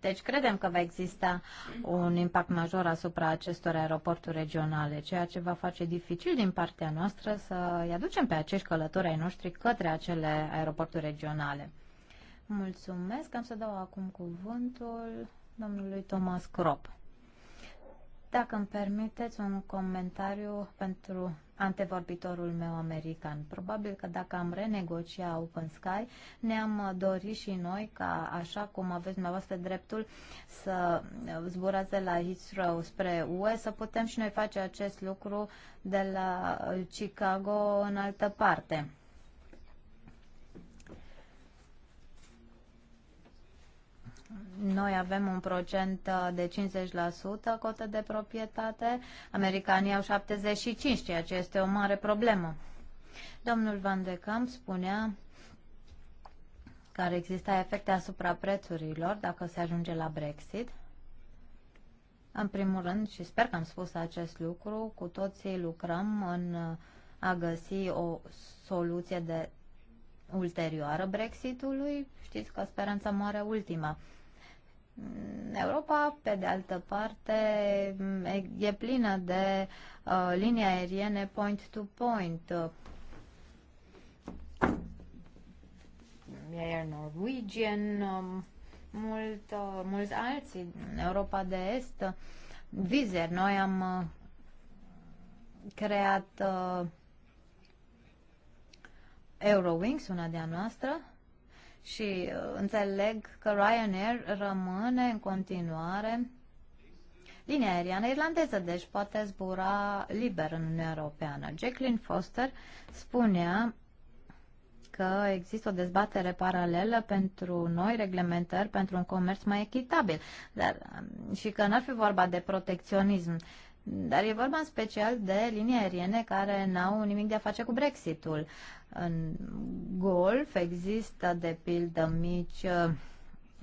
Deci credem că va exista un impact major asupra acestor aeroporturi regionale, ceea ce va face dificil din partea noastră să-i aducem pe acești călători ai noștri către acele aeroporturi regionale. Mulțumesc. Am să dau acum cuvântul domnului Thomas Crop. Dacă îmi permiteți un comentariu pentru antevorbitorul meu american. Probabil că dacă am renegocia Open Sky, ne-am dorit și noi ca, așa cum aveți dumneavoastră dreptul să zburați de la Heathrow spre UE, să putem și noi face acest lucru de la Chicago în altă parte. Noi avem un procent uh, de 50% cotă de proprietate, americanii au 75%, ceea ce este o mare problemă. Domnul Van de Camp spunea că ar exista efecte asupra prețurilor dacă se ajunge la Brexit. În primul rând, și sper că am spus acest lucru, cu toții lucrăm în uh, a găsi o soluție de ulterioară Brexitului. Știți că speranța moare ultima. Europa, pe de altă parte, e plină de uh, linii aeriene point-to-point. Point. Air Norwegian, um, mult, uh, mulți alții, Europa de Est, Vizer. Noi am uh, creat uh, Eurowings, una de-a noastră, și uh, înțeleg că Ryanair rămâne în continuare linia aeriană irlandeză, deci poate zbura liber în Uniunea Europeană. Jacqueline Foster spunea că există o dezbatere paralelă pentru noi reglementări pentru un comerț mai echitabil dar, um, și că n-ar fi vorba de protecționism. Dar e vorba în special de linii aeriene care n-au nimic de a face cu Brexitul. În Golf există, de pildă, mici uh,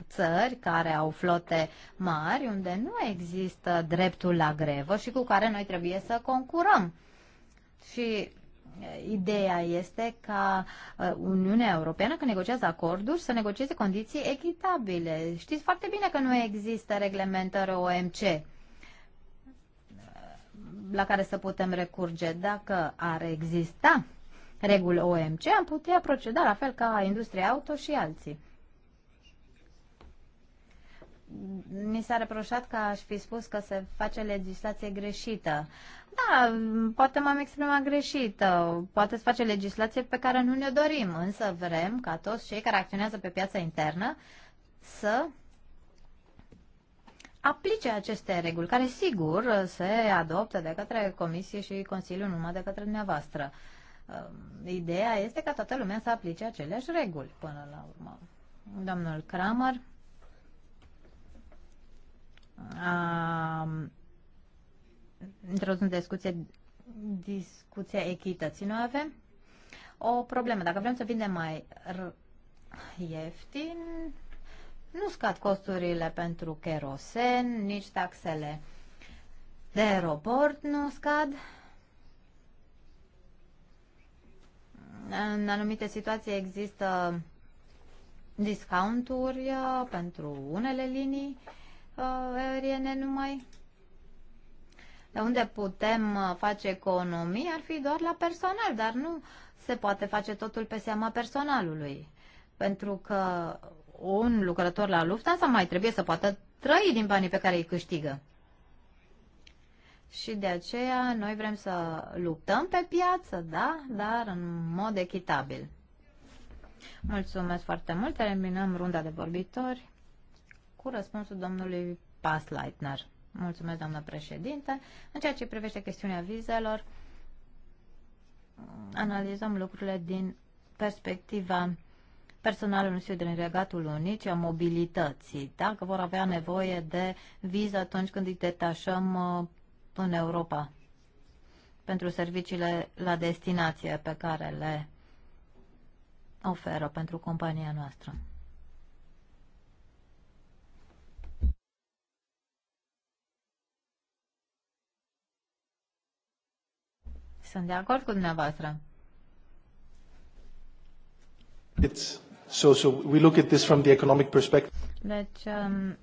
țări care au flote mari, unde nu există dreptul la grevă și cu care noi trebuie să concurăm. Și uh, ideea este ca uh, Uniunea Europeană, când negociază acorduri, să negocieze condiții echitabile. Știți foarte bine că nu există reglementări OMC la care să putem recurge. Dacă ar exista reguli OMC, am putea proceda la fel ca industria auto și alții. Mi s-a reproșat că aș fi spus că se face legislație greșită. Da, poate m-am exprimat greșită, poate se face legislație pe care nu ne-o dorim, însă vrem ca toți cei care acționează pe piața internă să aplice aceste reguli, care sigur se adoptă de către Comisie și Consiliu, numai de către dumneavoastră. Um, ideea este ca toată lumea să aplice aceleași reguli până la urmă. Domnul Kramer a introdus în discuție discuția echității. Noi avem o problemă. Dacă vrem să vindem mai ieftin, nu scad costurile pentru kerosen, nici taxele de aeroport nu scad. În anumite situații există discounturi uh, pentru unele linii uh, aeriene numai. De unde putem uh, face economii ar fi doar la personal, dar nu se poate face totul pe seama personalului. Pentru că un lucrător la Lufthansa mai trebuie să poată trăi din banii pe care îi câștigă. Și de aceea noi vrem să luptăm pe piață, da, dar în mod echitabil. Mulțumesc foarte mult. Terminăm runda de vorbitori cu răspunsul domnului Pasleitner. Mulțumesc, doamnă președinte. În ceea ce privește chestiunea vizelor, analizăm lucrurile din perspectiva personalul nu știu din Regatul Unit, ci a mobilității. Dacă vor avea nevoie de viză atunci când îi detașăm uh, în Europa pentru serviciile la destinație pe care le oferă pentru compania noastră. Sunt de acord cu dumneavoastră. It's So, so we look at this from the economic perspective. Deci, um,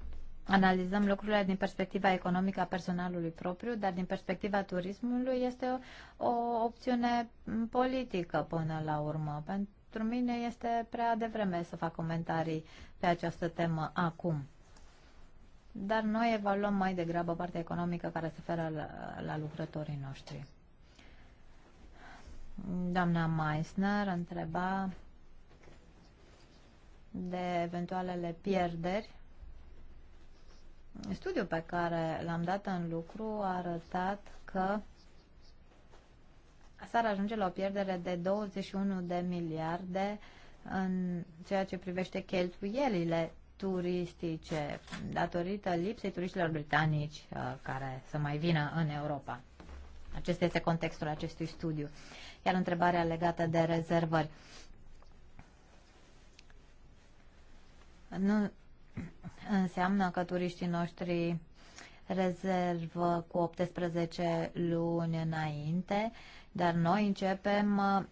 analizăm lucrurile din perspectiva economică a personalului propriu, dar din perspectiva turismului este o, o opțiune politică până la urmă. Pentru mine este prea devreme să fac comentarii pe această temă acum. Dar noi evaluăm mai degrabă partea economică care se oferă la, la lucrătorii noștri. Doamna Meissner întreba de eventualele pierderi. Studiul pe care l-am dat în lucru a arătat că s-ar ajunge la o pierdere de 21 de miliarde în ceea ce privește cheltuielile turistice datorită lipsei turiștilor britanici uh, care să mai vină în Europa. Acesta este contextul acestui studiu. Iar întrebarea legată de rezervări. nu înseamnă că turiștii noștri rezervă cu 18 luni înainte, dar noi începem uh,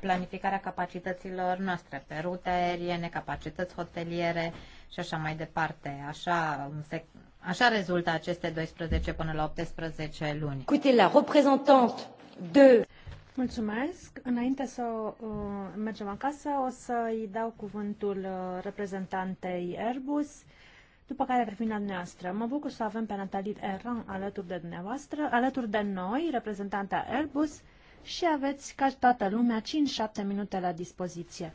planificarea capacităților noastre pe rute aeriene, capacități hoteliere și așa mai departe. Așa, se, așa rezultă aceste 12 până la 18 luni. Écoutez la reprezentant de Mulțumesc. Înainte să uh, mergem acasă, o să-i dau cuvântul uh, reprezentantei Airbus, după care revin la dumneavoastră. Mă bucur să avem pe Natalie Erran alături de dumneavoastră, alături de noi, reprezentanta Airbus, și aveți, ca toată lumea, 5-7 minute la dispoziție.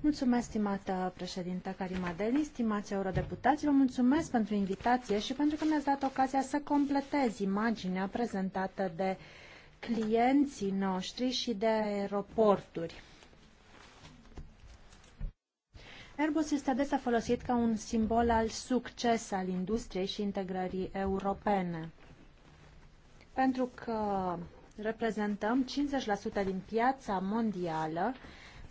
Mulțumesc, stimată președintă Karima Deli, stimați eurodeputați, vă mulțumesc pentru invitație și pentru că mi-ați dat ocazia să completez imaginea prezentată de uh, clienții noștri și de aeroporturi. Airbus este adesea folosit ca un simbol al succes al industriei și integrării europene. Pentru că reprezentăm 50% din piața mondială,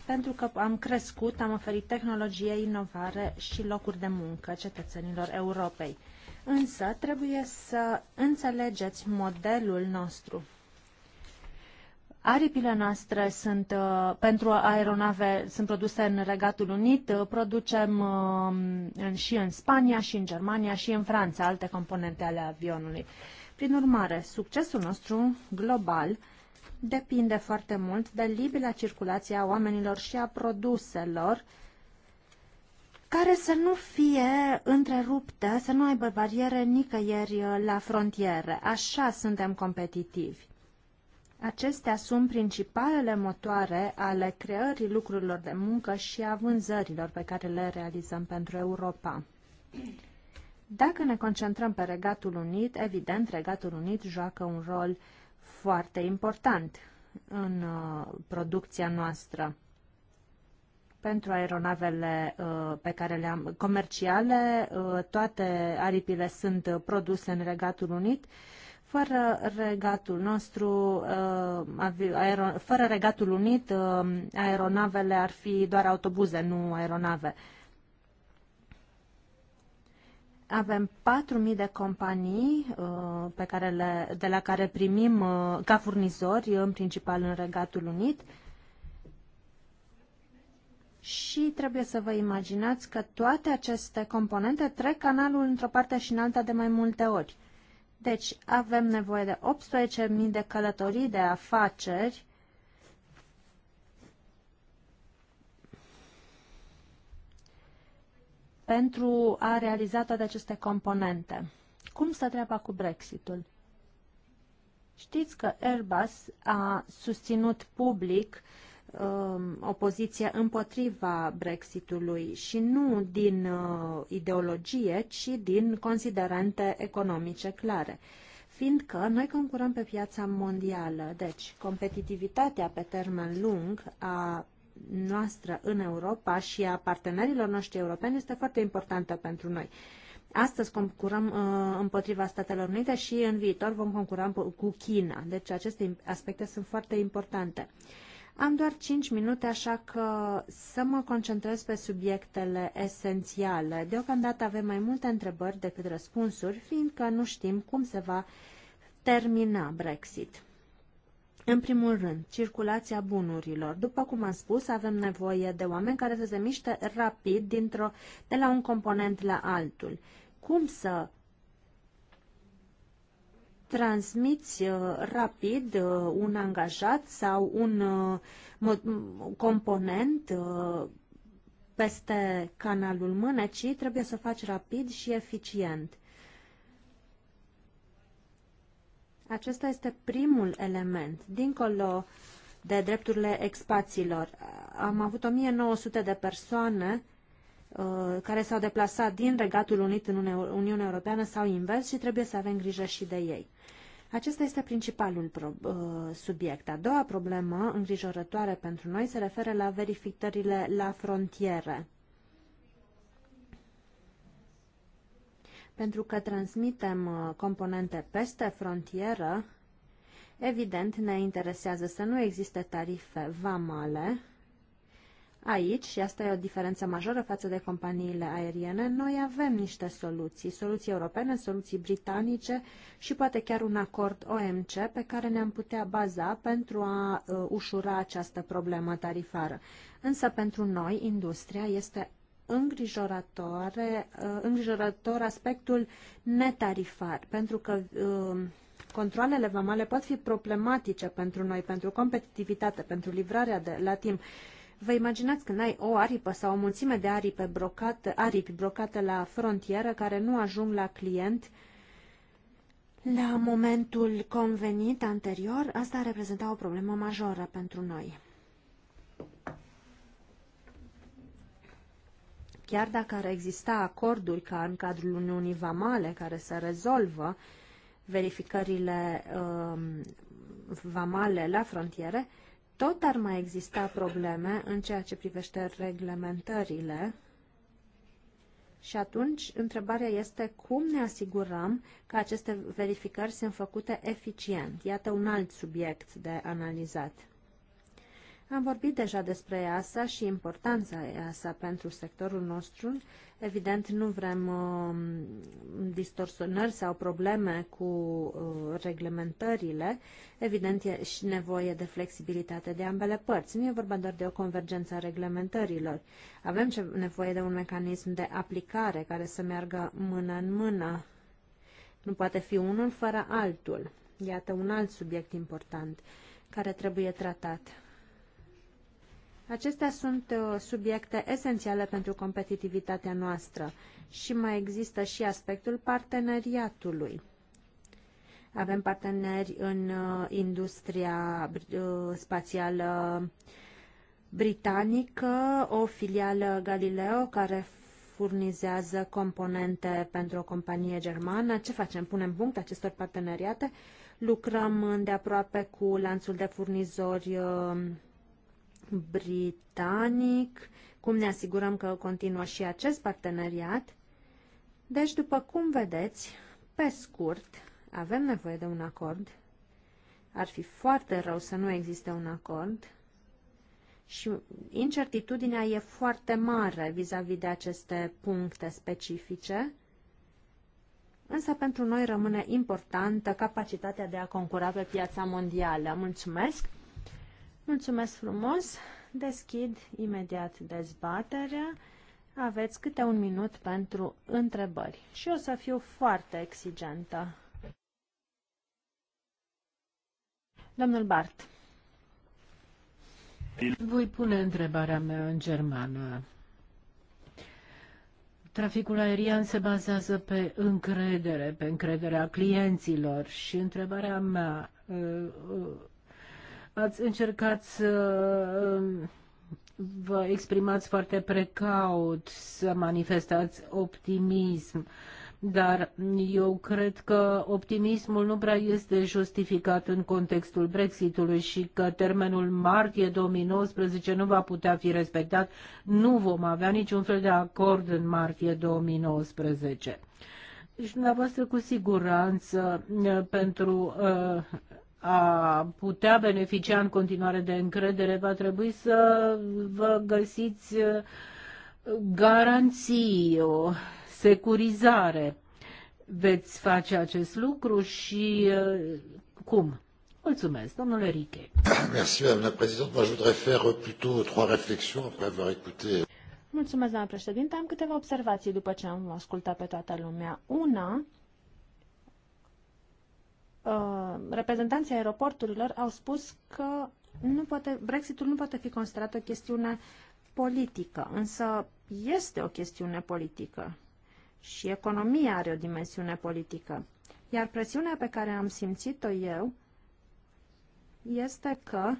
pentru că am crescut, am oferit tehnologie, inovare și locuri de muncă cetățenilor Europei. Însă trebuie să înțelegeți modelul nostru aripile noastre sunt uh, pentru aeronave sunt produse în Regatul Unit, uh, producem uh, și în Spania, și în Germania, și în Franța alte componente ale avionului. Prin urmare, succesul nostru global depinde foarte mult de libera circulație a oamenilor și a produselor care să nu fie întrerupte, să nu aibă bariere nicăieri la frontiere. Așa suntem competitivi. Acestea sunt principalele motoare ale creării lucrurilor de muncă și a vânzărilor pe care le realizăm pentru Europa. Dacă ne concentrăm pe Regatul Unit, evident, Regatul Unit joacă un rol foarte important în uh, producția noastră. Pentru aeronavele uh, pe care le am comerciale, uh, toate aripile sunt uh, produse în Regatul Unit fără regatul nostru, uh, fără regatul unit, uh, aeronavele ar fi doar autobuze, nu aeronave. Avem 4.000 de companii uh, pe care le, de la care primim ca furnizori, în principal în Regatul Unit, și trebuie să vă imaginați că toate aceste componente trec canalul într-o parte și în alta de mai multe ori. Deci avem nevoie de 18.000 de călătorii de afaceri pentru a realiza toate aceste componente. Cum stă treaba cu Brexitul? Știți că Airbus a susținut public uh, Um, opoziție împotriva Brexitului și nu din uh, ideologie, ci din considerente economice clare fiindcă noi concurăm pe piața mondială, deci competitivitatea pe termen lung a noastră în Europa și a partenerilor noștri europeni este foarte importantă pentru noi. Astăzi concurăm uh, împotriva Statelor Unite și în viitor vom concura cu China. Deci aceste aspecte sunt foarte importante. Uh, am doar 5 minute, așa că să mă concentrez pe subiectele esențiale. Deocamdată avem mai multe întrebări decât răspunsuri, fiindcă nu știm cum se va termina Brexit. În primul rând, circulația bunurilor. După cum am spus, avem nevoie de oameni care să se miște rapid dintr-o, de la un component la altul. Cum să transmiți uh, rapid uh, un angajat sau un uh, component peste canalul mânecii, trebuie să faci rapid și eficient. Acesta este primul element. Dincolo de drepturile expațiilor, am avut 1900 de persoane Uh, care s-au deplasat din Regatul Unit în Uniunea Europeană sau invers și trebuie să avem grijă și de ei. Acesta este principalul uh, subiect. A doua problemă îngrijorătoare pentru noi se referă la verificările la frontiere. Pentru că transmitem uh, componente peste frontieră, evident ne interesează să nu existe tarife vamale, Aici, și asta e o diferență majoră față de companiile aeriene, noi avem niște soluții, soluții europene, soluții britanice și poate chiar un acord OMC pe care ne-am putea baza pentru a uh, ușura această problemă tarifară. Însă pentru noi, industria este îngrijorătoare, uh, îngrijorător aspectul netarifar, pentru că uh, controlele vamale pot fi problematice pentru noi, pentru competitivitate, pentru livrarea de la timp. Uh, Vă imaginați când ai o aripă sau o mulțime de aripe brocate, aripi brocate la frontieră care nu ajung la client la momentul convenit anterior, asta reprezenta o problemă majoră pentru noi. Chiar dacă ar exista acorduri ca în cadrul Uniunii Vamale care să rezolvă verificările um, vamale la frontiere, uh, tot ar mai exista probleme în ceea ce privește reglementările și atunci întrebarea este cum ne asigurăm că aceste verificări sunt făcute eficient. Iată un alt subiect de analizat. Am vorbit deja despre EASA și importanța EASA pentru sectorul nostru. Evident, nu vrem uh, distorsionări sau probleme cu uh, reglementările. Evident, e și nevoie de flexibilitate de ambele părți. Nu e vorba doar de o convergență a reglementărilor. Avem nevoie de un mecanism de aplicare care să meargă mână în mână. Nu poate fi unul fără altul. Iată un alt subiect important care trebuie tratat. Acestea sunt uh, subiecte esențiale pentru competitivitatea noastră și mai există și aspectul parteneriatului. Avem parteneri în uh, industria uh, spațială britanică, o filială Galileo care furnizează componente pentru o companie germană. Ce facem? Punem punct acestor parteneriate. Lucrăm îndeaproape cu lanțul de furnizori britanic, cum ne asigurăm că continuă și acest parteneriat. Deci, după cum vedeți, pe scurt, avem nevoie de un acord. Ar fi foarte rău să nu existe un acord. Și incertitudinea e foarte mare vis-a-vis -vis de aceste puncte specifice. Însă pentru noi rămâne importantă capacitatea de a concura pe piața mondială. Mulțumesc! Mulțumesc frumos! Deschid imediat dezbaterea. Aveți câte un minut pentru întrebări și o să fiu foarte exigentă. Domnul Bart. Voi pune întrebarea mea în germană. Traficul aerian se bazează pe încredere, pe încrederea clienților și întrebarea mea uh, uh, ați încercat să um, vă exprimați foarte precaut, să manifestați optimism, dar eu cred că optimismul nu prea este justificat în contextul Brexitului și că termenul martie 2019 nu va putea fi respectat. Nu vom avea niciun fel de acord în martie 2019. Și deci, dumneavoastră, cu siguranță, pentru uh, a putea beneficia în continuare de încredere, va trebui să vă găsiți uh, garanții, o securizare. Veți face acest lucru și uh, cum? Mulțumesc, domnule Riche. [COUGHS] Merci, madame la Mă Moi, faire plutôt trois réflexions après avoir écouté. Mulțumesc, doamna președinte. Am câteva observații după ce am ascultat pe toată lumea. Una, Uh, reprezentanții aeroporturilor au spus că nu poate, Brexitul nu poate fi considerat o chestiune politică, însă este o chestiune politică și economia are o dimensiune politică. Iar presiunea pe care am simțit-o eu este că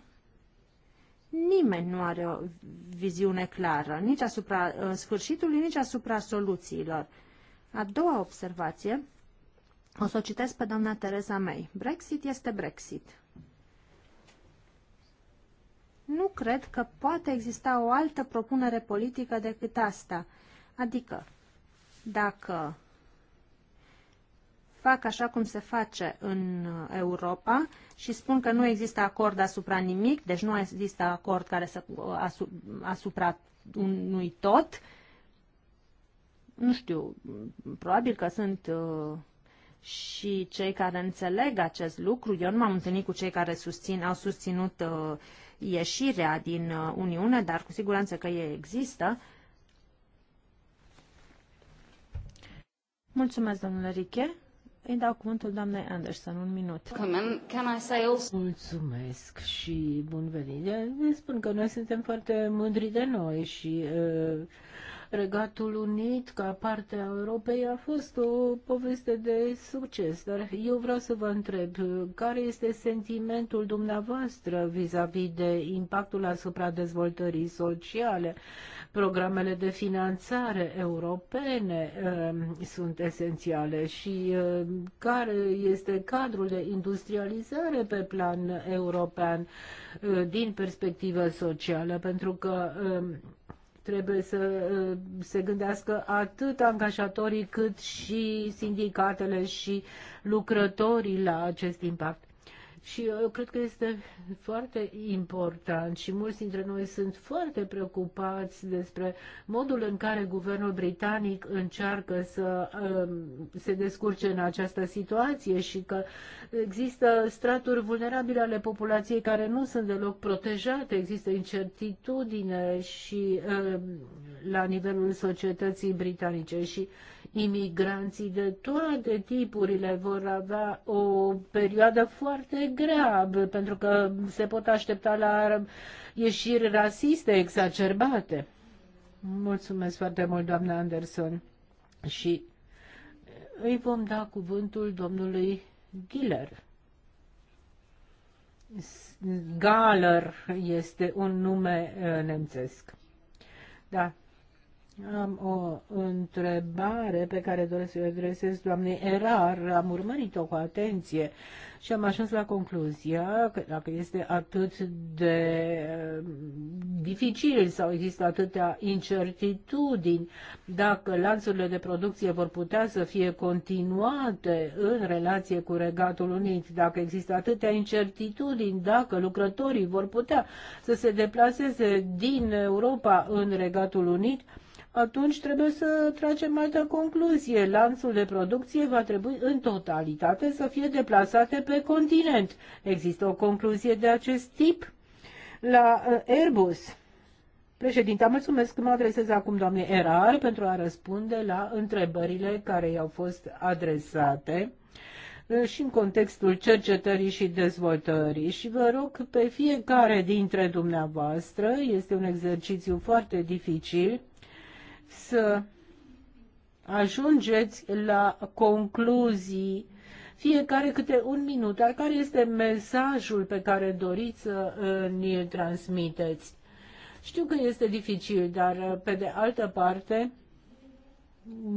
nimeni nu are o viziune clară, nici asupra uh, sfârșitului, nici asupra soluțiilor. A doua observație o să o citesc pe doamna Teresa May. Brexit este Brexit. Nu cred că poate exista o altă propunere politică decât asta. Adică, dacă fac așa cum se face în Europa și spun că nu există acord asupra nimic, deci nu există acord care să asupra unui tot. Nu știu, probabil că sunt uh, și cei care înțeleg acest lucru, eu nu m-am întâlnit cu cei care susțin, au susținut uh, ieșirea din uh, Uniune, dar cu siguranță că ei există. Mulțumesc, domnule Riche. Îi dau cuvântul doamnei Anderson, un minut. Mulțumesc și bun venit. Spun că noi suntem foarte mândri de noi și uh, Regatul Unit, ca parte a Europei, a fost o poveste de succes, dar eu vreau să vă întreb, care este sentimentul dumneavoastră vis-a-vis -vis de impactul asupra dezvoltării sociale? Programele de finanțare europene uh, sunt esențiale și uh, care este cadrul de industrializare pe plan european uh, din perspectivă socială, pentru că Trebuie să uh, se gândească atât angajatorii cât și sindicatele și lucrătorii la acest impact. Și eu cred că este foarte important și mulți dintre noi sunt foarte preocupați despre modul în care guvernul britanic încearcă să um, se descurce în această situație și că există straturi vulnerabile ale populației care nu sunt deloc protejate, există incertitudine și um, la nivelul societății britanice și imigranții de toate tipurile vor avea o perioadă foarte grea, pentru că se pot aștepta la ieșiri rasiste exacerbate. Mulțumesc foarte mult, doamna Anderson. Și îi vom da cuvântul domnului Giller. Galer este un nume uh, nemțesc. Da, am o întrebare pe care doresc să o adresez doamnei Erar. Am urmărit-o cu atenție și am ajuns la concluzia că dacă este atât de mm, dificil sau există atâtea incertitudini, dacă lanțurile de producție vor putea să fie continuate în relație cu Regatul Unit, dacă există atâtea incertitudini, dacă lucrătorii vor putea să se deplaseze din Europa în Regatul Unit, atunci trebuie să tragem altă concluzie. Lanțul de producție va trebui în totalitate să fie deplasate pe continent. Există o concluzie de acest tip la uh, Airbus. Președinte, mulțumesc. Mă adresez acum doamne Erar pentru a răspunde la întrebările care i-au fost adresate uh, și în contextul cercetării și dezvoltării. Și vă rog pe fiecare dintre dumneavoastră, este un exercițiu foarte dificil, să ajungeți la concluzii fiecare câte un minut, dar care este mesajul pe care doriți să uh, ne transmiteți? Știu că este dificil, dar uh, pe de altă parte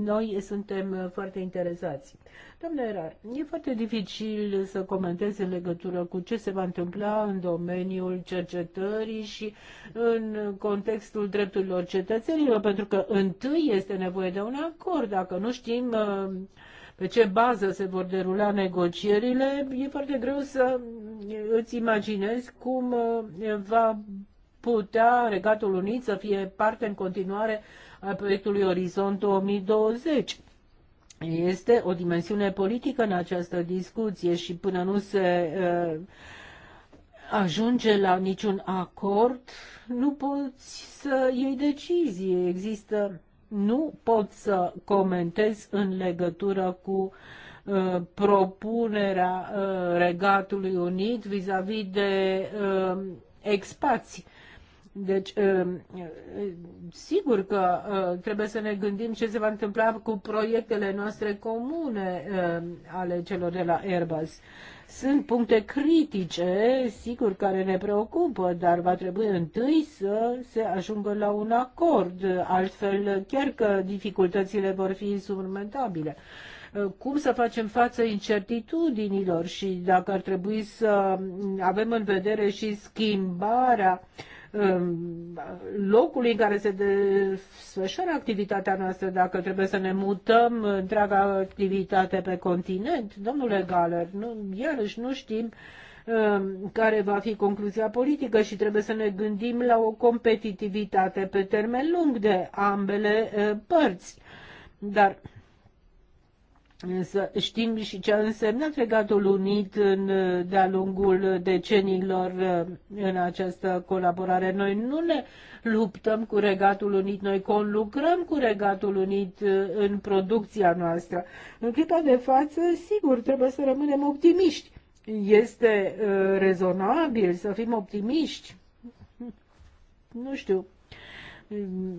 noi suntem foarte interesați. Doamne Erar, e foarte dificil să comentez în legătură cu ce se va întâmpla în domeniul cercetării și în contextul drepturilor cetățenilor, pentru că întâi este nevoie de un acord. Dacă nu știm uh, pe ce bază se vor derula negocierile, e foarte greu să îți imaginezi cum uh, va putea Regatul Unit să fie parte în continuare al proiectului Orizont 2020. Este o dimensiune politică în această discuție și până nu se uh, ajunge la niciun acord, nu poți să iei decizie. Există, nu pot să comentez în legătură cu uh, propunerea uh, Regatului Unit vis-a-vis -vis de uh, expații Uh, deci, ă, ă, sigur că ă, trebuie să ne gândim ce se va întâmpla cu proiectele noastre comune ale celor de la Airbus. Sunt puncte critice, sigur, care ne preocupă, dar va trebui întâi să se ajungă la un acord, altfel chiar că dificultățile vor fi insurmentabile cum să facem față incertitudinilor și dacă ar trebui să avem în vedere și schimbarea Um, locului în care se desfășoară activitatea noastră, dacă trebuie să ne mutăm întreaga activitate pe continent. Domnule Galer, nu, iarăși nu știm um, care va fi concluzia politică și trebuie să ne gândim la o competitivitate pe termen lung de ambele uh, părți. Dar să știm și ce a însemnat Regatul Unit în, de-a lungul decenilor uh, în această colaborare. Noi nu ne luptăm cu Regatul Unit, noi conlucrăm cu Regatul Unit uh, în producția noastră. În clipa de față, sigur, trebuie să rămânem optimiști. Este uh, rezonabil să fim optimiști? Nu știu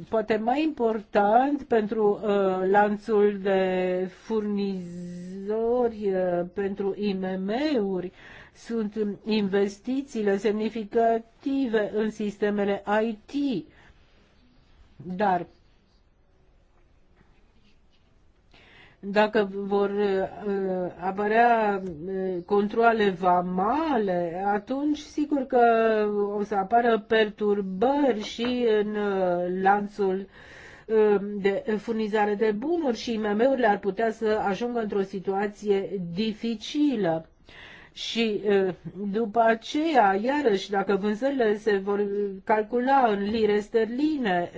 poate mai important pentru uh, lanțul de furnizori, uh, pentru IMM-uri, sunt investițiile semnificative în sistemele IT. Dar dacă vor uh, uh, apărea uh, controle vamale, atunci sigur că o să apară perturbări și în lanțul de furnizare de bunuri și IMM-urile ar putea să ajungă într-o situație dificilă. Și după aceea, iarăși, dacă vânzările se vor calcula în lire sterline,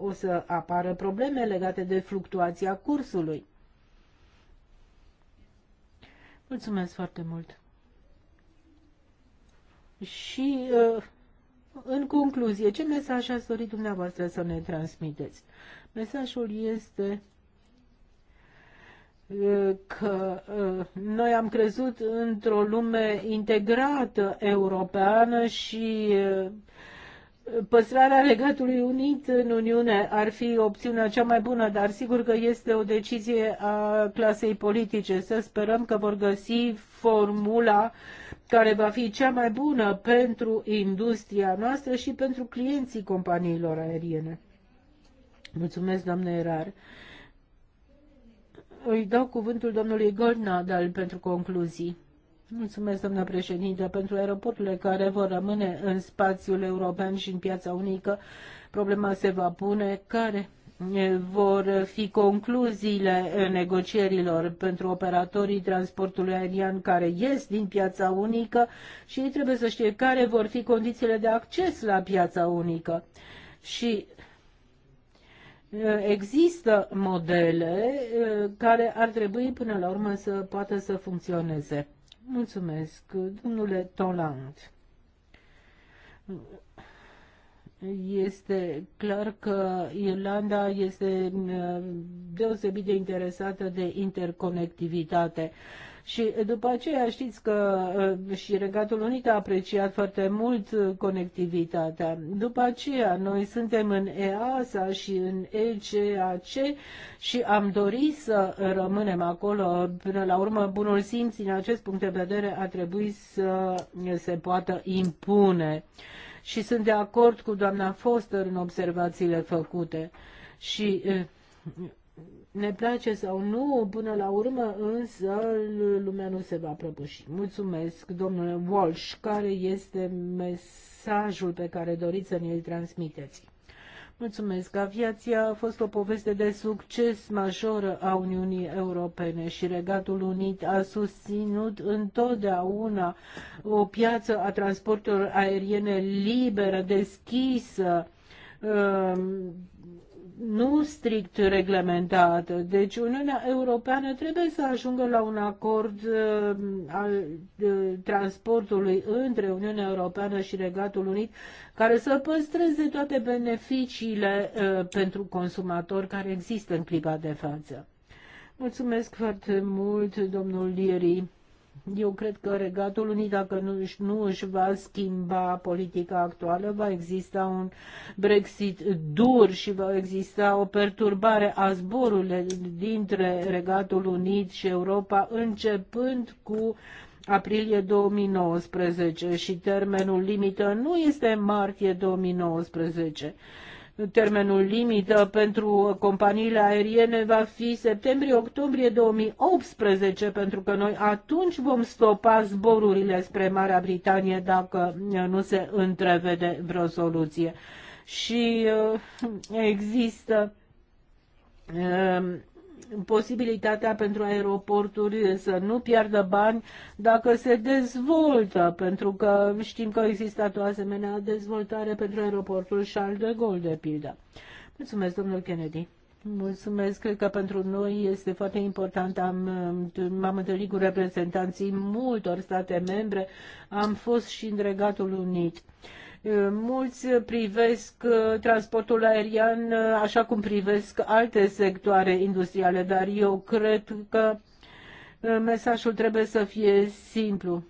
o să apară probleme legate de fluctuația cursului. Mulțumesc foarte mult. Și uh, în concluzie, ce mesaj ați dori dumneavoastră să ne transmiteți? Mesajul este uh, că uh, noi am crezut într-o lume integrată europeană și păstrarea legatului Unit în Uniune ar fi opțiunea cea mai bună, dar sigur că este o decizie a clasei politice. Să sperăm că vor găsi formula care va fi cea mai bună pentru industria noastră și pentru clienții companiilor aeriene. Mulțumesc, doamne Erar. Îi dau cuvântul domnului Gornadal pentru concluzii. Mulțumesc, domnule președinte, pentru aeroporturile care vor rămâne în spațiul european și în piața unică. Problema se va pune care vor fi concluziile negocierilor pentru operatorii transportului aerian care ies din piața unică și ei trebuie să știe care vor fi condițiile de acces la piața unică. Și uh, există modele uh, care ar trebui până la urmă să poată să funcționeze. Mulțumesc, domnule Toland. Este clar că Irlanda este uh, deosebit de interesată de interconectivitate și după aceea știți că uh, și Regatul Unit a apreciat foarte mult uh, conectivitatea. După aceea noi suntem în EASA și în ECAC și am dorit să rămânem acolo. Până la urmă, bunul simț din acest punct de vedere a trebuit să se poată impune. Și sunt de acord cu doamna Foster în observațiile făcute. Și uh, ne place sau nu, până la urmă însă lumea nu se va prăbuși. Mulțumesc, domnule Walsh, care este mesajul pe care doriți să ne-l transmiteți. Mulțumesc. Aviația a fost o poveste de succes majoră a Uniunii Europene și Regatul Unit a susținut întotdeauna o piață a transporturilor aeriene liberă, deschisă, um, nu strict reglementată. Deci Uniunea Europeană trebuie să ajungă la un acord uh, al uh, transportului între Uniunea Europeană și Regatul Unit care să păstreze toate beneficiile uh, pentru consumatori care există în clipa de față. Mulțumesc foarte mult, domnul Lieri. Eu cred că Regatul Unit, dacă nu, nu își va schimba politica actuală, va exista un Brexit dur și va exista o perturbare a zborurilor dintre Regatul Unit și Europa, începând cu aprilie 2019 și termenul limită nu este martie 2019 termenul limită pentru companiile aeriene va fi septembrie-octombrie 2018, pentru că noi atunci vom stopa zborurile spre Marea Britanie dacă nu se întrevede vreo soluție. Și uh, există uh, posibilitatea pentru aeroporturi să nu piardă bani dacă se dezvoltă, pentru că știm că există o asemenea dezvoltare pentru aeroportul Charles de Gaulle, de pildă. Mulțumesc, domnul Kennedy. Mulțumesc, cred că pentru noi este foarte important. Am, m-am întâlnit cu reprezentanții multor state membre, am fost și în Regatul Unit. Eh, mulți privesc eh, transportul aerian eh, așa cum privesc alte sectoare industriale, dar eu cred că mesajul trebuie să fie simplu.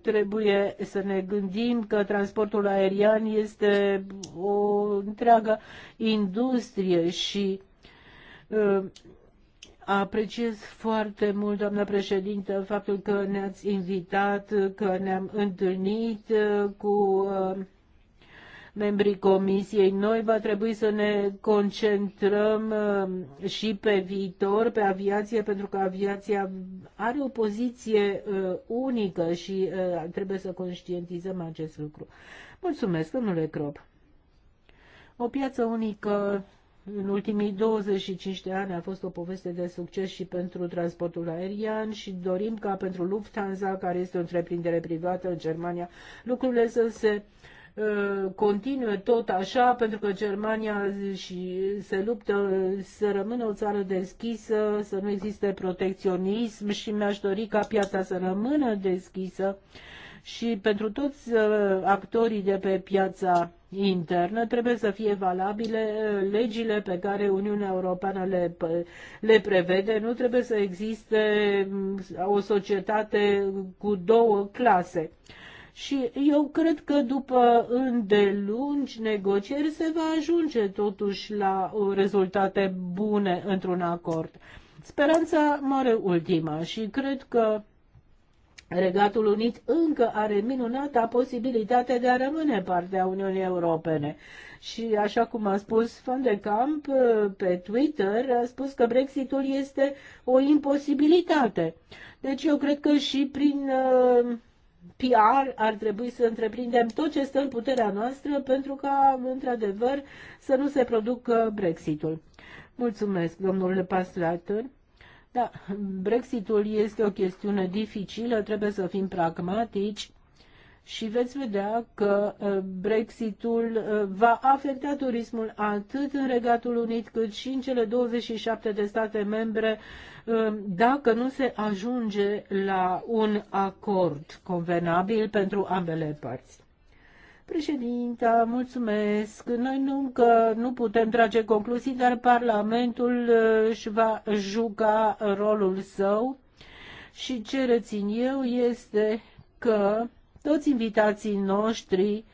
Trebuie să ne gândim că transportul aerian este o întreagă industrie și Apreciez foarte mult, doamnă președintă, faptul că ne-ați invitat, că ne-am întâlnit uh, cu uh, membrii comisiei. Noi va trebui să ne concentrăm uh, și pe viitor, pe aviație, pentru că aviația are o poziție unică și trebuie să conștientizăm acest lucru. Mulțumesc, domnule Crop. O piață unică în ultimii 25 de ani a fost o poveste de succes și pentru transportul aerian și dorim ca pentru Lufthansa, care este o întreprindere privată în Germania, lucrurile să se continuă uh, continue tot așa, pentru că Germania și se luptă să rămână o țară deschisă, să nu existe protecționism și mi-aș dori ca piața să rămână deschisă și pentru toți uh, actorii de pe piața internă trebuie să fie valabile uh, legile pe care Uniunea Europeană le, le prevede. Nu trebuie să existe mm, o societate cu două clase. Și eu cred că după îndelungi negocieri se va ajunge totuși la uh, rezultate bune într-un acord. Speranța mare ultima și cred că Regatul Unit încă are minunata posibilitate de a rămâne parte a Uniunii Europene. Și așa cum a spus Van de Camp uh, pe Twitter, a spus că Brexitul este o imposibilitate. Deci eu cred că și prin uh, PR ar trebui să întreprindem tot ce stă în puterea noastră pentru ca, într-adevăr, să nu se producă Brexitul. Mulțumesc, domnule Pastrator. Da, Brexitul este o chestiune dificilă, trebuie să fim pragmatici și veți vedea că uh, Brexitul uh, va afecta turismul atât în Regatul Unit cât și în cele 27 de state membre uh, dacă nu se ajunge la un acord convenabil pentru ambele părți. Președinta, mulțumesc. Noi nu, că nu putem trage concluzii, dar Parlamentul uh, își va juca rolul său și ce rețin eu este că toți invitații noștri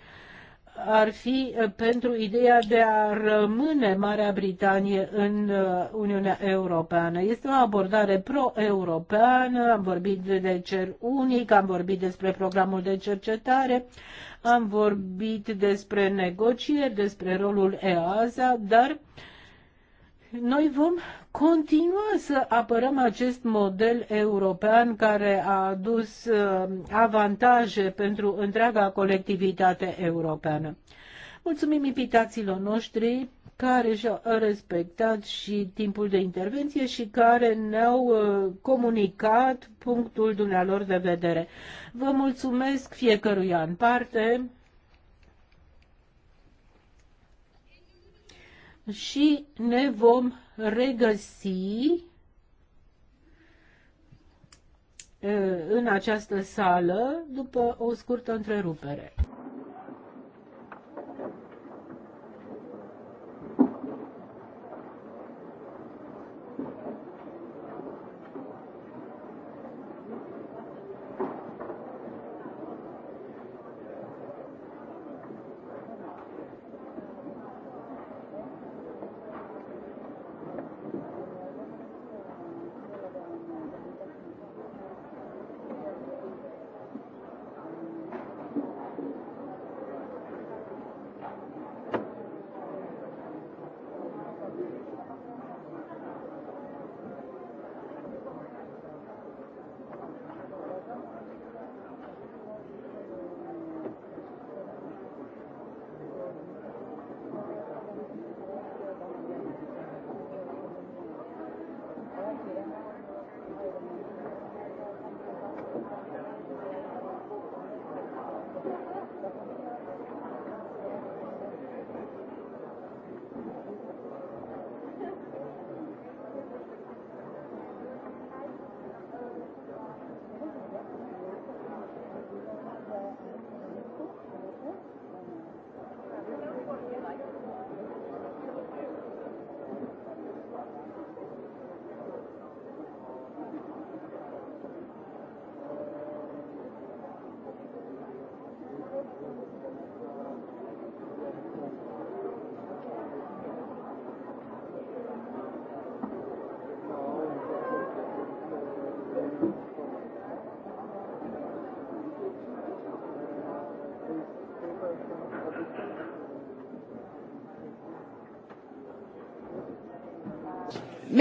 ar fi uh, pentru ideea de a rămâne Marea Britanie în uh, Uniunea Europeană. Este o abordare pro-europeană, am vorbit de cer unic, am vorbit despre programul de cercetare, am vorbit despre negocieri, despre rolul EASA, dar uh, noi vom continua să apărăm acest model european care a adus uh, avantaje pentru întreaga colectivitate europeană. Mulțumim invitațiilor noștri care și-au respectat și timpul de intervenție și care ne-au uh, comunicat punctul dumnealor de vedere. Vă mulțumesc fiecăruia în parte. și ne vom regăsi uh, în această sală după o scurtă întrerupere.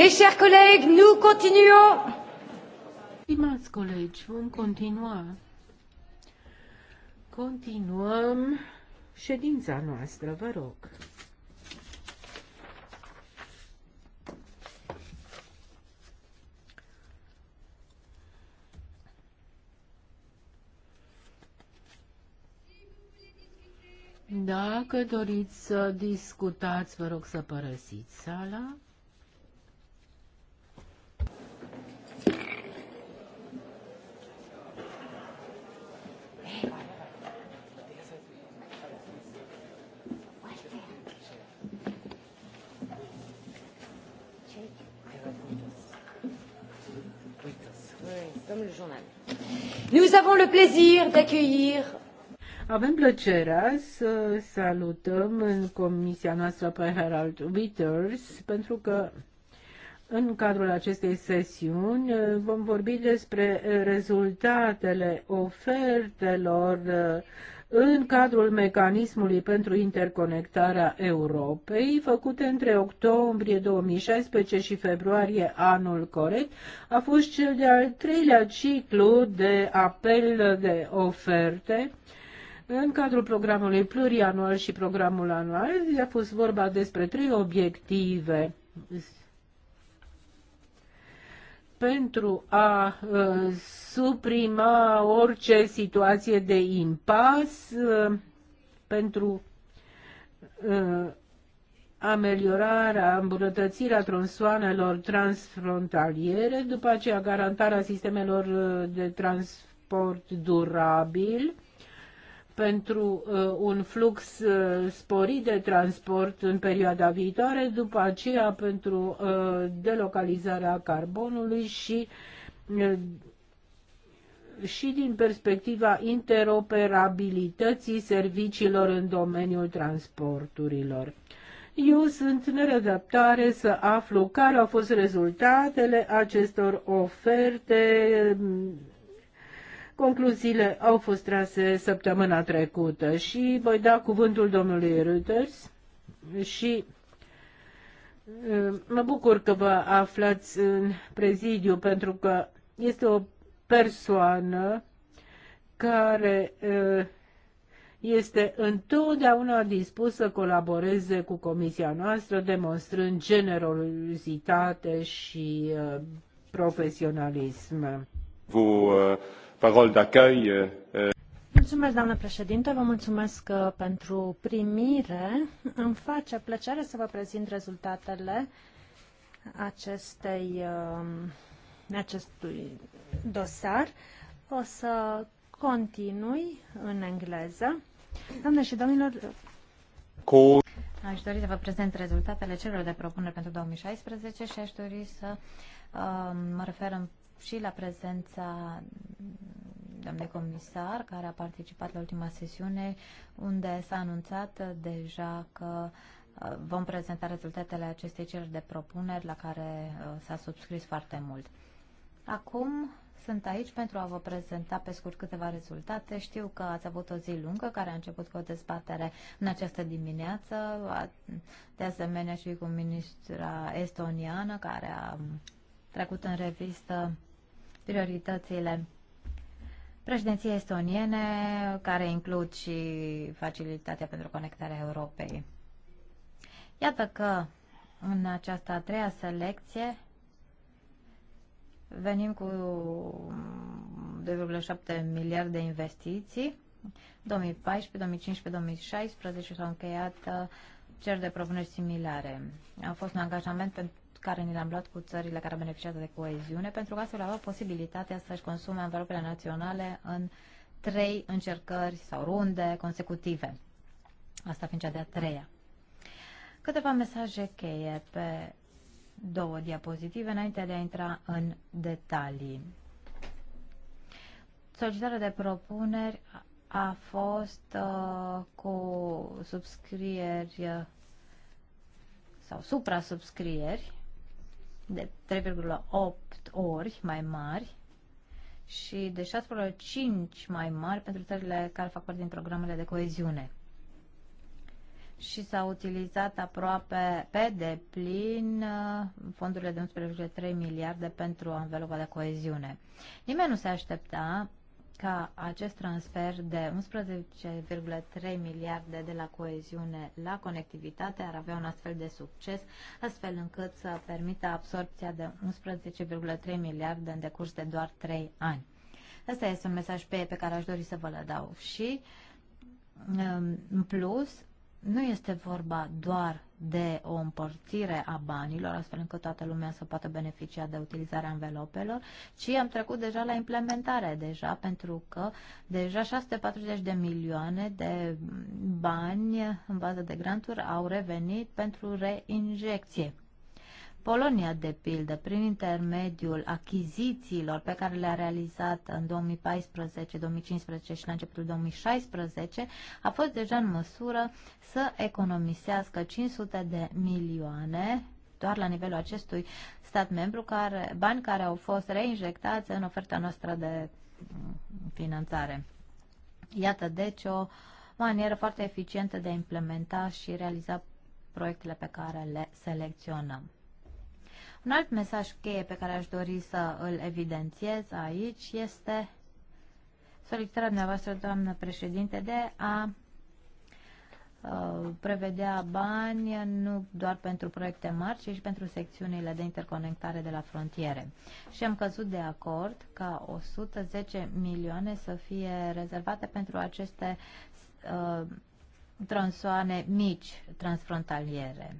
Mes chers collègues, nous continuons. Stimați colegi, vom continua. Continuăm ședința noastră, vă rog. Dacă doriți să discutați, vă rog să părăsiți sala. d'accueillir. Avem plăcerea să salutăm în comisia noastră pe Herald Witters, pentru că în cadrul acestei sesiuni uh, vom vorbi despre rezultatele ofertelor uh, în cadrul mecanismului pentru interconectarea Europei, făcute între octombrie 2016 și februarie anul corect, a fost cel de-al treilea ciclu de apel de oferte în cadrul programului plurianual și programul anual a fost vorba despre trei obiective pentru a uh, suprima orice situație de impas, uh, pentru uh, ameliorarea, îmbunătățirea tronsoanelor transfrontaliere, după aceea garantarea sistemelor de transport durabil, pentru uh, un flux uh, sporit de transport în perioada viitoare, după aceea pentru uh, delocalizarea carbonului și uh, și din perspectiva interoperabilității serviciilor în domeniul transporturilor. Eu sunt nerăbdătoare să aflu care au fost rezultatele acestor oferte Concluziile au fost trase săptămâna trecută și voi da cuvântul domnului Reuters și uh, mă bucur că vă aflați în prezidiu pentru că este o persoană care uh, este întotdeauna dispus să colaboreze cu comisia noastră, demonstrând generozitate și uh, profesionalism. Euh, euh. Mulțumesc, doamnă președinte, vă mulțumesc uh, pentru primire. Îmi face plăcere să vă prezint rezultatele acestei, uh, acestui dosar. O să continui în engleză. Doamne și domnilor, cu... aș dori să vă prezint rezultatele celor de propuneri pentru 2016 și aș dori să uh, mă refer în și la prezența doamnei comisar, care a participat la ultima sesiune, unde s-a anunțat deja că uh, vom prezenta rezultatele acestei cereri de propuneri la care uh, s-a subscris foarte mult. Acum sunt aici pentru a vă prezenta pe scurt câteva rezultate. Știu că ați avut o zi lungă care a început cu o dezbatere în această dimineață, de asemenea și cu ministra estoniană care a trecut în revistă prioritățile președinției estoniene, care includ și facilitatea pentru conectarea Europei. Iată că în această a treia selecție venim cu 2,7 miliarde de investiții. 2014, 2015, 2016 s-au încheiat uh, cer de propuneri similare. A fost un angajament pentru care ni le-am luat cu țările care beneficiază de coeziune, pentru că astfel au posibilitatea să-și consume anvelopele naționale în trei încercări sau runde consecutive. Asta fiind cea de-a treia. Câteva mesaje cheie pe două diapozitive înainte de a intra în detalii. Solicitarea de propuneri a fost uh, cu subscrieri uh, sau suprasubscrieri de 3,8 ori mai mari și de 6,5 mai mari pentru țările care fac parte din programele de coeziune. Și s-au utilizat aproape pe deplin fondurile de 11,3 miliarde pentru anvelopa de coeziune. Nimeni nu se aștepta ca acest transfer de 11,3 miliarde de la coeziune la conectivitate ar avea un astfel de succes, astfel încât să permită absorpția de 11,3 miliarde în decurs de doar 3 ani. Asta este un mesaj pe, pe care aș dori să vă-l dau. Și, um, în plus, nu este vorba doar de o împărțire a banilor, astfel încât toată lumea să poată beneficia de utilizarea învelopelor, ci am trecut deja la implementare deja, pentru că deja 640 de milioane de bani în bază de granturi au revenit pentru reinjecție. Polonia, de pildă, prin intermediul achizițiilor pe care le-a realizat în 2014, 2015 și la începutul 2016, a fost deja în măsură să economisească 500 de milioane doar la nivelul acestui stat membru, care, bani care au fost reinjectați în oferta noastră de mm, finanțare. Iată, deci, o manieră foarte eficientă de a implementa și realiza proiectele pe care le selecționăm. Un alt mesaj cheie pe care aș dori să îl evidențiez aici este solicitarea dumneavoastră, doamnă președinte, de a uh, prevedea bani nu doar pentru proiecte mari, ci și pentru secțiunile de interconectare de la frontiere. Și am căzut de acord ca 110 milioane să fie rezervate pentru aceste uh, transoane mici transfrontaliere.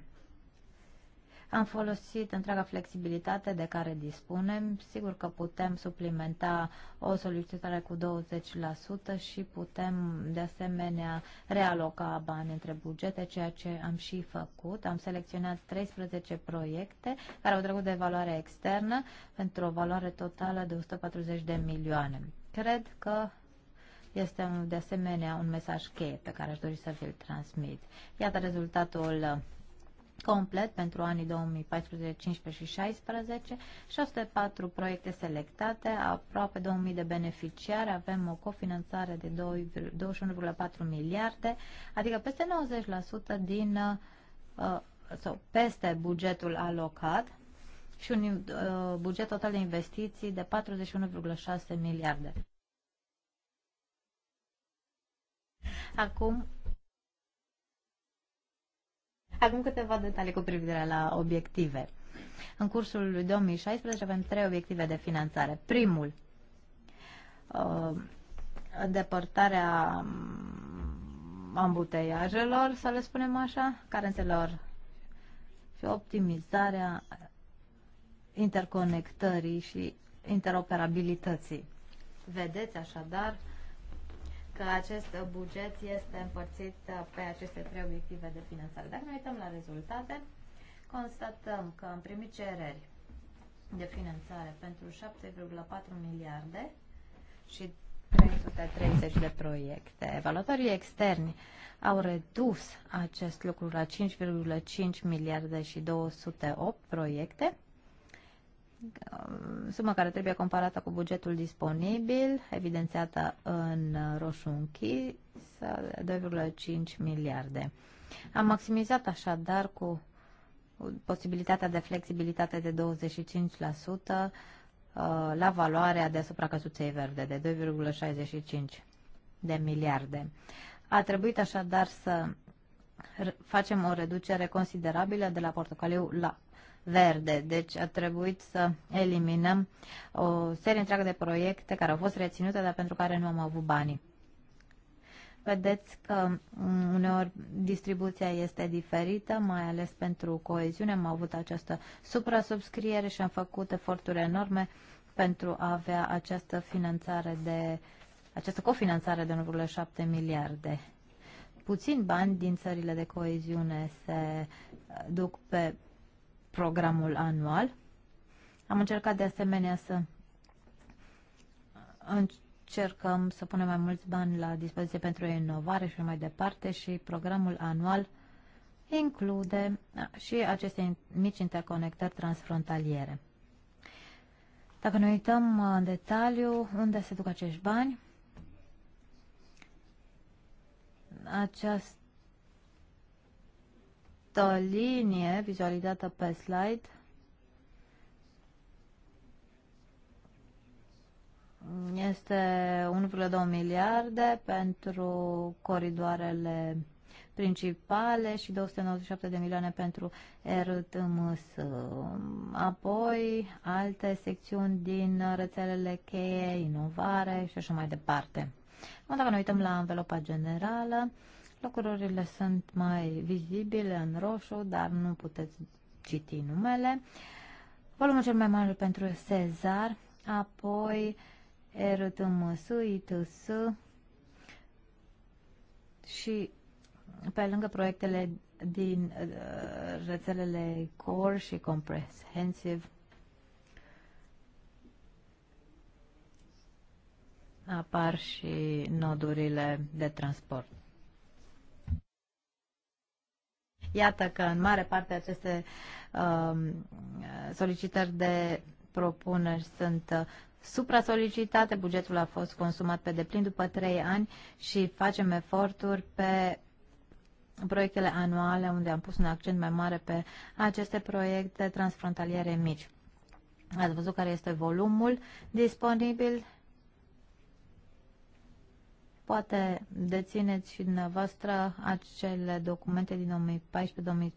Am folosit întreaga flexibilitate de care dispunem. Sigur că putem suplimenta o solicitare cu 20% și putem de asemenea realoca bani între bugete, ceea ce am și făcut. Am selecționat 13 proiecte care au trecut de valoare externă pentru o valoare totală de 140 de milioane. Cred că este de asemenea un mesaj cheie pe care aș dori să vi-l transmit. Iată rezultatul complet pentru anii 2014, 15 și 16, 604 proiecte selectate, aproape 2000 de beneficiari, avem o cofinanțare de 21,4 miliarde, adică peste 90% din uh, sau peste bugetul alocat și un uh, buget total de investiții de 41,6 miliarde. Acum Acum câteva detalii cu privire la obiective. În cursul lui 2016 avem trei obiective de finanțare. Primul, uh, îndepărtarea mm, ambuteiajelor, să le spunem așa, carențelor și optimizarea interconectării și interoperabilității. Vedeți așadar că acest buget este împărțit uh, pe aceste trei obiective de finanțare. Dacă ne uităm la rezultate, constatăm că am primit cereri de finanțare pentru 7,4 miliarde și 330 de proiecte. Evaluatorii externi au redus acest lucru la 5,5 miliarde și 208 proiecte suma care trebuie comparată cu bugetul disponibil, evidențiată în roșu închis, 2,5 miliarde. Am maximizat așadar cu posibilitatea de flexibilitate de 25% uh, la valoarea deasupra căsuței verde de 2,65 de miliarde. A trebuit așadar să facem o reducere considerabilă de la portocaliu la verde. Deci a trebuit să eliminăm o serie întreagă de proiecte care au fost reținute, dar pentru care nu am avut banii. Vedeți că mm, uneori distribuția este diferită, mai ales pentru coeziune. Am avut această suprasubscriere și am făcut eforturi enorme pentru a avea această finanțare de această cofinanțare de 1,7 miliarde. Puțin bani din țările de coeziune se duc pe programul anual. Am încercat de asemenea să încercăm să punem mai mulți bani la dispoziție pentru inovare și mai departe și programul anual include și aceste mici interconectări transfrontaliere. Dacă ne uităm în detaliu unde se duc acești bani, această linie vizualizată pe slide este 1,2 miliarde pentru coridoarele principale și 297 de milioane pentru RTMS. Apoi alte secțiuni din rețelele cheie, inovare și așa mai departe. Acum dacă ne uităm la învelopa generală, Lucrurile sunt mai vizibile în roșu, dar nu puteți citi numele. Volumul cel mai mare pentru Cezar, apoi RTMS, ITS și pe lângă proiectele din uh, rețelele Core și Comprehensive, apar și nodurile de transport. Iată că în mare parte aceste uh, solicitări de propuneri sunt uh, supra-solicitate, bugetul a fost consumat pe deplin după trei ani și facem eforturi pe proiectele anuale unde am pus un accent mai mare pe aceste proiecte transfrontaliere mici. Ați văzut care este volumul disponibil Poate dețineți și dumneavoastră acele documente din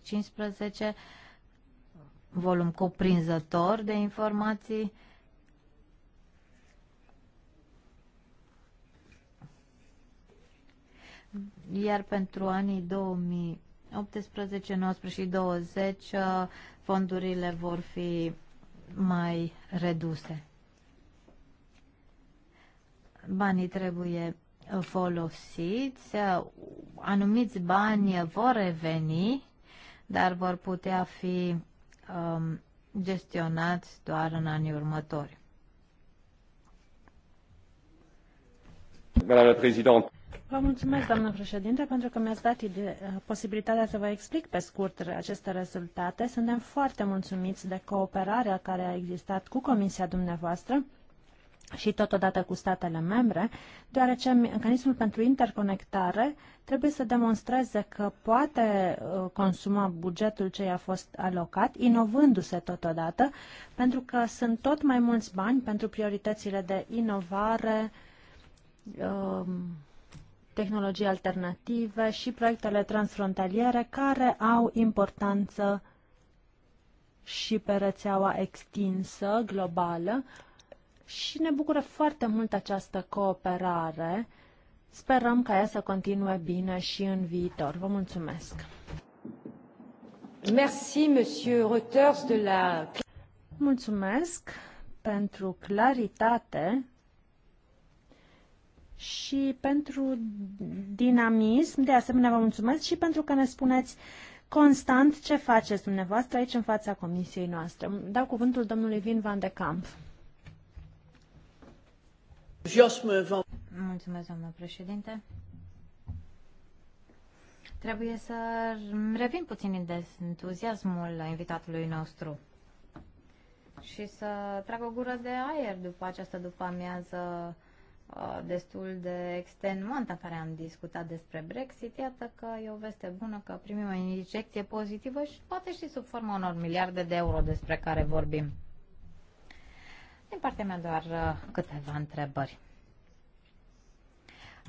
2014-2015, volum cuprinzător de informații. Iar pentru anii 2018, 19 și 20 uh, fondurile vor fi mai reduse. Banii trebuie folosiți, anumiți bani vor reveni, dar vor putea fi um, gestionați doar în anii următori. Doamna președinte. Vă mulțumesc, doamnă președinte, pentru că mi-ați dat ide- uh, posibilitatea să vă explic pe scurt aceste rezultate. Suntem foarte mulțumiți de cooperarea care a existat cu comisia dumneavoastră și totodată cu statele membre, deoarece mecanismul pentru interconectare trebuie să demonstreze că poate uh, consuma bugetul ce i-a fost alocat, inovându-se totodată, pentru că sunt tot mai mulți bani pentru prioritățile de inovare, um, tehnologii alternative și proiectele transfrontaliere care au importanță și pe rețeaua extinsă globală, și ne bucură foarte mult această cooperare. Sperăm ca ea să continue bine și în viitor. Vă mulțumesc! Merci, monsieur Reuters, de la... Mulțumesc pentru claritate și pentru dinamism. De asemenea, vă mulțumesc și pentru că ne spuneți constant ce faceți dumneavoastră aici în fața comisiei noastre. Dau cuvântul domnului Vin van de Camp. Trebuie să revin puțin de entuziasmul invitatului nostru și să trag o gură de aer după această după amiază uh, destul de extenuantă în care am discutat despre Brexit. Iată că e o veste bună că primim o injecție pozitivă și poate și sub forma unor miliarde de euro despre care vorbim. Din partea mea doar uh, câteva întrebări.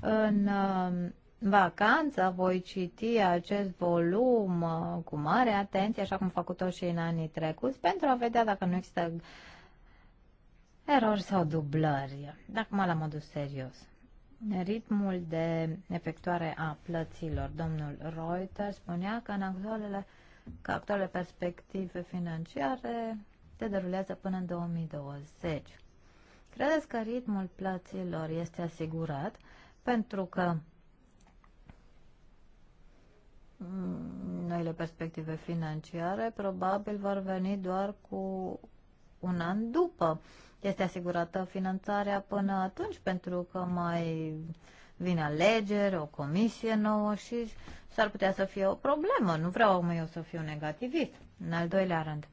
În uh, vacanță voi citi acest volum uh, cu mare atenție, așa cum făcut-o și în anii trecuți, pentru a vedea dacă nu există erori sau dublări, dacă mă la modul serios. Ritmul de efectuare a plăților. Domnul Reuter spunea că în actualele, că actualele perspective financiare se derulează până în 2020. Credeți că ritmul plăților este asigurat pentru că noile perspective financiare probabil vor veni doar cu un an după. Este asigurată finanțarea până atunci pentru că mai vine alegeri, o comisie nouă și s-ar putea să fie o problemă. Nu vreau eu să fiu negativist. În al doilea rând,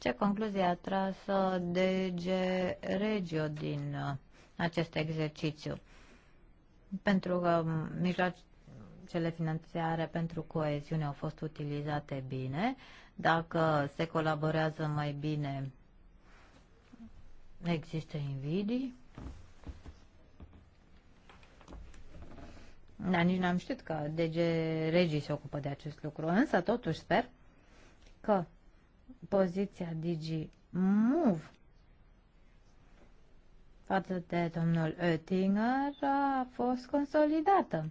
Ce concluzie a tras uh, DG Regio din uh, acest exercițiu? Pentru că um, mijloacele financiare pentru coeziune au fost utilizate bine, dacă se colaborează mai bine, există invidii. Dar nici n-am știut că DG Regii se ocupă de acest lucru, însă totuși sper că poziția Digi Move față de domnul Oettinger a fost consolidată.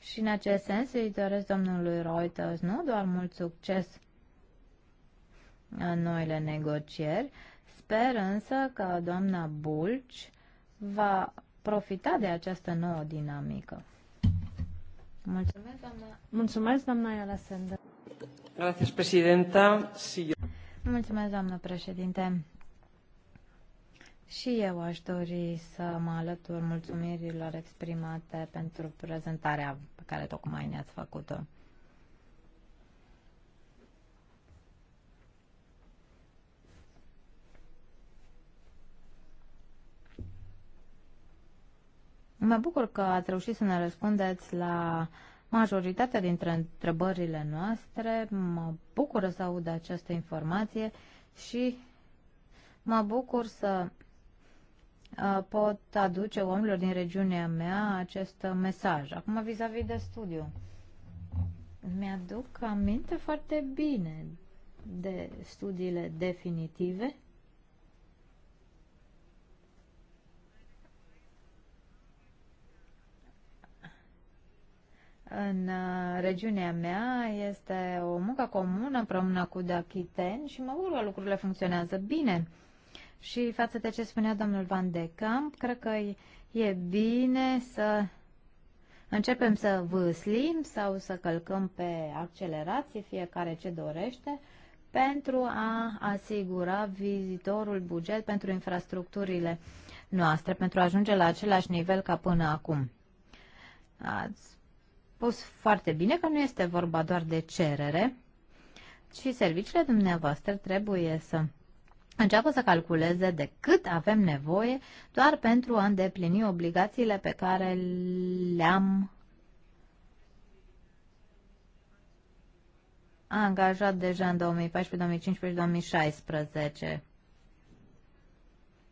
Și în acest sens îi doresc domnului Reuters nu doar mult succes în noile negocieri, sper însă că doamna Bulci va profita de această nouă dinamică. Mulțumesc, doamna. Mulțumesc, doamna Iala Sender. Gracias, presidenta. Si... Mulțumesc, doamnă președinte. Și eu aș dori să mă alătur mulțumirilor exprimate pentru prezentarea pe care tocmai ne-ați făcut-o. Mă bucur că ați reușit să ne răspundeți la Majoritatea dintre întrebările noastre mă bucură să aud această informație și mă bucur să pot aduce oamenilor din regiunea mea acest mesaj. Acum, vis-a-vis -vis de studiu, mi-aduc aminte foarte bine de studiile definitive în uh, regiunea mea este o muncă comună împreună cu Dachiten și mă bucur că lucrurile funcționează bine. Și față de ce spunea domnul Van de Camp, cred că e bine să începem să vâslim sau să călcăm pe accelerație, fiecare ce dorește, pentru a asigura vizitorul buget pentru infrastructurile noastre, pentru a ajunge la același nivel ca până acum. Ați spus foarte bine că nu este vorba doar de cerere, ci serviciile dumneavoastră trebuie să înceapă să calculeze de cât avem nevoie doar pentru a îndeplini obligațiile pe care le-am angajat deja în 2014, 2015 și 2016.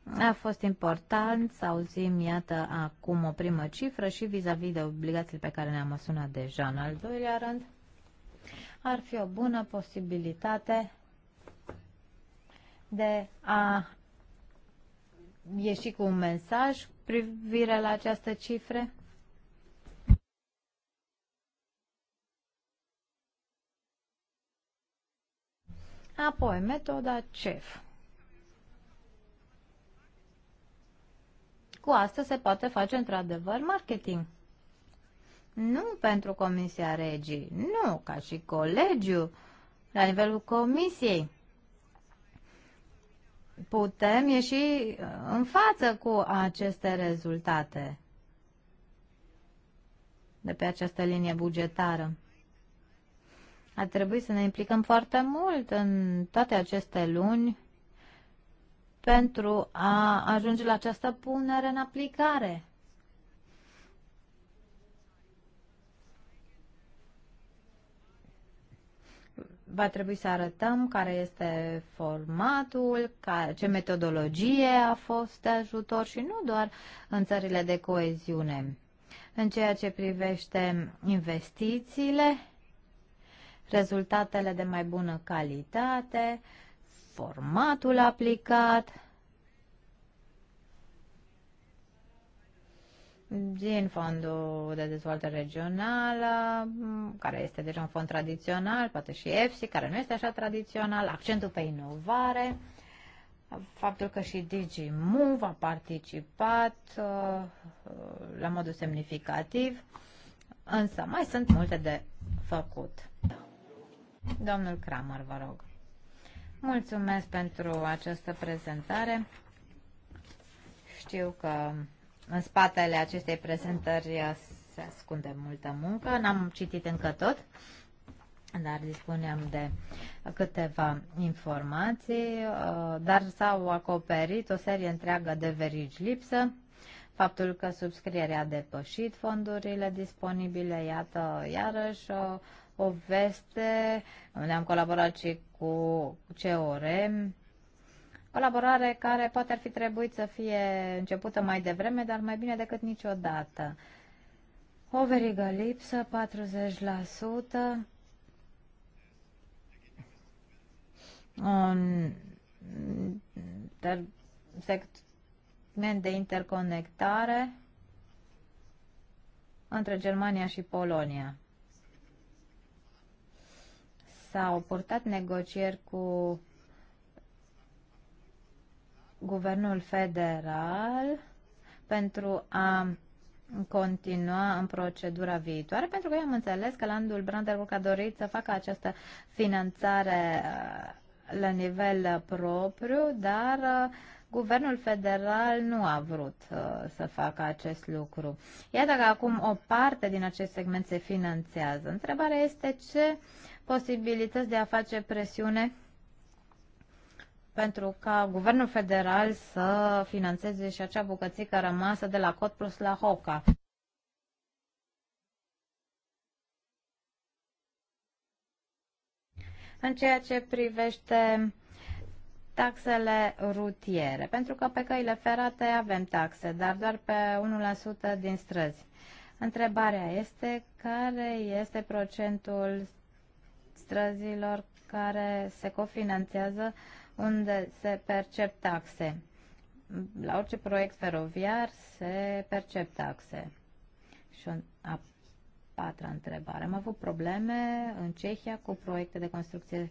A fost important să auzim, iată, acum o primă cifră și vis-a-vis -vis de obligațiile pe care ne-am asumat deja în al doilea rând. Ar fi o bună posibilitate de a ieși cu un mesaj privire la această cifre? Apoi, metoda CEF. Cu asta se poate face într-adevăr marketing. Nu pentru Comisia Regii, nu, ca și colegiu, la nivelul Comisiei. Putem ieși uh, în față cu aceste rezultate de pe această linie bugetară. A trebuit să ne implicăm foarte mult în toate aceste luni pentru a ajunge la această punere în aplicare. Va trebui să arătăm care este formatul, ce metodologie a fost de ajutor și nu doar în țările de coeziune. În ceea ce privește investițiile, rezultatele de mai bună calitate, formatul aplicat. Din fondul de dezvoltare regională, care este deja un fond tradițional, poate și EFSI, care nu este așa tradițional, accentul pe inovare, faptul că și DigiMove a participat uh, la modul semnificativ, însă mai sunt multe de făcut. Domnul Kramer, vă rog. Mulțumesc pentru această prezentare. Știu că în spatele acestei prezentări se ascunde multă muncă. N-am citit încă tot, dar dispuneam de câteva informații, uh, dar s-au acoperit o serie întreagă de verigi lipsă Faptul că subscrierea a depășit fondurile disponibile, iată, iarăși o, o veste, ne-am colaborat și cu CORM, colaborare care poate ar fi trebuit să fie începută mai devreme, dar mai bine decât niciodată. verigă lipsă, 40%, un, dar sect, segment de interconectare între Germania și Polonia. S-au purtat negocieri cu guvernul federal pentru a continua în procedura viitoare, pentru că eu am înțeles că landul Brandenburg a dorit să facă această finanțare uh, la nivel uh, propriu, dar uh, Guvernul federal nu a vrut uh, să facă acest lucru. Iată că acum o parte din acest segment se finanțează. Întrebarea este ce posibilități de a face presiune pentru ca guvernul federal să financeze și acea bucățică rămasă de la Cot plus la Hoca. În ceea ce privește taxele rutiere, pentru că pe căile ferate avem taxe, dar doar pe 1% din străzi. Întrebarea este care este procentul străzilor care se cofinanțează unde se percep taxe. La orice proiect feroviar se percep taxe. Și a patra întrebare. Am avut probleme în Cehia cu proiecte de construcție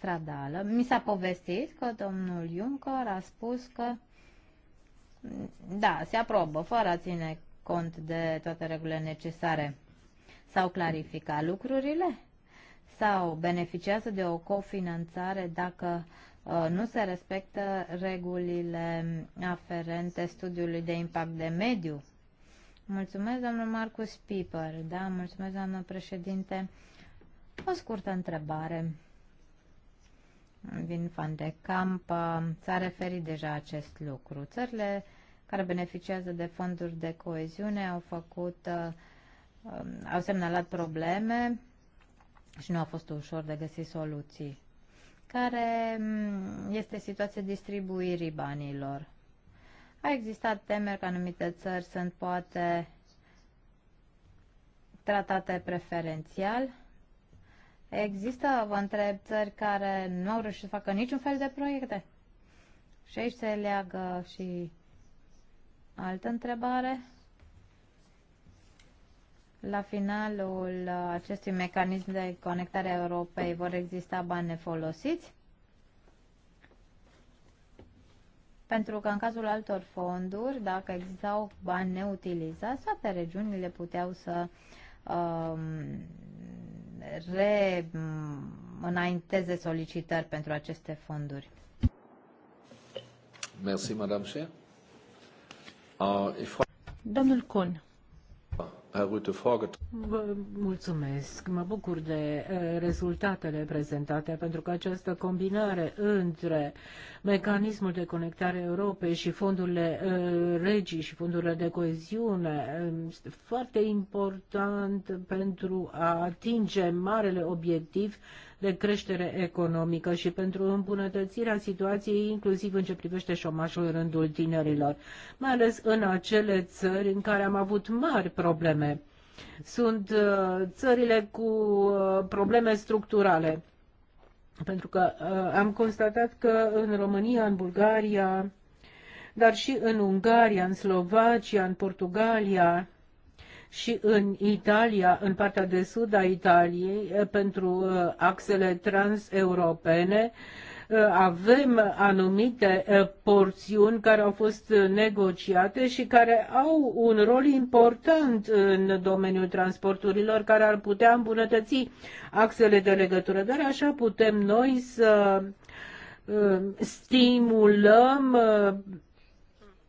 stradală. Mi s-a povestit că domnul Juncker a spus că da, se aprobă, fără a ține cont de toate regulile necesare. S-au clarificat lucrurile? Sau beneficiază de o cofinanțare dacă uh, nu se respectă regulile aferente studiului de impact de mediu? Mulțumesc, domnul Marcus Piper. Da, mulțumesc, doamnă președinte. O scurtă întrebare. Vin Van de Camp um, s-a referit deja acest lucru. Țările care beneficiază de fonduri de coeziune au făcut, uh, um, au semnalat probleme și nu a fost ușor de găsit soluții. Care um, este situația distribuirii banilor? A existat temeri că anumite țări sunt poate tratate preferențial, Există, vă întreb, țări care nu au reușit să facă niciun fel de proiecte? Și aici se leagă și altă întrebare. La finalul acestui mecanism de conectare a Europei vor exista bani nefolosiți? Pentru că în cazul altor fonduri, dacă existau bani neutilizați, toate regiunile puteau să um, reînainteze solicitări pentru aceste fonduri. Merci, Madame Cher. Uh, if... Domnul Kuhn. Ah. Vă mulțumesc. Mă bucur de eh, rezultatele prezentate pentru că această combinare între mecanismul de conectare Europei și fondurile eh, regii și fondurile de coeziune este eh, foarte important pentru a atinge marele obiectiv de creștere economică și pentru îmbunătățirea situației, inclusiv în ce privește șomajul în rândul tinerilor, mai ales în acele țări în care am avut mari probleme probleme. Sunt uh, țările cu uh, probleme structurale. Pentru că uh, am constatat că în România, în Bulgaria, dar și în Ungaria, în Slovacia, în Portugalia, și în Italia, în partea de sud a Italiei, pentru axele transeuropene, Uh, avem anumite uh, porțiuni care au fost uh, negociate și care au un rol important în domeniul transporturilor, care ar putea îmbunătăți axele de legătură. Dar așa putem noi să stimulăm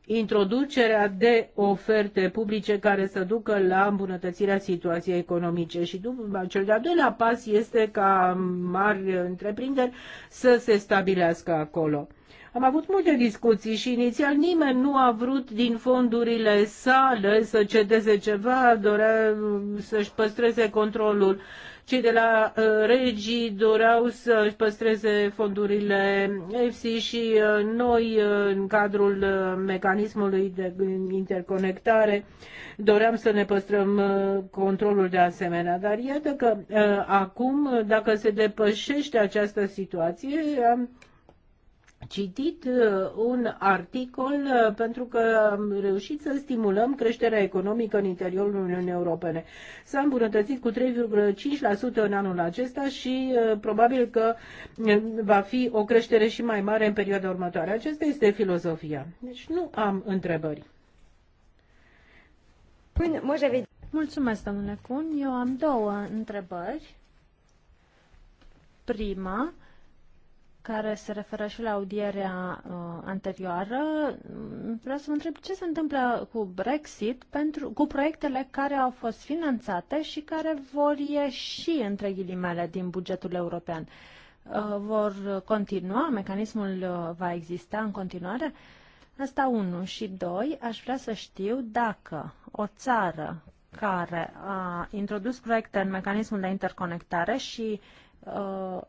introducerea de oferte publice care să ducă la îmbunătățirea situației economice. Și după, cel de-al doilea pas este ca mari întreprinderi să se stabilească acolo. Am avut multe discuții și inițial nimeni nu a vrut din fondurile sale să cedeze ceva, dorea să-și păstreze controlul cei de la uh, regii doreau să își păstreze fondurile EFSI și uh, noi, uh, în cadrul mecanismului de interconectare, doream să ne păstrăm controlul de asemenea. Dar iată că acum, dacă se depășește această situație, citit uh, un articol uh, pentru că am reușit să stimulăm creșterea economică în interiorul Uniunii Europene. S-a îmbunătățit cu 3,5% în anul acesta și uh, probabil că va fi o creștere și mai mare în perioada următoare. Aceasta este filozofia. Deci nu am întrebări. Mulțumesc, domnule Cun. Eu am două întrebări. Prima, care se referă și la audierea uh, anterioară. Vreau să vă întreb ce se întâmplă cu Brexit, pentru, cu proiectele care au fost finanțate și care vor ieși, între ghilimele, din bugetul european. Uh, vor continua? Mecanismul uh, va exista în continuare? Asta unu. Și doi, aș vrea să știu dacă o țară care a introdus proiecte în mecanismul de interconectare și uh,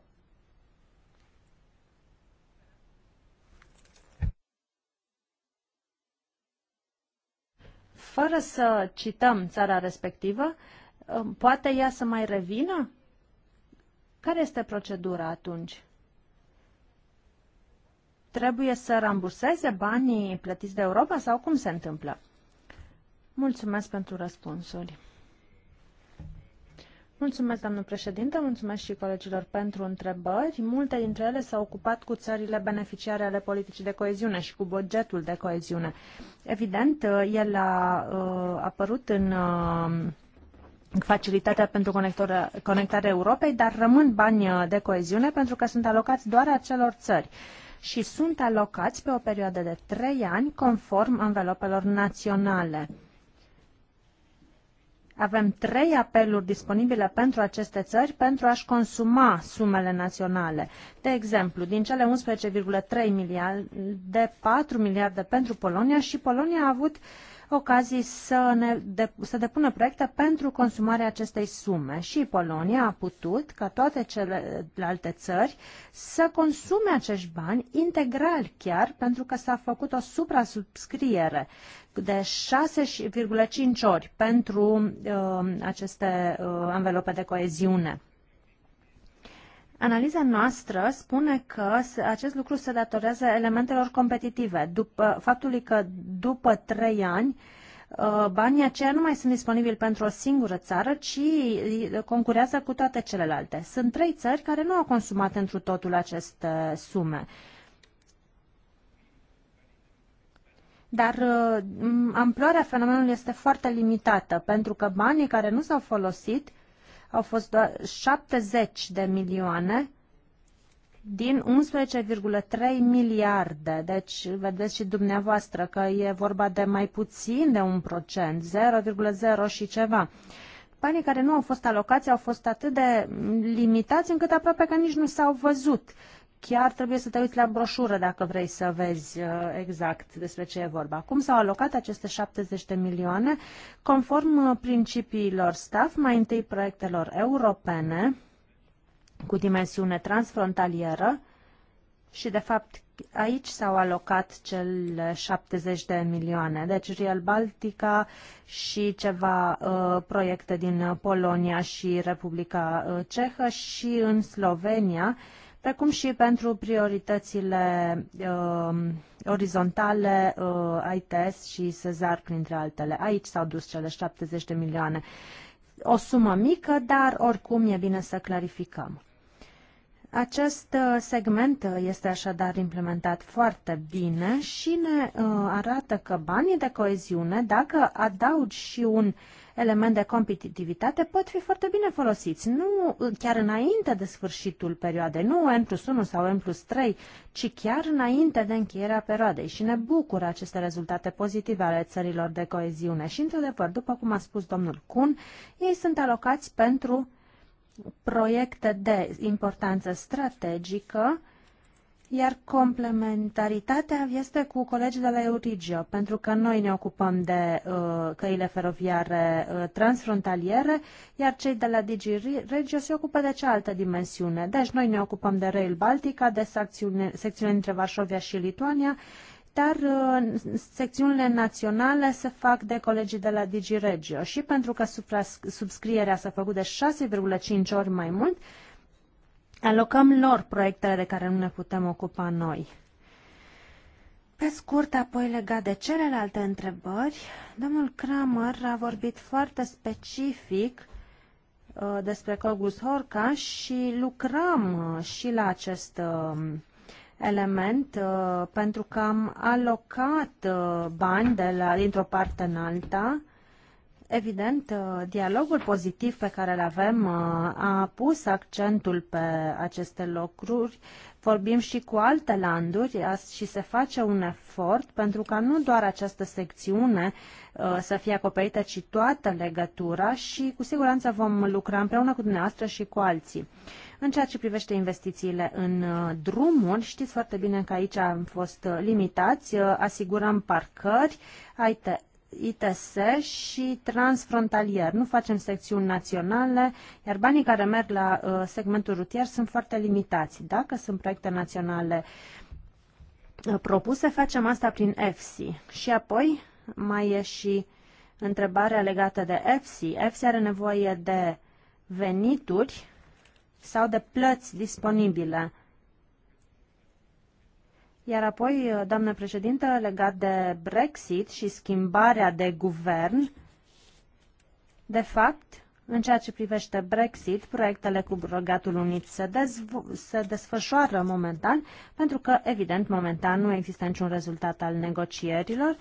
fără să cităm țara respectivă, um, poate ea să mai revină? Care este procedura atunci? Trebuie să ramburseze banii plătiți de Europa sau cum se întâmplă? Mulțumesc pentru răspunsuri. Mulțumesc, doamnă președinte, mulțumesc și colegilor pentru întrebări. Multe dintre ele s-au ocupat cu țările beneficiare ale politicii de coeziune și cu bugetul de coeziune. Evident, el a uh, apărut în uh, facilitatea pentru conectarea Europei, dar rămân bani uh, de coeziune pentru că sunt alocați doar acelor țări și sunt alocați pe o perioadă de trei ani conform învelopelor naționale. Avem trei apeluri disponibile pentru aceste țări pentru a-și consuma sumele naționale. De exemplu, din cele 11,3 miliarde, 4 miliarde pentru Polonia și Polonia a avut ocazii să, ne de, să depună proiecte pentru consumarea acestei sume și Polonia a putut, ca toate celelalte țări, să consume acești bani integral chiar pentru că s-a făcut o suprasubscriere de 6,5 ori pentru uh, aceste uh, anvelope de coeziune. Analiza noastră spune că acest lucru se datorează elementelor competitive, după faptului că după trei ani uh, banii aceia nu mai sunt disponibili pentru o singură țară, ci uh, concurează cu toate celelalte. Sunt trei țări care nu au consumat întru totul aceste sume dar uh, amploarea fenomenului este foarte limitată, pentru că banii care nu s-au folosit au fost doar 70 de milioane din 11,3 miliarde. Deci, vedeți și dumneavoastră că e vorba de mai puțin de un procent, 0,0 și ceva. Banii care nu au fost alocați au fost atât de limitați încât aproape că nici nu s-au văzut chiar trebuie să te uiți la broșură dacă vrei să vezi uh, exact despre ce e vorba. Cum s-au alocat aceste 70 de milioane? Conform uh, principiilor staff mai întâi proiectelor europene cu dimensiune transfrontalieră și, de fapt, aici s-au alocat cele 70 de milioane. Deci Real Baltica și ceva uh, proiecte din Polonia și Republica uh, Cehă și în Slovenia. Uh, precum și pentru prioritățile uh, orizontale uh, ITS și Sezar, printre altele. Aici s-au dus cele 70 de milioane. O sumă mică, dar oricum e bine să clarificăm. Acest uh, segment uh, este așadar implementat foarte bine și ne uh, arată că banii de coeziune, dacă adaugi și un uh, element de competitivitate pot fi foarte bine folosiți, nu chiar înainte de sfârșitul perioadei, nu N plus 1 sau N plus 3, ci chiar înainte de încheierea perioadei și ne bucură aceste rezultate pozitive ale țărilor de coeziune și, într-adevăr, după cum a spus domnul Kun, ei sunt alocați pentru proiecte de importanță strategică, iar complementaritatea este cu colegii de la Eurigio, pentru că noi ne ocupăm de uh, căile feroviare uh, transfrontaliere, iar cei de la Digi Regio se ocupă de cealaltă dimensiune. Deci noi ne ocupăm de Rail Baltica, de secțiune, secțiune între Varșovia și Lituania, dar uh, secțiunile naționale se fac de colegii de la Regio. și pentru că subscrierea s-a făcut de 6,5 ori mai mult, alocăm lor proiectele de care nu ne putem ocupa noi. Pe scurt, apoi legat de celelalte întrebări, domnul Kramer a vorbit foarte specific uh, despre Cogus Horca și lucrăm uh, și la acest uh, element uh, pentru că am alocat uh, bani de la, dintr-o parte în alta Evident, uh, dialogul pozitiv pe care îl avem uh, a pus accentul pe aceste lucruri. Vorbim și cu alte landuri și se face un efort pentru ca nu doar această secțiune uh, să fie acoperită, ci toată legătura și cu siguranță vom lucra împreună cu dumneavoastră și cu alții. În ceea ce privește investițiile în drumuri, știți foarte bine că aici am fost limitați, asigurăm parcări, ITS și transfrontalier. Nu facem secțiuni naționale, iar banii care merg la uh, segmentul rutier sunt foarte limitați. Dacă sunt proiecte naționale uh, propuse, facem asta prin EFSI. Și apoi mai e și întrebarea legată de EFSI. EFSI are nevoie de venituri sau de plăți disponibile. Iar apoi, uh, doamnă președintă, legat de Brexit și schimbarea de guvern, de fapt, în ceea ce privește Brexit, proiectele cu Regatul Unit se, se desfășoară momentan, pentru că, evident, momentan nu există niciun rezultat al negocierilor,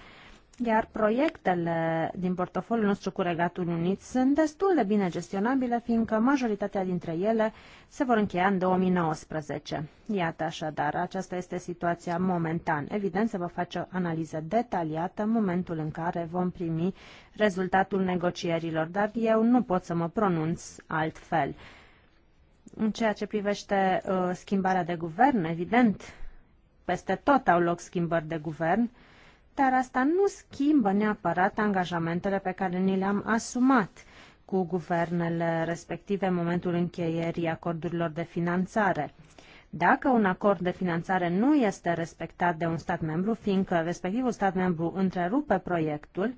iar proiectele din portofoliul nostru cu Regatul Unit sunt destul de bine gestionabile, fiindcă majoritatea dintre ele se vor încheia în 2019. Iată așadar, aceasta este situația momentan. Evident, se va face o analiză detaliată în momentul în care vom primi rezultatul negocierilor, dar eu nu pot să mă pronunț altfel. În ceea ce privește uh, schimbarea de guvern, evident, peste tot au loc schimbări de guvern, uh, dar asta nu schimbă neapărat angajamentele pe care ni le-am asumat cu guvernele respective în momentul încheierii acordurilor de finanțare. Dacă un acord de finanțare nu este respectat de un stat membru, fiindcă respectivul stat membru întrerupe proiectul,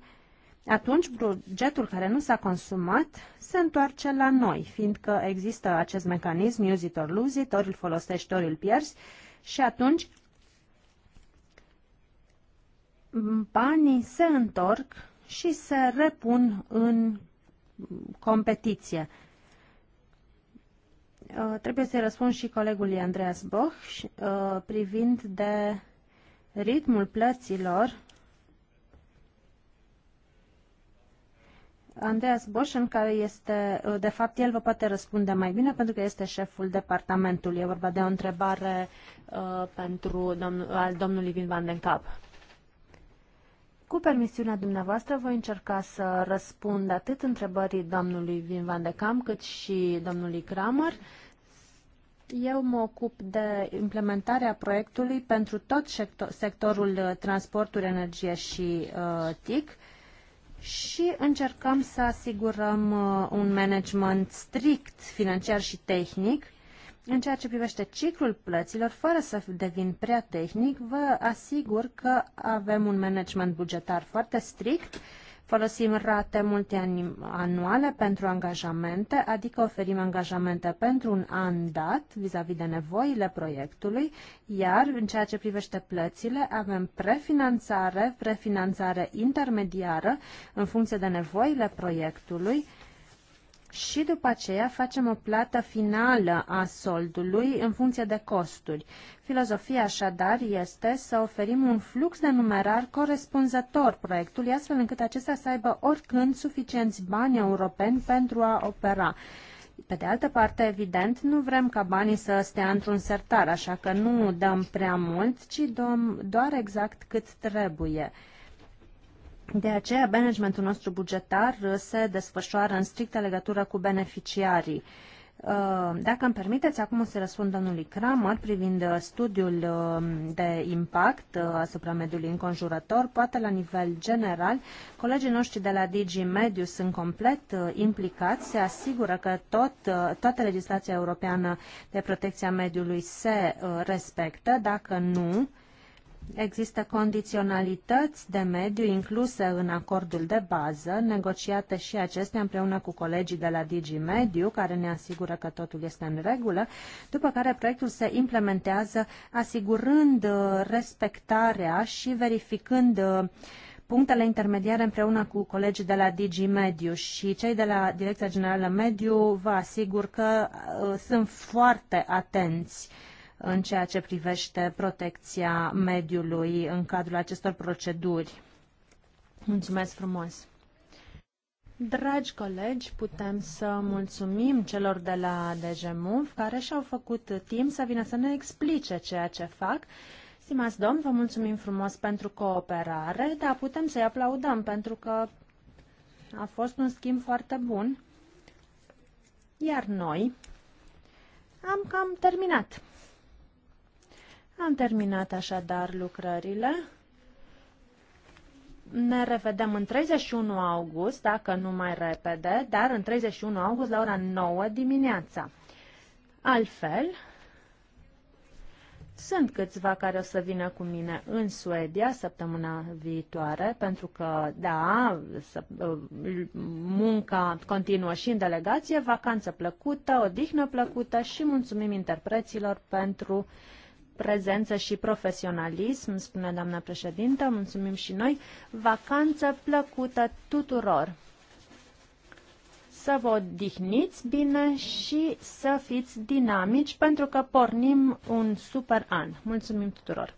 atunci bugetul care nu s-a consumat se întoarce la noi, fiindcă există acest mecanism use it or lose it, ori îl folosești, ori îl pierzi, și atunci banii se întorc și se repun în competiție. Uh, trebuie să-i răspund și colegului Andreas Boch uh, privind de ritmul plăților. Andreas în care este, uh, de fapt, el vă poate răspunde mai bine pentru că este șeful departamentului. E vorba de o întrebare uh, pentru domnul, al domnului Vin Van Den Cap. Cu permisiunea dumneavoastră, voi încerca să răspund atât întrebării domnului Vin Van de Cam, cât și domnului Kramer. Eu mă ocup de implementarea proiectului pentru tot sectorul uh, transporturi, energie și uh, TIC și încercăm să asigurăm uh, un management strict financiar și tehnic în ceea ce privește ciclul plăților, fără să devin prea tehnic, vă asigur că avem un management bugetar foarte strict, folosim rate multianuale pentru angajamente, adică oferim angajamente pentru un an dat vis-a-vis -vis de nevoile proiectului, iar în ceea ce privește plățile avem prefinanțare, prefinanțare intermediară în funcție de nevoile proiectului, și după aceea facem o plată finală a soldului în funcție de costuri. Filozofia așadar este să oferim un flux de numerar corespunzător proiectului, astfel încât acesta să aibă oricând suficienți bani europeni pentru a opera. Pe de altă parte, evident, nu vrem ca banii să stea într-un sertar, așa că nu dăm prea mult, ci dăm doar exact cât trebuie. De aceea, managementul nostru bugetar se desfășoară în strictă legătură cu beneficiarii. Uh, dacă îmi permiteți, acum o să răspund domnului Kramer privind uh, studiul uh, de impact asupra mediului înconjurător. Poate la nivel general, colegii noștri de la Digi Mediu sunt complet implicați, se asigură că tot, toată legislația europeană de protecția mediului se respectă. Dacă nu, Există condiționalități de mediu incluse în acordul de bază, negociate și acestea împreună cu colegii de la DG Mediu, care ne asigură că totul este în regulă, după care proiectul se implementează asigurând uh, respectarea și verificând uh, punctele intermediare împreună cu colegii de la DG Mediu și cei de la Direcția Generală Mediu vă asigur că uh, sunt foarte atenți uh, în ceea ce privește protecția mediului în cadrul acestor proceduri. Mulțumesc frumos! Dragi colegi, putem să mulțumim celor de la DGMUV care și-au făcut timp să vină să ne explice ceea ce fac. Stimați domn, vă mulțumim frumos pentru cooperare, dar putem să-i aplaudăm pentru că a fost un schimb foarte bun. Iar noi am cam terminat. Am terminat așadar lucrările. Ne revedem în 31 august, dacă nu mai repede, dar în 31 august la ora 9 dimineața. Altfel, sunt câțiva care o să vină cu mine în Suedia săptămâna viitoare, pentru că, da, munca continuă și în delegație, vacanță plăcută, odihnă plăcută și mulțumim interpreților pentru prezență și profesionalism, spune doamna președintă, mulțumim și noi, vacanță plăcută tuturor! Să vă odihniți bine și să fiți dinamici pentru că pornim un super an. Mulțumim tuturor!